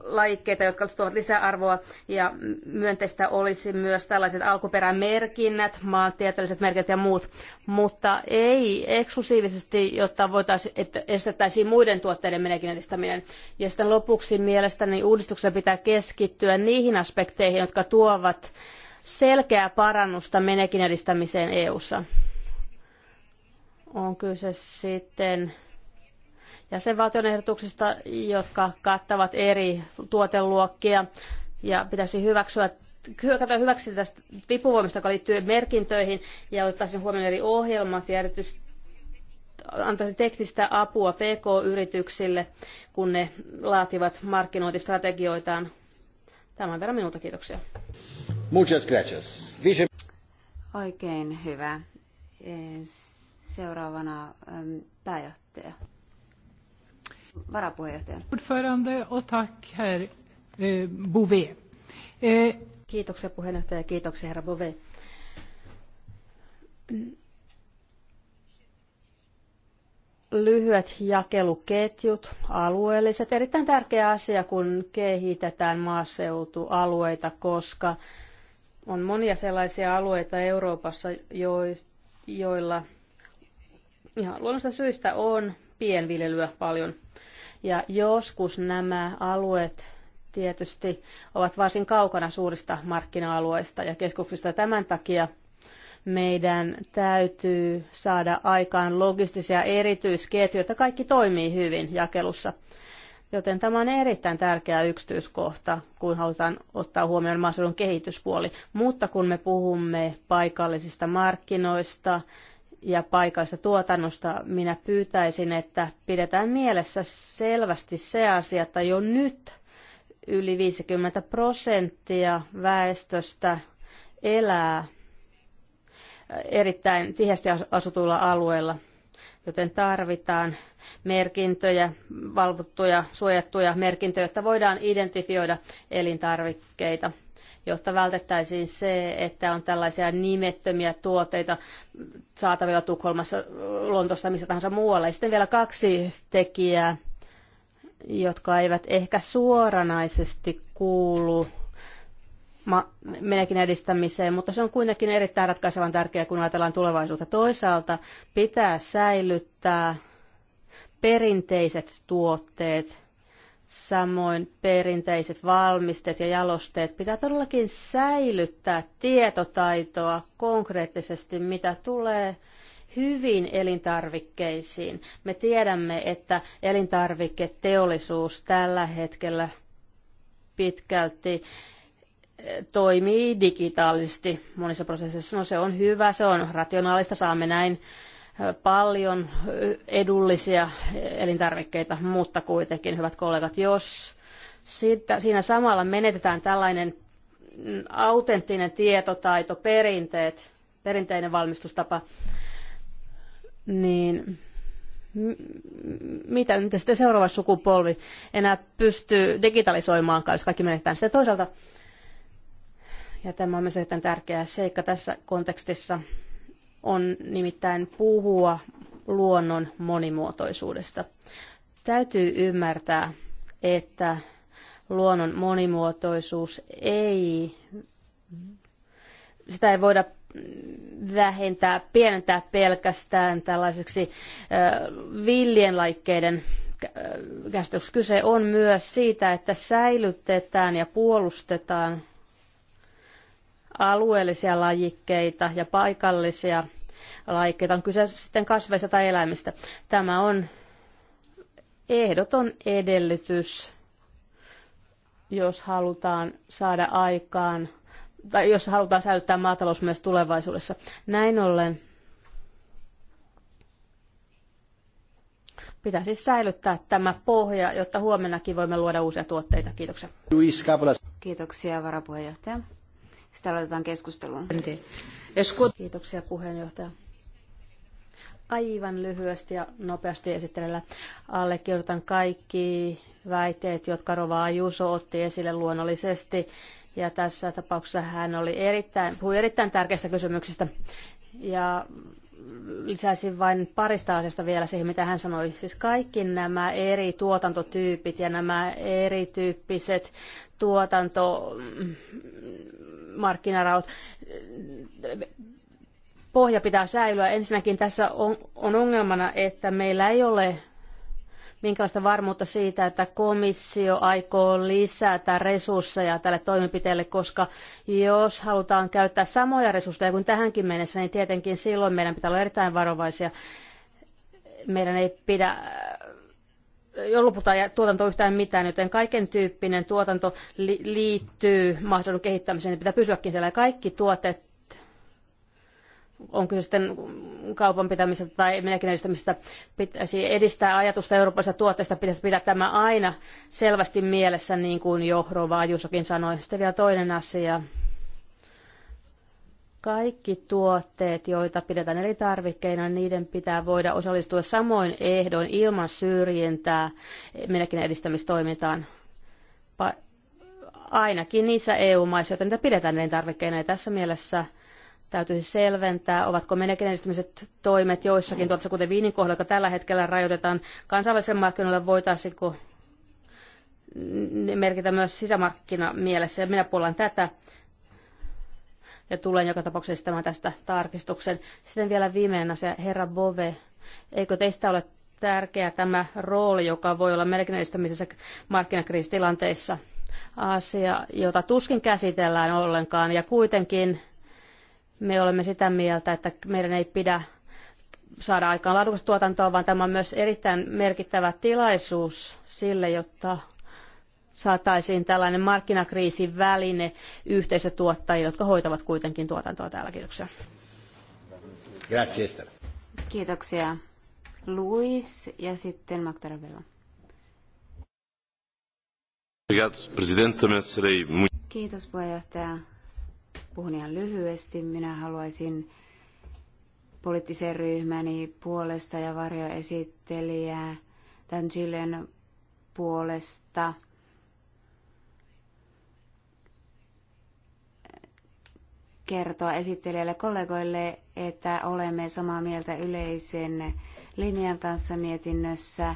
lajikkeita, jotka tuovat lisäarvoa. Ja myönteistä olisi myös tällaiset alkuperämerkinnät, maantieteelliset merkit ja muut, mutta ei eksklusiivisesti, jotta voitaisiin, että estettäisiin muiden tuotteiden menekin edistäminen. Ja sitten lopuksi mielestäni uudistuksen pitää keskittyä niihin aspekteihin, jotka tuovat selkeää parannusta menekin edistämiseen EU:ssa. On kyse sitten jäsenvaltion ehdotuksista, jotka kattavat eri tuoteluokkia. Ja pitäisi hyväksyä hyökätään hyväksi tästä vipuvoimasta, joka liittyy merkintöihin, ja ottaisin huomioon eri ohjelmat ja antaisi teknistä apua PK-yrityksille, kun ne laativat markkinointistrategioitaan. on verran minulta kiitoksia. Muchas gracias. Vice... Oikein hyvä. Seuraavana pääjohtaja. Varapuheenjohtaja. Ordförande och tack herr eh, Bové. Eh, kiitoksia puheenjohtaja ja kiitoksia herra Bove. Lyhyet jakeluketjut, alueelliset, erittäin tärkeä asia, kun kehitetään maaseutualueita, koska on monia sellaisia alueita Euroopassa, joilla ihan luonnollisista syistä on pienviljelyä paljon. Ja joskus nämä alueet tietysti ovat varsin kaukana suurista markkina-alueista ja keskuksista. Tämän takia meidän täytyy saada aikaan logistisia erityisketjuja, että kaikki toimii hyvin jakelussa. Joten tämä on erittäin tärkeä yksityiskohta, kun halutaan ottaa huomioon maaseudun kehityspuoli. Mutta kun me puhumme paikallisista markkinoista, ja paikallista tuotannosta, minä pyytäisin, että pidetään mielessä selvästi se asia, että jo nyt yli 50 prosenttia väestöstä elää erittäin tiheästi asutuilla alueilla, joten tarvitaan merkintöjä, valvottuja, suojattuja merkintöjä, jotta voidaan identifioida elintarvikkeita – jotta vältettäisiin se, että on tällaisia nimettömiä tuotteita saatavilla Tukholmassa, Lontosta, missä tahansa muualla. Ja sitten vielä kaksi tekijää, jotka eivät ehkä suoranaisesti kuulu menekin edistämiseen, mutta se on kuitenkin erittäin ratkaisevan tärkeää, kun ajatellaan tulevaisuutta. Toisaalta pitää säilyttää perinteiset tuotteet – Samoin perinteiset valmisteet ja jalosteet pitää todellakin säilyttää tietotaitoa konkreettisesti, mitä tulee hyvin elintarvikkeisiin. Me tiedämme, että elintarviketeollisuus tällä hetkellä pitkälti eh, toimii digitaalisesti monissa prosesseissa. No se on hyvä, se on rationaalista, saamme näin paljon edullisia elintarvikkeita, mutta kuitenkin, hyvät kollegat, jos siitä, siinä samalla menetetään tällainen autenttinen tietotaito, perinteet, perinteinen valmistustapa, niin mitä nyt sitten seuraava sukupolvi enää pystyy digitalisoimaankaan, jos kaikki menetetään sitten toisaalta. Ja tämä on myös erittäin tärkeä seikka tässä kontekstissa on nimittäin puhua luonnon monimuotoisuudesta. Täytyy ymmärtää, että luonnon monimuotoisuus ei, sitä ei voida vähentää, pienentää pelkästään tällaiseksi villien laikkeiden käsitys. Kyse on myös siitä, että säilytetään ja puolustetaan alueellisia lajikkeita ja paikallisia lajikkeita. On kyse sitten kasveista tai eläimistä. Tämä on ehdoton edellytys, jos halutaan saada aikaan tai jos halutaan säilyttää maatalous myös tulevaisuudessa. Näin ollen pitää siis säilyttää tämä pohja, jotta huomennakin voimme luoda uusia tuotteita. Kiitoksia. Luis Kiitoksia varapuheenjohtaja. Sitä aloitetaan keskusteluun. Kiitoksia puheenjohtaja. Aivan lyhyesti ja nopeasti esittelellä allekirjoitan kaikki väitteet, jotka Rova Ajuso otti esille luonnollisesti. Ja tässä tapauksessa hän oli erittäin, puhui erittäin tärkeästä kysymyksestä. Ja lisäisin vain parista asiasta vielä siihen, mitä hän sanoi. Siis kaikki nämä eri tuotantotyypit ja nämä erityyppiset tuotanto markkinaraut Pohja pitää säilyä. Ensinnäkin tässä on, on ongelmana, että meillä ei ole minkälaista varmuutta siitä, että komissio aikoo lisätä resursseja tälle toimenpiteelle, koska jos halutaan käyttää samoja resursseja kuin tähänkin mennessä, niin tietenkin silloin meidän pitää olla erittäin varovaisia. Meidän ei pidä lopulta ei tuotanto yhtään mitään, joten kaiken tyyppinen tuotanto li- liittyy mahdollisuuden kehittämiseen, niin pitää pysyäkin siellä. Kaikki tuotet, on kyse sitten kaupan pitämisestä tai minäkin edistämisestä, pitäisi edistää ajatusta eurooppalaisesta tuotteesta, pitäisi pitää tämä aina selvästi mielessä, niin kuin jo Rova sanoi. Sitten vielä toinen asia, kaikki tuotteet, joita pidetään elintarvikkeina, niiden pitää voida osallistua samoin ehdoin ilman syrjintää minäkin edistämistoimintaan. Pa- ainakin niissä EU-maissa, joita niitä pidetään elintarvikkeina. Ja tässä mielessä täytyisi selventää, ovatko menekin edistämiset toimet joissakin tuotteissa, kuten viinin kohdalla, joka tällä hetkellä rajoitetaan kansainvälisen markkinoille, voitaisiin merkitä myös sisämarkkina mielessä, ja minä puolan tätä ja tulen joka tapauksessa esittämään tästä tarkistuksen. Sitten vielä viimeinen asia, herra Bove, eikö teistä ole tärkeä tämä rooli, joka voi olla edistämisessä markkinakriisitilanteissa? Asia, jota tuskin käsitellään ollenkaan ja kuitenkin me olemme sitä mieltä, että meidän ei pidä saada aikaan laadukasta tuotantoa, vaan tämä on myös erittäin merkittävä tilaisuus sille, jotta saataisiin tällainen markkinakriisin väline yhteisötuottajille, jotka hoitavat kuitenkin tuotantoa täällä. Kiitoksia. Grazie, Kiitoksia. Luis ja sitten Magdalena. Kiitos puheenjohtaja. Puhun ihan lyhyesti. Minä haluaisin poliittisen ryhmäni puolesta ja varjoesittelijää Tangilen puolesta – kertoa esittelijälle kollegoille, että olemme samaa mieltä yleisen linjan kanssa mietinnössä.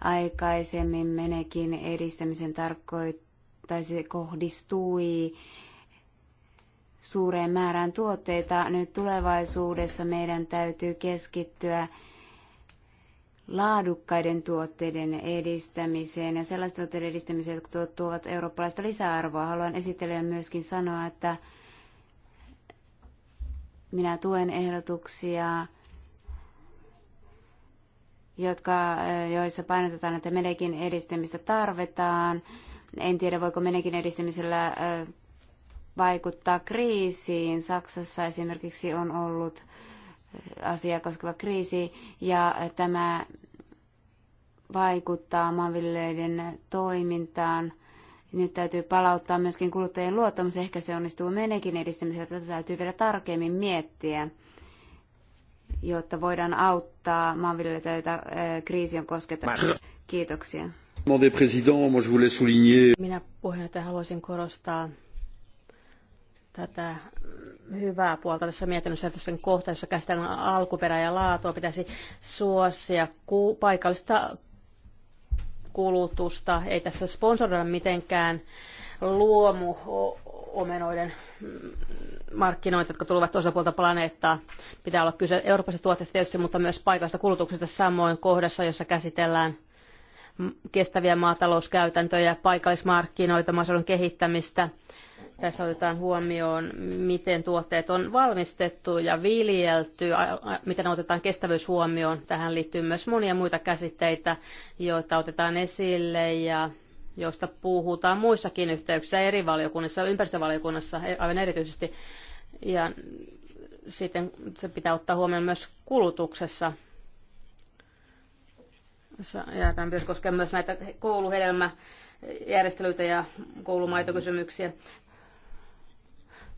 Aikaisemmin menekin edistämisen tarkoittaisi kohdistui suureen määrään tuotteita. Nyt tulevaisuudessa meidän täytyy keskittyä laadukkaiden tuotteiden edistämiseen ja sellaisten tuotteiden edistämiseen, jotka tuovat eurooppalaista lisäarvoa. Haluan esittelijä myöskin sanoa, että minä tuen ehdotuksia, jotka, eh, joissa painotetaan, että menekin edistämistä tarvitaan. En tiedä, voiko menekin edistämisellä eh, vaikuttaa kriisiin. Saksassa esimerkiksi on ollut eh, asia koskeva kriisi ja tämä vaikuttaa maanviljelijöiden toimintaan. Nyt täytyy palauttaa myöskin kuluttajien luottamus. Ehkä se onnistuu meidänkin edistämisellä. Tätä täytyy vielä tarkemmin miettiä, jotta voidaan auttaa maanviljelijöitä, joita kriisi on Kiitoksia. Minä puheenjohtaja haluaisin korostaa tätä hyvää puolta tässä mietinnössä, sen kohta, jossa käsitellään alkuperä ja laatua, pitäisi suosia paikallista kulutusta. Ei tässä sponsoroida mitenkään luomuomenoiden markkinoita, jotka tulevat puolta planeettaa. Pitää olla kyse Euroopassa tuotteista tietysti, mutta myös paikasta kulutuksesta samoin kohdassa, jossa käsitellään kestäviä maatalouskäytäntöjä, paikallismarkkinoita, maaseudun kehittämistä, tässä otetaan huomioon, miten tuotteet on valmistettu ja viljelty, miten otetaan kestävyys huomioon. Tähän liittyy myös monia muita käsitteitä, joita otetaan esille ja joista puhutaan muissakin yhteyksissä eri valiokunnissa, ympäristövaliokunnassa e, aivan erityisesti. Ja sitten se pitää ottaa huomioon myös kulutuksessa. Ja tämä pitäisi koskea myös näitä kouluhedelmä järjestelyitä ja koulumaitokysymyksiä.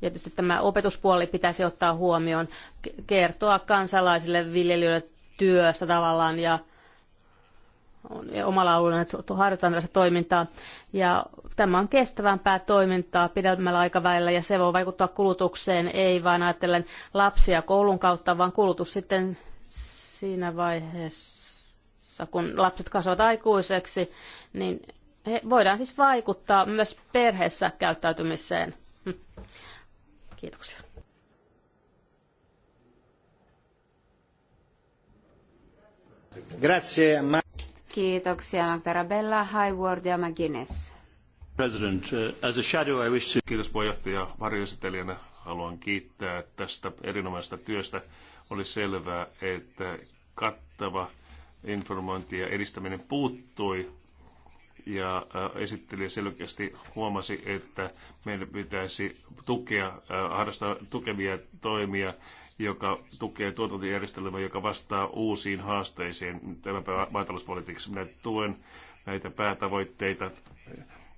Ja tietysti tämä opetuspuoli pitäisi ottaa huomioon, kertoa kansalaisille viljelijöille työstä tavallaan ja omalla alueella harjoitetaan tällaista toimintaa. Ja tämä on kestävämpää toimintaa pidemmällä aikavälillä ja se voi vaikuttaa kulutukseen, ei vain ajatellen lapsia koulun kautta, vaan kulutus sitten siinä vaiheessa, kun lapset kasvavat aikuiseksi, niin he, voidaan siis vaikuttaa myös perheessä käyttäytymiseen. Hm. Kiitoksia. Grazie. Kiitoksia Magdarabella, Highward ja McGuinness. President, uh, as a shadow I wish to... Kiitos puheenjohtaja varjoesittelijänä. Haluan kiittää tästä erinomaisesta työstä. Oli selvää, että kattava informointi ja edistäminen puuttui ja äh, esitteli selkeästi huomasi, että meidän pitäisi tukea, äh, harrastaa tukevia toimia, joka tukee tuotantojärjestelmää, joka vastaa uusiin haasteisiin tämän päivän maatalouspolitiikassa. Minä tuen näitä päätavoitteita,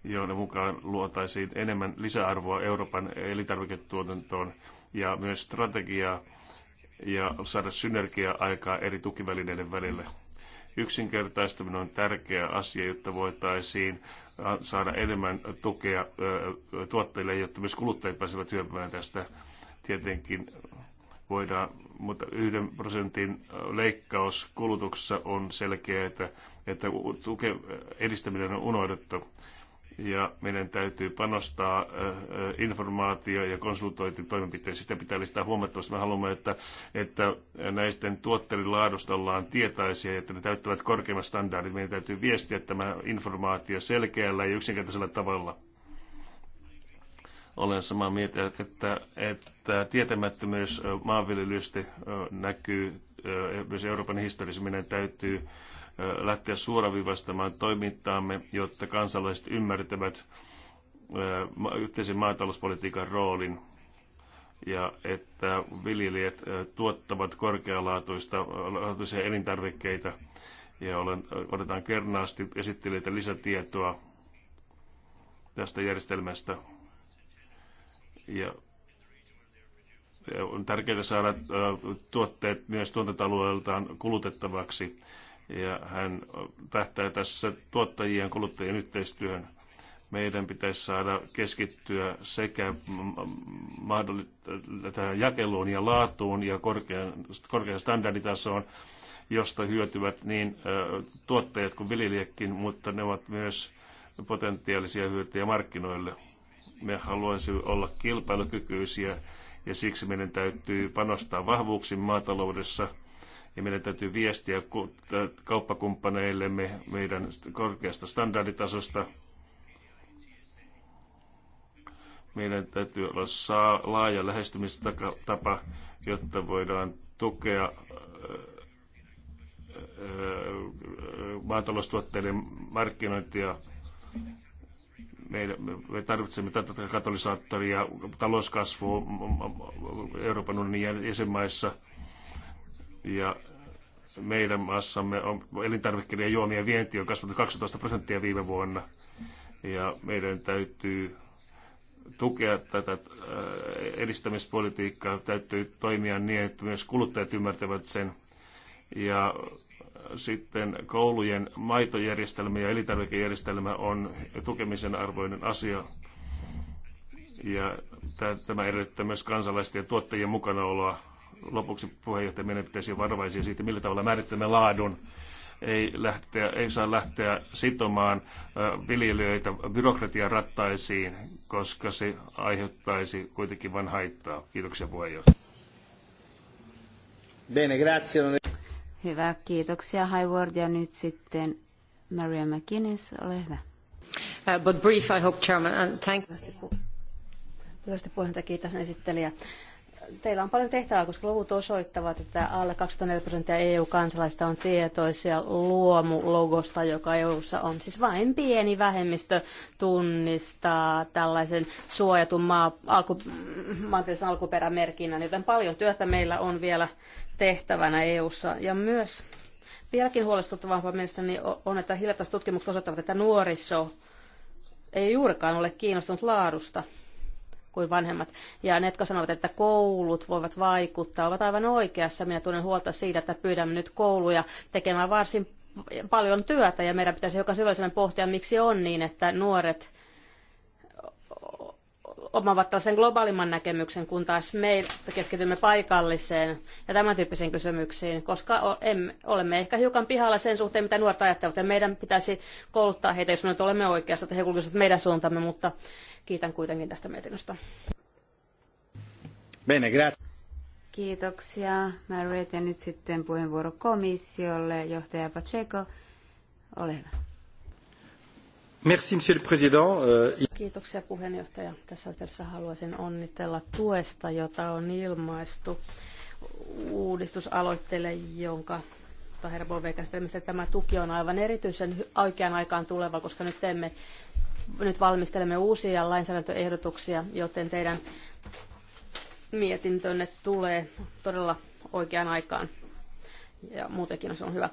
joiden mukaan luotaisiin enemmän lisäarvoa Euroopan elintarviketuotantoon ja myös strategiaa ja saada synergiaa aikaa eri tukivälineiden välille. Yksinkertaistaminen on tärkeä asia, jotta voitaisiin äh, saada enemmän tukea äh, äh, tuottajille, jotta myös kuluttajat pääsevät hyöpymään tästä. Tietenkin voidaan, mutta yhden prosentin leikkaus kulutuksessa on selkeä, että, että tuke, edistäminen on unohdettu ja meidän täytyy panostaa informaatio- ja konsultointitoimenpiteisiin. Sitä pitää lisätä huomattavasti. Me haluamme, että, että näisten tuotteiden laadusta ollaan tietoisia, että ne täyttävät korkeimmat standardit. Meidän täytyy viestiä tämä informaatio selkeällä ja yksinkertaisella tavalla. Olen samaa mieltä, että, että tietämättömyys maanviljelystä näkyy myös Euroopan historiassa. Meidän täytyy lähteä suoraviivastamaan toimintaamme, jotta kansalaiset ymmärtävät yhteisen maatalouspolitiikan roolin ja että viljelijät tuottavat korkealaatuisia elintarvikkeita. Ja olen, otetaan kernaasti esittelijöitä lisätietoa tästä järjestelmästä. Ja on tärkeää saada tuotteet myös tuotantoalueeltaan kulutettavaksi ja hän tähtää tässä tuottajien ja kuluttajien yhteistyöhön. Meidän pitäisi saada keskittyä sekä tähän jakeluun ja laatuun ja korkean, korkean standarditasoon, josta hyötyvät niin tuottajat kuin viljelijätkin, mutta ne ovat myös potentiaalisia hyötyjä markkinoille. Me haluaisimme olla kilpailukykyisiä ja siksi meidän täytyy panostaa vahvuuksiin maataloudessa – ja meidän täytyy viestiä kauppakumppaneillemme meidän korkeasta standarditasosta. Meidän täytyy olla saa laaja lähestymistapa, jotta voidaan tukea maataloustuotteiden markkinointia. Me tarvitsemme tätä katalysaattoria talouskasvua Euroopan unionin jäsenmaissa – ja meidän maassamme on elintarvikkeiden ja juomien vienti on kasvanut 12 prosenttia viime vuonna. Ja meidän täytyy tukea tätä äh, edistämispolitiikkaa, täytyy toimia niin, että myös kuluttajat ymmärtävät sen. Ja äh, sitten koulujen maitojärjestelmä ja elintarvikejärjestelmä on tukemisen arvoinen asia. Ja tämä edellyttää myös kansalaisten ja tuottajien mukanaoloa lopuksi puheenjohtaja, meidän pitäisi varovaisia siitä, millä tavalla määrittelemme laadun. Ei, lähteä, ei saa lähteä sitomaan viljelijöitä byrokratian rattaisiin, koska se aiheuttaisi kuitenkin vain haittaa. Kiitoksia puheenjohtaja. Bene, grazie. Hyvä, kiitoksia Hayward. Ja nyt sitten Maria McInnes, ole hyvä. Uh, but brief, I hope, Chairman, and thank you. Lyhyesti puheenjohtaja, kiitos esittelijä teillä on paljon tehtävää, koska luvut osoittavat, että alle 24 prosenttia EU-kansalaista on tietoisia luomulogosta, joka EU:ssa on. Siis vain pieni vähemmistö tunnistaa tällaisen suojatun maa, alku, alkuperämerkinnän, joten paljon työtä meillä on vielä tehtävänä EU:ssa ja myös vieläkin huolestuttavampaa mielestäni on, että hiljattaiset tutkimukset osoittavat, että nuoriso ei juurikaan ole kiinnostunut laadusta kuin vanhemmat. Ja ne, jotka sanovat, että koulut voivat vaikuttaa, ovat aivan oikeassa. Minä tunnen huolta siitä, että pyydämme nyt kouluja tekemään varsin paljon työtä ja meidän pitäisi joka syvällisemmin pohtia, miksi on niin, että nuoret Omaavat tällaisen globaalimman näkemyksen, kun taas me keskitymme paikalliseen ja tämän tyyppisiin kysymyksiin, koska emme, olemme ehkä hiukan pihalla sen suhteen, mitä nuoret ajattelevat, ja meidän pitäisi kouluttaa heitä, jos me nyt olemme oikeassa, että he kulkisivat meidän suuntamme, mutta kiitän kuitenkin tästä mietinnöstä. Bene, grazie. Kiitoksia, mä Ja nyt sitten puheenvuoro komissiolle. Johtaja Pacheco, ole hyvä. Merci, monsieur euh, Kiitoksia puheenjohtaja. Tässä yhteydessä haluaisin onnitella tuesta, jota on ilmaistu uudistusaloitteelle, jonka herra Boveikasta, tämä tuki on aivan erityisen oikean aikaan tuleva, koska nyt teemme nyt valmistelemme uusia lainsäädäntöehdotuksia, joten teidän mietintönne tulee todella oikeaan aikaan ja muutenkin se on hyvä.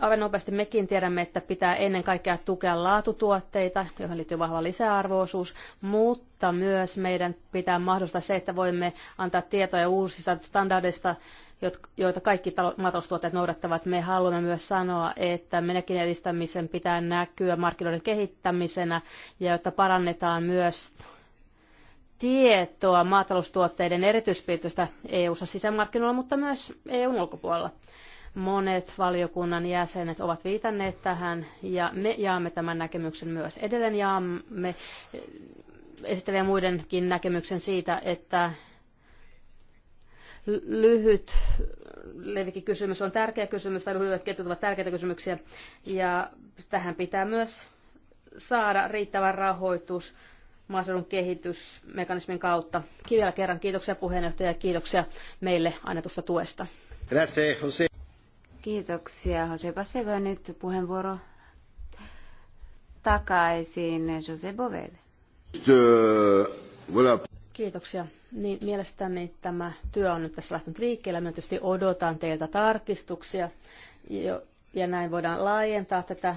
Aivan nopeasti mekin tiedämme, että pitää ennen kaikkea tukea laatutuotteita, joihin liittyy vahva lisäarvoisuus, mutta myös meidän pitää mahdollistaa se, että voimme antaa tietoja uusista standardeista, joita kaikki maataloustuotteet noudattavat. Me haluamme myös sanoa, että menekin edistämisen pitää näkyä markkinoiden kehittämisenä ja jotta parannetaan myös tietoa maataloustuotteiden erityispiirteistä EU-ssa sisämarkkinoilla, mutta myös EUn ulkopuolella. Monet valiokunnan jäsenet ovat viitanneet tähän ja me jaamme tämän näkemyksen myös. Edelleen jaamme esittelijä muidenkin näkemyksen siitä, että lyhyt levikikysymys on tärkeä kysymys, tai lyhyet ketjut ovat tärkeitä kysymyksiä, ja tähän pitää myös saada riittävä rahoitus maaseudun kehitysmekanismin kautta. Vielä kerran kiitoksia puheenjohtaja ja kiitoksia meille annetusta tuesta. Grazie, Jose. Kiitoksia. Jose Passego nyt puheenvuoro takaisin Jose Bovelle. Kiitoksia. Niin, mielestäni tämä työ on nyt tässä lähtenyt liikkeelle. Minä tietysti odotan teiltä tarkistuksia jo, ja näin voidaan laajentaa tätä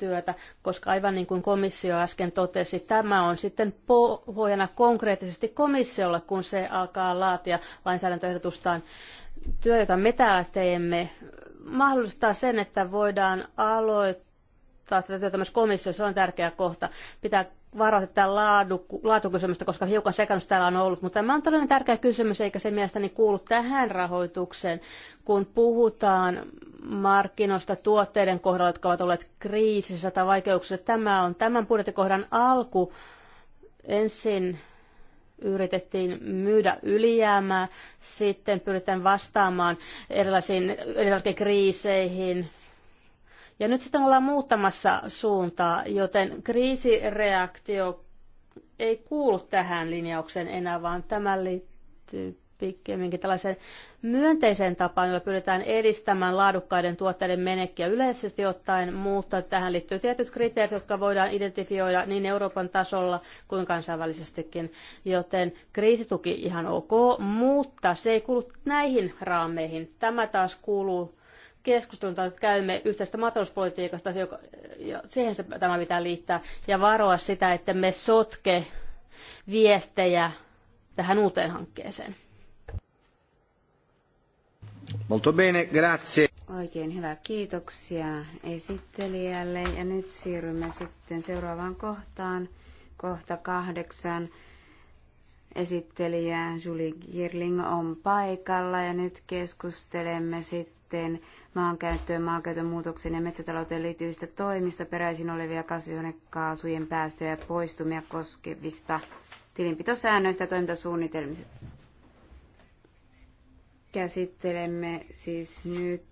työtä, koska aivan niin kuin komissio äsken totesi, tämä on sitten pohjana konkreettisesti komissiolle, kun se alkaa laatia lainsäädäntöehdotustaan. Työ, jota me täällä teemme, mahdollistaa sen, että voidaan aloittaa tätä työtä myös komissiossa, se on tärkeä kohta. Pitää varoa tätä laatukysymystä, koska hiukan sekannus täällä on ollut, mutta tämä on todella tärkeä kysymys, eikä se mielestäni kuulu tähän rahoitukseen, kun puhutaan markkinoista tuotteiden kohdalla, jotka ovat olleet kriisissä tai vaikeuksissa. Tämä on tämän budjettikohdan alku. Ensin yritettiin myydä ylijäämää, sitten pyritään vastaamaan erilaisiin, erilaisiin kriiseihin, ja nyt sitten ollaan muuttamassa suuntaa, joten kriisireaktio ei kuulu tähän linjaukseen enää, vaan tämä liittyy pikemminkin tällaiseen myönteiseen tapaan, jolla pyritään edistämään laadukkaiden tuotteiden menekkiä yleisesti ottaen, mutta tähän liittyy tietyt kriteerit, jotka voidaan identifioida niin Euroopan tasolla kuin kansainvälisestikin, joten kriisituki ihan ok, mutta se ei kuulu näihin raameihin. Tämä taas kuuluu keskustelun, jota käymme yhteistä maatalouspolitiikasta, joka, ja siihen se, tämä pitää liittää, ja varoa sitä, että me sotke viestejä tähän uuteen hankkeeseen. Molto bene, grazie. Oikein hyvä, kiitoksia esittelijälle. Ja nyt siirrymme sitten seuraavaan kohtaan, kohta kahdeksan. Esittelijä Julie Girling on paikalla ja nyt keskustelemme sitten suhteen maankäyttöön, maankäytön muutokseen ja metsätalouteen liittyvistä toimista peräisin olevia kasvihuonekaasujen päästöjä ja poistumia koskevista tilinpitosäännöistä ja toimintasuunnitelmista. Käsittelemme siis nyt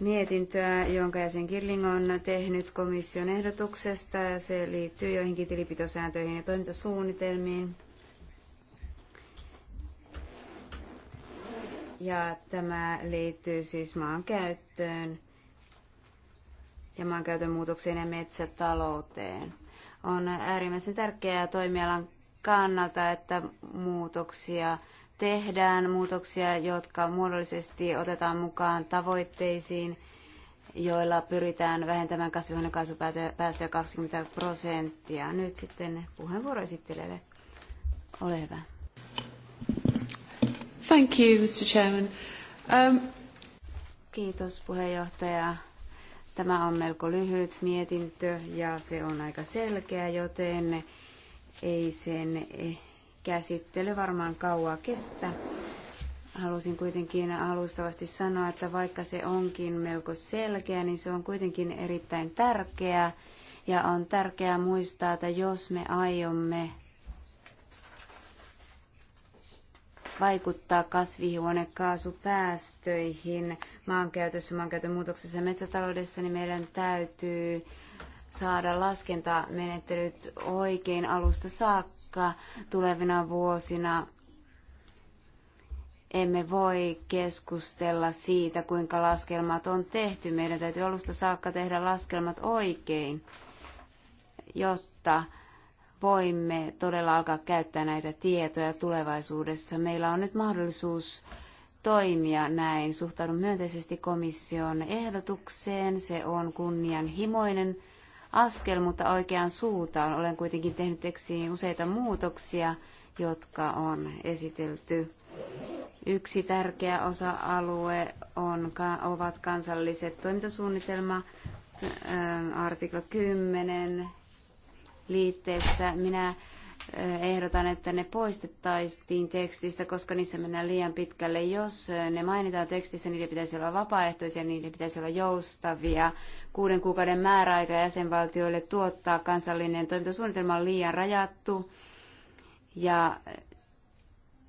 mietintöä, jonka jäsen Kirling on tehnyt komission ehdotuksesta ja se liittyy joihinkin tilinpitosääntöihin ja toimintasuunnitelmiin. Ja tämä liittyy siis maankäyttöön ja maankäytön muutoksiin ja metsätalouteen. On äärimmäisen tärkeää toimialan kannalta, että muutoksia tehdään, muutoksia, jotka muodollisesti otetaan mukaan tavoitteisiin, joilla pyritään vähentämään kasvihuonekaasupäästöjä 20 prosenttia. Nyt sitten puheenvuoro esittelee. Ole hyvä. Thank you, Mr. Chairman. Um... Kiitos puheenjohtaja. Tämä on melko lyhyt mietintö ja se on aika selkeä, joten ei sen käsittely varmaan kauaa kestä. Halusin kuitenkin alustavasti sanoa, että vaikka se onkin melko selkeä, niin se on kuitenkin erittäin tärkeä. Ja on tärkeää muistaa, että jos me aiomme vaikuttaa kasvihuonekaasupäästöihin maankäytössä, maankäytön muutoksessa ja metsätaloudessa, niin meidän täytyy saada laskentamenettelyt oikein alusta saakka tulevina vuosina. Emme voi keskustella siitä, kuinka laskelmat on tehty. Meidän täytyy alusta saakka tehdä laskelmat oikein, jotta voimme todella alkaa käyttää näitä tietoja tulevaisuudessa. Meillä on nyt mahdollisuus toimia näin. Suhtaudun myönteisesti komission ehdotukseen. Se on kunnianhimoinen askel, mutta oikeaan suuntaan. Olen kuitenkin tehnyt teksiin useita muutoksia, jotka on esitelty. Yksi tärkeä osa-alue on, ovat kansalliset toimintasuunnitelma, artikla 10, liitteessä. Minä ehdotan, että ne poistettaisiin tekstistä, koska niissä mennään liian pitkälle. Jos ne mainitaan tekstissä, niiden pitäisi olla vapaaehtoisia, niiden pitäisi olla joustavia. Kuuden kuukauden määräaika jäsenvaltioille tuottaa kansallinen toimintasuunnitelma on liian rajattu ja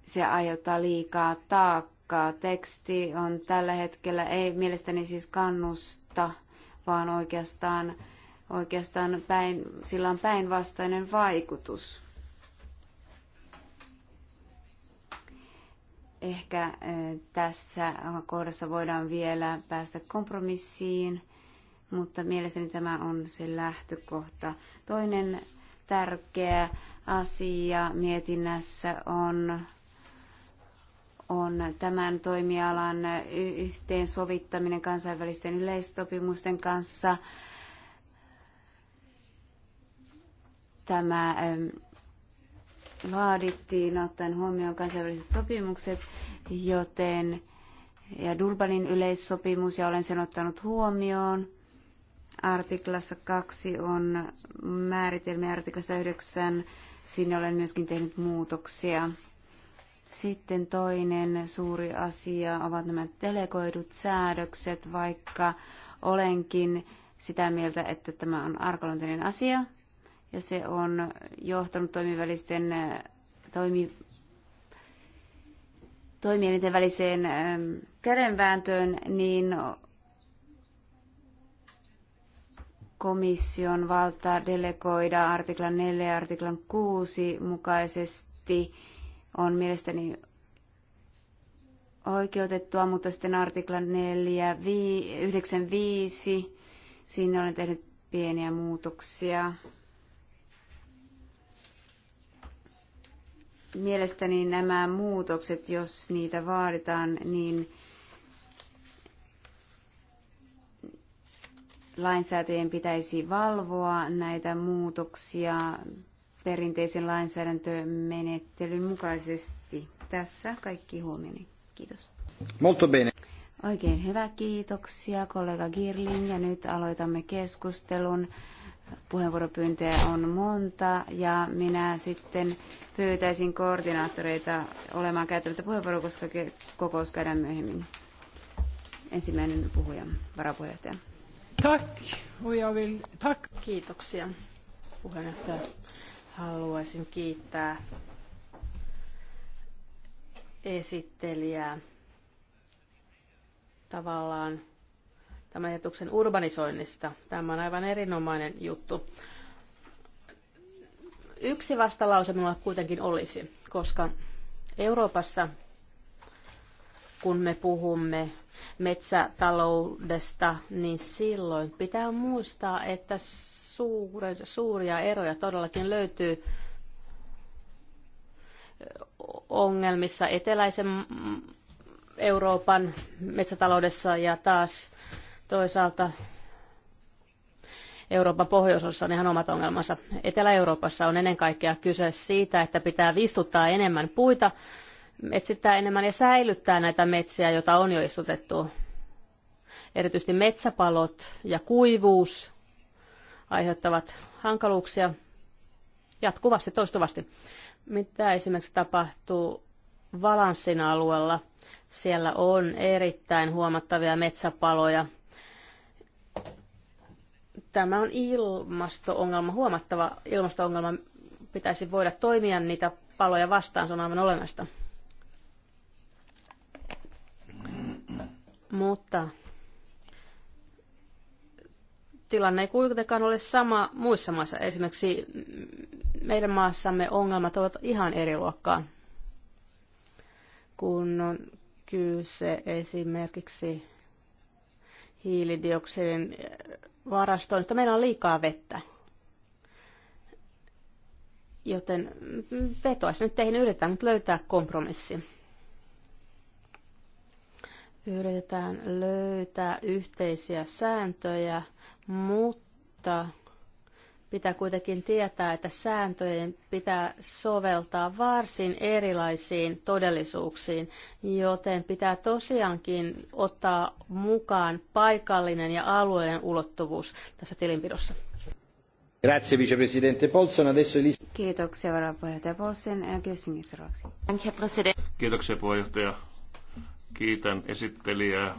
se aiheuttaa liikaa taakkaa. Teksti on tällä hetkellä, ei mielestäni siis kannusta, vaan oikeastaan Oikeastaan päin, sillä on päinvastainen vaikutus. Ehkä eh, tässä kohdassa voidaan vielä päästä kompromissiin, mutta mielestäni tämä on se lähtökohta. Toinen tärkeä asia mietinnässä on on tämän toimialan yhteensovittaminen kansainvälisten yleissopimusten kanssa tämä ähm, laadittiin ottaen huomioon kansainväliset sopimukset, joten ja Durbanin yleissopimus, ja olen sen ottanut huomioon. Artiklassa 2 on määritelmä, artiklassa 9 sinne olen myöskin tehnyt muutoksia. Sitten toinen suuri asia ovat nämä delegoidut säädökset, vaikka olenkin sitä mieltä, että tämä on arkaluonteinen asia, ja se on johtanut toimivälisten toimi, toimielinten väliseen kädenvääntöön, niin komission valta delegoida artiklan 4 ja artiklan 6 mukaisesti on mielestäni oikeutettua, mutta sitten artiklan 4, 9, 5, siinä olen tehnyt pieniä muutoksia. Mielestäni nämä muutokset, jos niitä vaaditaan, niin lainsäätäjien pitäisi valvoa näitä muutoksia perinteisen lainsäädäntömenettelyn mukaisesti. Tässä kaikki huomioni. Kiitos. Molto bene. Oikein hyvä, kiitoksia kollega Girling ja nyt aloitamme keskustelun. Puheenvuoropyyntöjä on monta ja minä sitten pyytäisin koordinaattoreita olemaan käyttämättä puheenvuoroa, koska kokous käydään myöhemmin. Ensimmäinen puhuja, varapuheenjohtaja. Tack. Och jag vill... Tack. Kiitoksia puheenjohtaja. Haluaisin kiittää esittelijää tavallaan tämän ajatuksen urbanisoinnista. Tämä on aivan erinomainen juttu. Yksi vastalause minulla kuitenkin olisi, koska Euroopassa, kun me puhumme metsätaloudesta, niin silloin pitää muistaa, että suure, suuria eroja todellakin löytyy ongelmissa eteläisen Euroopan metsätaloudessa ja taas Toisaalta Euroopan pohjoisossa on ihan omat ongelmansa. Etelä-Euroopassa on ennen kaikkea kyse siitä, että pitää vistuttaa enemmän puita, metsittää enemmän ja säilyttää näitä metsiä, joita on jo istutettu. Erityisesti metsäpalot ja kuivuus aiheuttavat hankaluuksia jatkuvasti, toistuvasti. Mitä esimerkiksi tapahtuu Valanssin alueella? Siellä on erittäin huomattavia metsäpaloja – Tämä on ilmastoongelma huomattava ilmastoongelma, Pitäisi voida toimia niitä paloja vastaan, se on aivan olennaista. Mutta tilanne ei kuitenkaan ole sama muissa maissa. Esimerkiksi meidän maassamme ongelmat ovat ihan eri luokkaa, kun on kyse esimerkiksi hiilidioksidin että Meillä on liikaa vettä. Joten vetoaisin nyt teihin, yritetään nyt löytää kompromissi. Yritetään löytää yhteisiä sääntöjä, mutta Pitää kuitenkin tietää, että sääntöjen pitää soveltaa varsin erilaisiin todellisuuksiin, joten pitää tosiaankin ottaa mukaan paikallinen ja alueellinen ulottuvuus tässä tilinpidossa. Grazie vicepresidente Polson. Adesso Elisa. Kiitoksia varapuheenjohtaja Polson. Kyssingin seuraavaksi. Kiitoksia puheenjohtaja. Kiitän esittelijää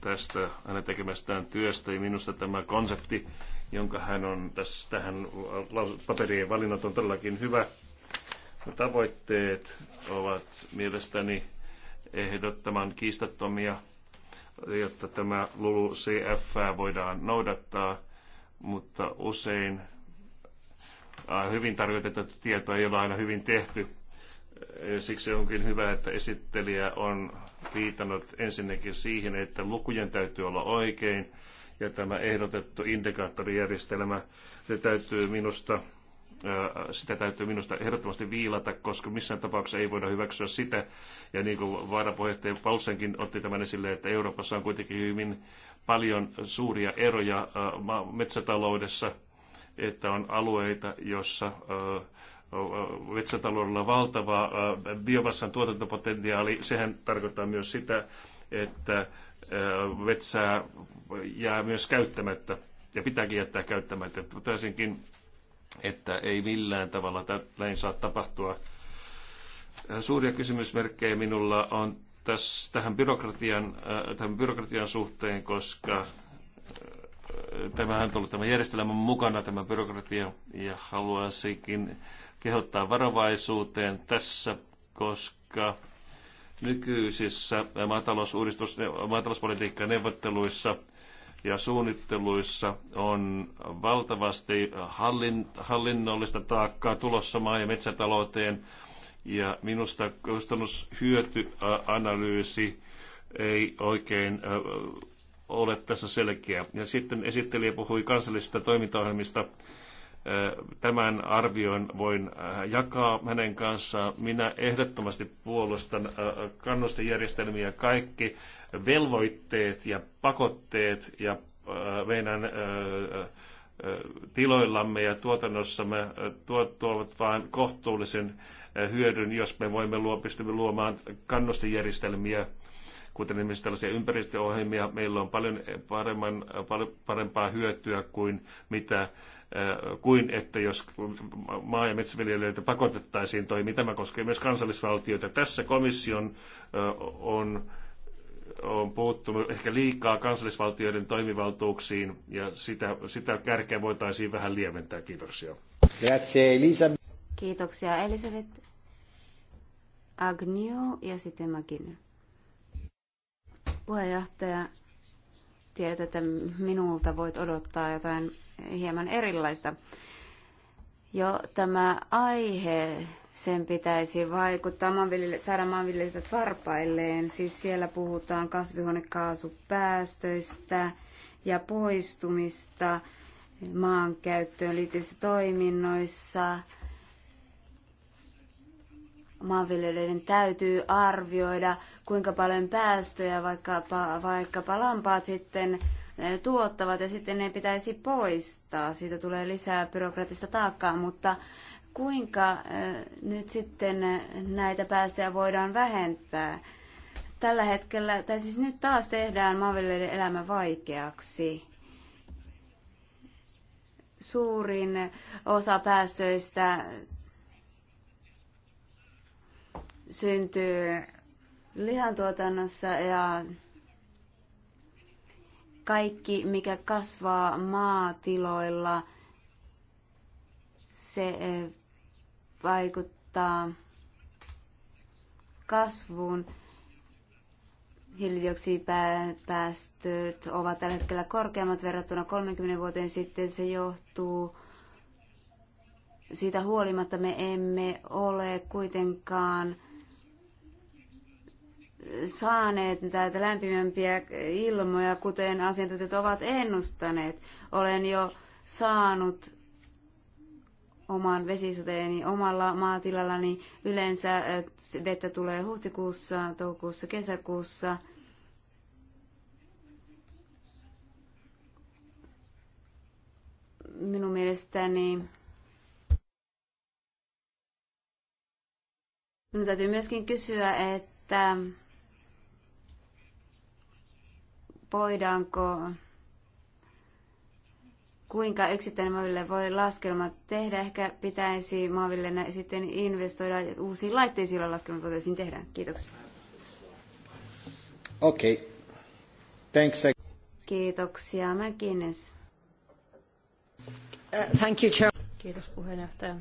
tästä hänen tekemästään työstä ja minusta tämä konsepti jonka hän on tässä, tähän paperien valinnat on todellakin hyvä. Tavoitteet ovat mielestäni ehdottoman kiistattomia, jotta tämä lulu CF voidaan noudattaa, mutta usein hyvin tarkoitettu tieto ei ole aina hyvin tehty. Siksi onkin hyvä, että esittelijä on viitannut ensinnäkin siihen, että lukujen täytyy olla oikein ja tämä ehdotettu indikaattorijärjestelmä, se täytyy minusta sitä täytyy minusta ehdottomasti viilata, koska missään tapauksessa ei voida hyväksyä sitä. Ja niin kuin vaarapuheenjohtaja Paulsenkin otti tämän esille, että Euroopassa on kuitenkin hyvin paljon suuria eroja metsätaloudessa, että on alueita, joissa metsätaloudella on valtava biomassan tuotantopotentiaali. Sehän tarkoittaa myös sitä, että metsää jää myös käyttämättä ja pitääkin jättää käyttämättä. Totesinkin, että ei millään tavalla näin saa tapahtua. Suuria kysymysmerkkejä minulla on tässä, tähän, byrokratian, tähän byrokratian suhteen, koska tämähän on tullut tämän järjestelmän mukana, tämä byrokratia, ja haluaisinkin kehottaa varovaisuuteen tässä, koska nykyisissä maatalouspolitiikan neuvotteluissa ja suunnitteluissa on valtavasti hallin, hallinnollista taakkaa tulossa maa- ja metsätalouteen. Ja minusta kustannushyötyanalyysi ei oikein ole tässä selkeä. Ja sitten esittelijä puhui kansallisista toimintaohjelmista Tämän arvion voin jakaa hänen kanssaan. Minä ehdottomasti puolustan kannustajärjestelmiä. kaikki velvoitteet ja pakotteet ja meidän tiloillamme ja tuotannossamme tuovat vain kohtuullisen hyödyn, jos me voimme luo, pystymme luomaan kannustajärjestelmiä kuten esimerkiksi tällaisia ympäristöohjelmia. Meillä on paljon paremman, parempaa hyötyä kuin mitä kuin että jos maa- ja metsäviljelijöitä pakotettaisiin toimii. Tämä koskee myös kansallisvaltioita. Tässä komission on, on puuttunut ehkä liikaa kansallisvaltioiden toimivaltuuksiin ja sitä, sitä kärkeä voitaisiin vähän lieventää. Kiitoksia. Grazie, Elisa. Kiitoksia Elisabeth Agnew ja sitten Magin. Puheenjohtaja, tiedät, että minulta voit odottaa jotain hieman erilaista. Jo tämä aihe, sen pitäisi vaikuttaa, maanviljel- saada maanviljelijät varpailleen. Siis siellä puhutaan kasvihuonekaasupäästöistä ja poistumista maankäyttöön liittyvissä toiminnoissa. Maanviljelijöiden täytyy arvioida, kuinka paljon päästöjä vaikkapa, vaikkapa lampaat sitten tuottavat ja sitten ne pitäisi poistaa. Siitä tulee lisää byrokratista taakkaa, mutta kuinka nyt sitten näitä päästöjä voidaan vähentää? Tällä hetkellä, tai siis nyt taas tehdään maanviljelijöiden elämä vaikeaksi. Suurin osa päästöistä syntyy lihantuotannossa ja kaikki, mikä kasvaa maatiloilla, se eh, vaikuttaa kasvuun. Hiilidioksidipäästöt ovat tällä hetkellä korkeammat verrattuna 30 vuoteen sitten. Se johtuu siitä huolimatta me emme ole kuitenkaan – saaneet näitä lämpimämpiä ilmoja, kuten asiantuntijat ovat ennustaneet. Olen jo saanut oman vesisateeni omalla maatilallani. Yleensä vettä tulee huhtikuussa, toukokuussa, kesäkuussa. Minun mielestäni minun täytyy myöskin kysyä, että voidaanko, kuinka yksittäinen maaville voi laskelmat tehdä. Ehkä pitäisi maaville sitten investoida uusiin laitteisiin, joilla laskelmat voitaisiin tehdä. Kiitoksia. Okei. Okay. Thanks. Kiitoksia. Mäkinen. Uh, thank you, Chair. Kiitos puheenjohtaja.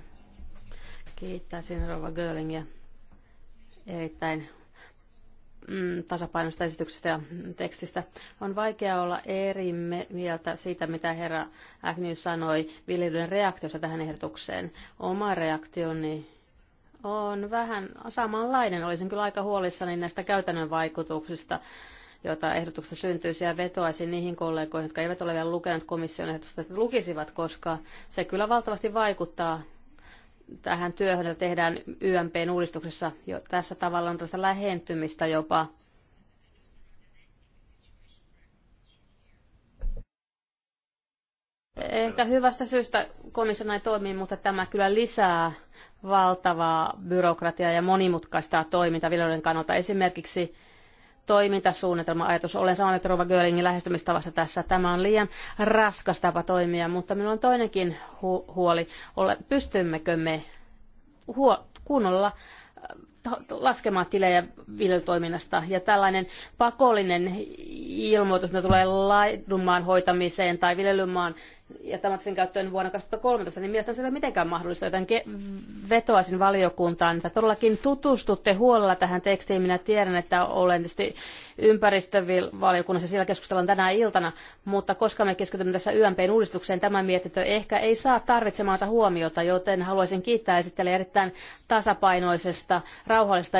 Kiittäisin Rova Görlingiä erittäin mm, tasapainosta esityksestä ja tekstistä. On vaikea olla eri mieltä siitä, mitä herra Agnew sanoi viljelyn reaktiossa tähän ehdotukseen. Oma reaktioni on vähän samanlainen. Olisin kyllä aika huolissani näistä käytännön vaikutuksista joita ehdotuksesta syntyisi ja vetoaisi niihin kollegoihin, jotka eivät ole vielä lukeneet komission ehdotusta, että lukisivat, koska se kyllä valtavasti vaikuttaa tähän työhön, jota tehdään YMPn uudistuksessa. Jo tässä tavalla on lähentymistä jopa Ehkä hyvästä syystä komissio näin toimii, mutta tämä kyllä lisää valtavaa byrokratiaa ja monimutkaista toimintaa viljelijöiden kannalta. Esimerkiksi toimintasuunnitelma ajatus. Olen samaa mieltä Rova Görlingin lähestymistavasta tässä. Tämä on liian raskas tapa toimia, mutta minulla on toinenkin hu- huoli. Ole, pystymmekö me huo- kunnolla äh, laskemaan tilejä viljelytoiminnasta. Ja tällainen pakollinen ilmoitus, mitä tulee laidunmaan hoitamiseen tai viljelymaan ja tämä sen käyttöön vuonna 2013, niin mielestäni se ei ole mitenkään mahdollista, joten vetoaisin valiokuntaan, että todellakin tutustutte huolella tähän tekstiin. Minä tiedän, että olen tietysti ympäristövaliokunnassa, siellä keskustellaan tänä iltana, mutta koska me keskitymme tässä YMPn uudistukseen, tämä mietintö ehkä ei saa tarvitsemaansa huomiota, joten haluaisin kiittää esittelijä erittäin tasapainoisesta, rauhallisesta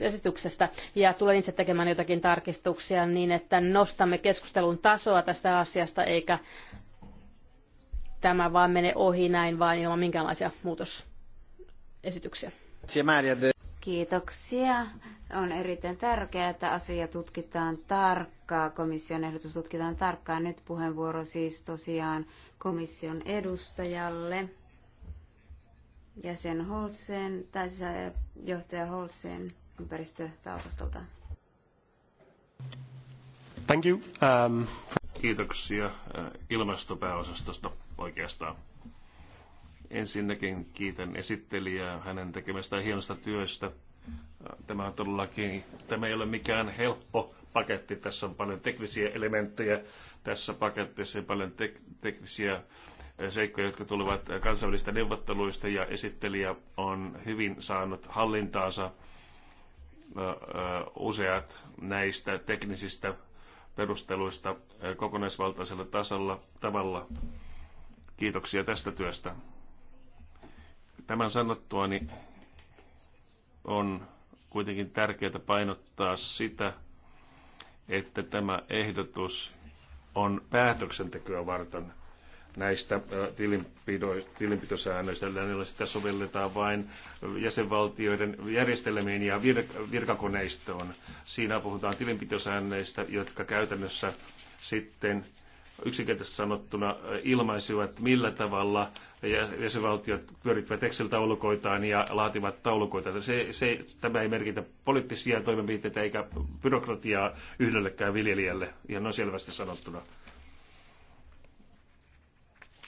esityksestä ja tulen itse tekemään jotakin tarkistuksia niin, että nostamme keskustelun tasoa tästä asiasta eikä tämä vaan menee ohi näin vain ilman minkäänlaisia muutosesityksiä. Kiitoksia. On erittäin tärkeää, että asia tutkitaan tarkkaan, komission ehdotus tutkitaan tarkkaan. Nyt puheenvuoro siis tosiaan komission edustajalle, jäsen Holsen, tai siis, johtaja Holsen ympäristöpääosastolta. Thank you. Um... Kiitoksia ilmastopääosastosta oikeastaan. Ensinnäkin kiitän esittelijää hänen tekemästä hienosta työstä. Tämä on todellakin, tämä ei ole mikään helppo paketti. Tässä on paljon teknisiä elementtejä. Tässä paketissa ja paljon tek- teknisiä seikkoja, jotka tulevat kansainvälistä neuvotteluista ja esittelijä on hyvin saanut hallintaansa useat näistä teknisistä perusteluista kokonaisvaltaisella tasolla, tavalla Kiitoksia tästä työstä. Tämän sanottuani on kuitenkin tärkeää painottaa sitä, että tämä ehdotus on päätöksentekoa varten näistä äh, tilinpitosäännöistä. Näillä sitä sovelletaan vain jäsenvaltioiden järjestelmiin ja vir- virkakoneistoon. Siinä puhutaan tilinpitosäännöistä, jotka käytännössä sitten yksinkertaisesti sanottuna ilmaisivat, millä tavalla jäsenvaltiot pyörittävät Excel-taulukoitaan ja laativat taulukoita. Se, se, tämä ei merkitä poliittisia toimenpiteitä eikä byrokratiaa yhdellekään viljelijälle, ihan noin selvästi sanottuna.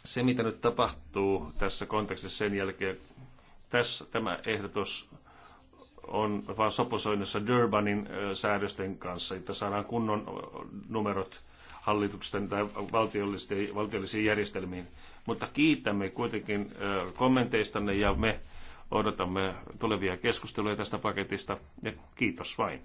Se, mitä nyt tapahtuu tässä kontekstissa sen jälkeen, tässä tämä ehdotus on vaan soposoinnissa Durbanin säädösten kanssa, että saadaan kunnon numerot hallitusten tai valtiollisiin, valtiollisiin järjestelmiin. Mutta kiitämme kuitenkin kommenteistanne ja me odotamme tulevia keskusteluja tästä paketista ja kiitos vain.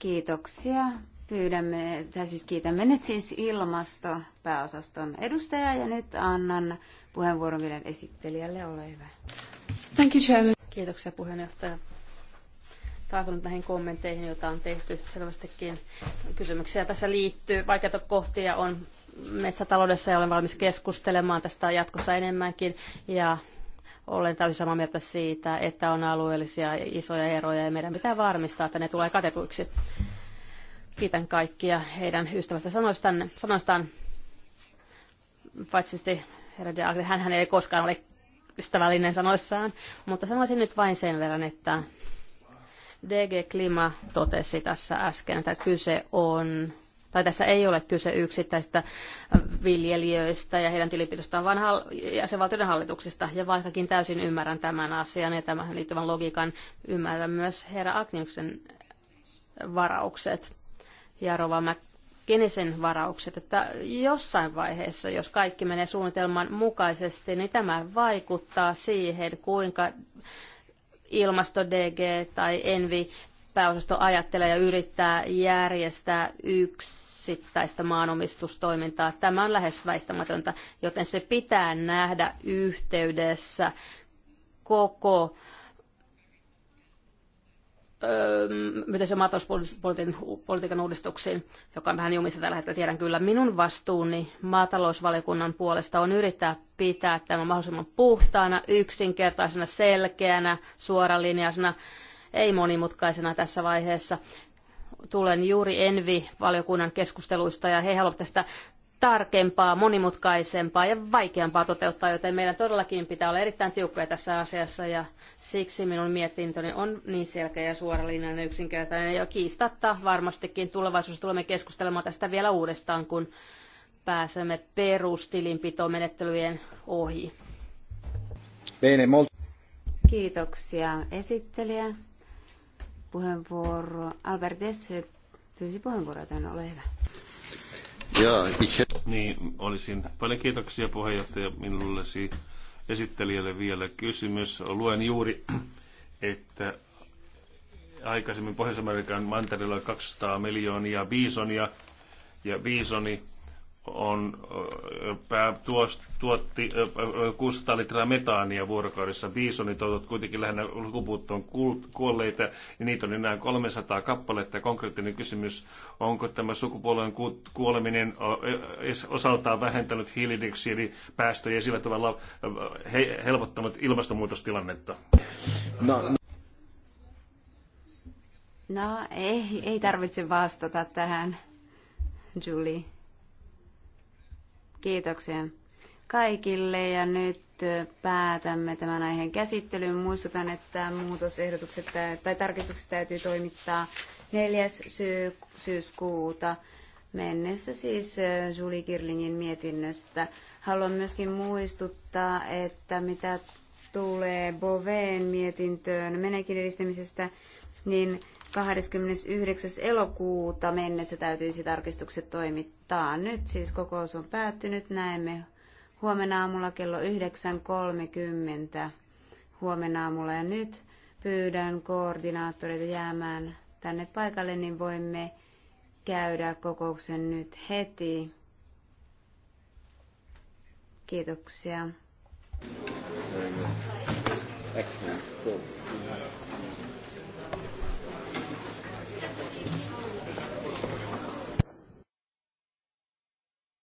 Kiitoksia. Pyydämme, tai siis kiitämme nyt siis ilmastopääosaston edustajaa ja nyt annan puheenvuoron vielä esittelijälle. Ole hyvä. Thank you, Chairman. Kiitoksia puheenjohtaja tartunut näihin kommentteihin, joita on tehty selvästikin. Kysymyksiä tässä liittyy. Vaikeita kohtia on metsätaloudessa ja olen valmis keskustelemaan tästä jatkossa enemmänkin. Ja olen täysin samaa mieltä siitä, että on alueellisia isoja eroja ja meidän pitää varmistaa, että ne tulee katetuiksi. Kiitän kaikkia heidän ystävästä sanoistaan, sanoistaan paitsi herra hän ei koskaan ole ystävällinen sanoissaan, mutta sanoisin nyt vain sen verran, että DG Klima totesi tässä äsken, että kyse on tai tässä ei ole kyse yksittäistä viljelijöistä ja heidän tilinpitoistaan, vaan hal- jäsenvaltioiden hallituksista. Ja vaikkakin täysin ymmärrän tämän asian ja tämän liittyvän logiikan, ymmärrän myös herra Agniuksen varaukset ja Rova Kenisen varaukset, että jossain vaiheessa, jos kaikki menee suunnitelman mukaisesti, niin tämä vaikuttaa siihen, kuinka ilmasto DG tai Envi pääosasto ajattelee ja yrittää järjestää yksittäistä maanomistustoimintaa. Tämä on lähes väistämätöntä, joten se pitää nähdä yhteydessä koko miten se maatalouspolitiikan uudistuksiin, joka on vähän jumissa tällä hetkellä, tiedän kyllä. Minun vastuuni maatalousvaliokunnan puolesta on yrittää pitää tämä mahdollisimman puhtaana, yksinkertaisena, selkeänä, suoralinjaisena, ei monimutkaisena tässä vaiheessa. Tulen juuri Envi-valiokunnan keskusteluista ja he haluavat tästä tarkempaa, monimutkaisempaa ja vaikeampaa toteuttaa, joten meidän todellakin pitää olla erittäin tiukkoja tässä asiassa ja siksi minun mietintöni on niin selkeä ja suoralinjainen ja yksinkertainen ja kiistatta varmastikin tulevaisuudessa tulemme keskustelemaan tästä vielä uudestaan, kun pääsemme perustilinpitomenettelyjen ohi. Kiitoksia esittelijä. Puheenvuoro Albert Deshö pyysi puheenvuoroa, ole hyvä. Niin, olisin paljon kiitoksia puheenjohtaja minulle esittelijälle vielä kysymys. Luen juuri, että aikaisemmin Pohjois-Amerikan mantereella 200 miljoonia bisonia ja bisoni on, pää, tuost, tuotti 600 litraa metaania vuorokaudessa. Bisonit ovat kuitenkin lähinnä lukupuuttoon kuolleita, ja niitä on enää 300 kappaletta. Konkreettinen kysymys, onko tämä sukupuolen kuoleminen osaltaan vähentänyt hiilidioksidipäästöjä ja sillä tavalla helpottanut ilmastonmuutostilannetta? No, no. No, ei, ei tarvitse vastata tähän, Julie. Kiitoksia kaikille ja nyt päätämme tämän aiheen käsittelyyn Muistutan, että muutosehdotukset tai tarkistukset täytyy toimittaa 4. Syy- syyskuuta mennessä siis äh, Julie Kirlingin mietinnöstä. Haluan myöskin muistuttaa, että mitä tulee Boveen mietintöön menekin edistämisestä, niin 29. elokuuta mennessä täytyisi tarkistukset toimittaa aloittaa. Nyt siis kokous on päättynyt. Näemme huomenna aamulla kello 9.30 huomenna aamulla. Ja nyt pyydän koordinaattoreita jäämään tänne paikalle, niin voimme käydä kokouksen nyt heti. Kiitoksia. Excellent.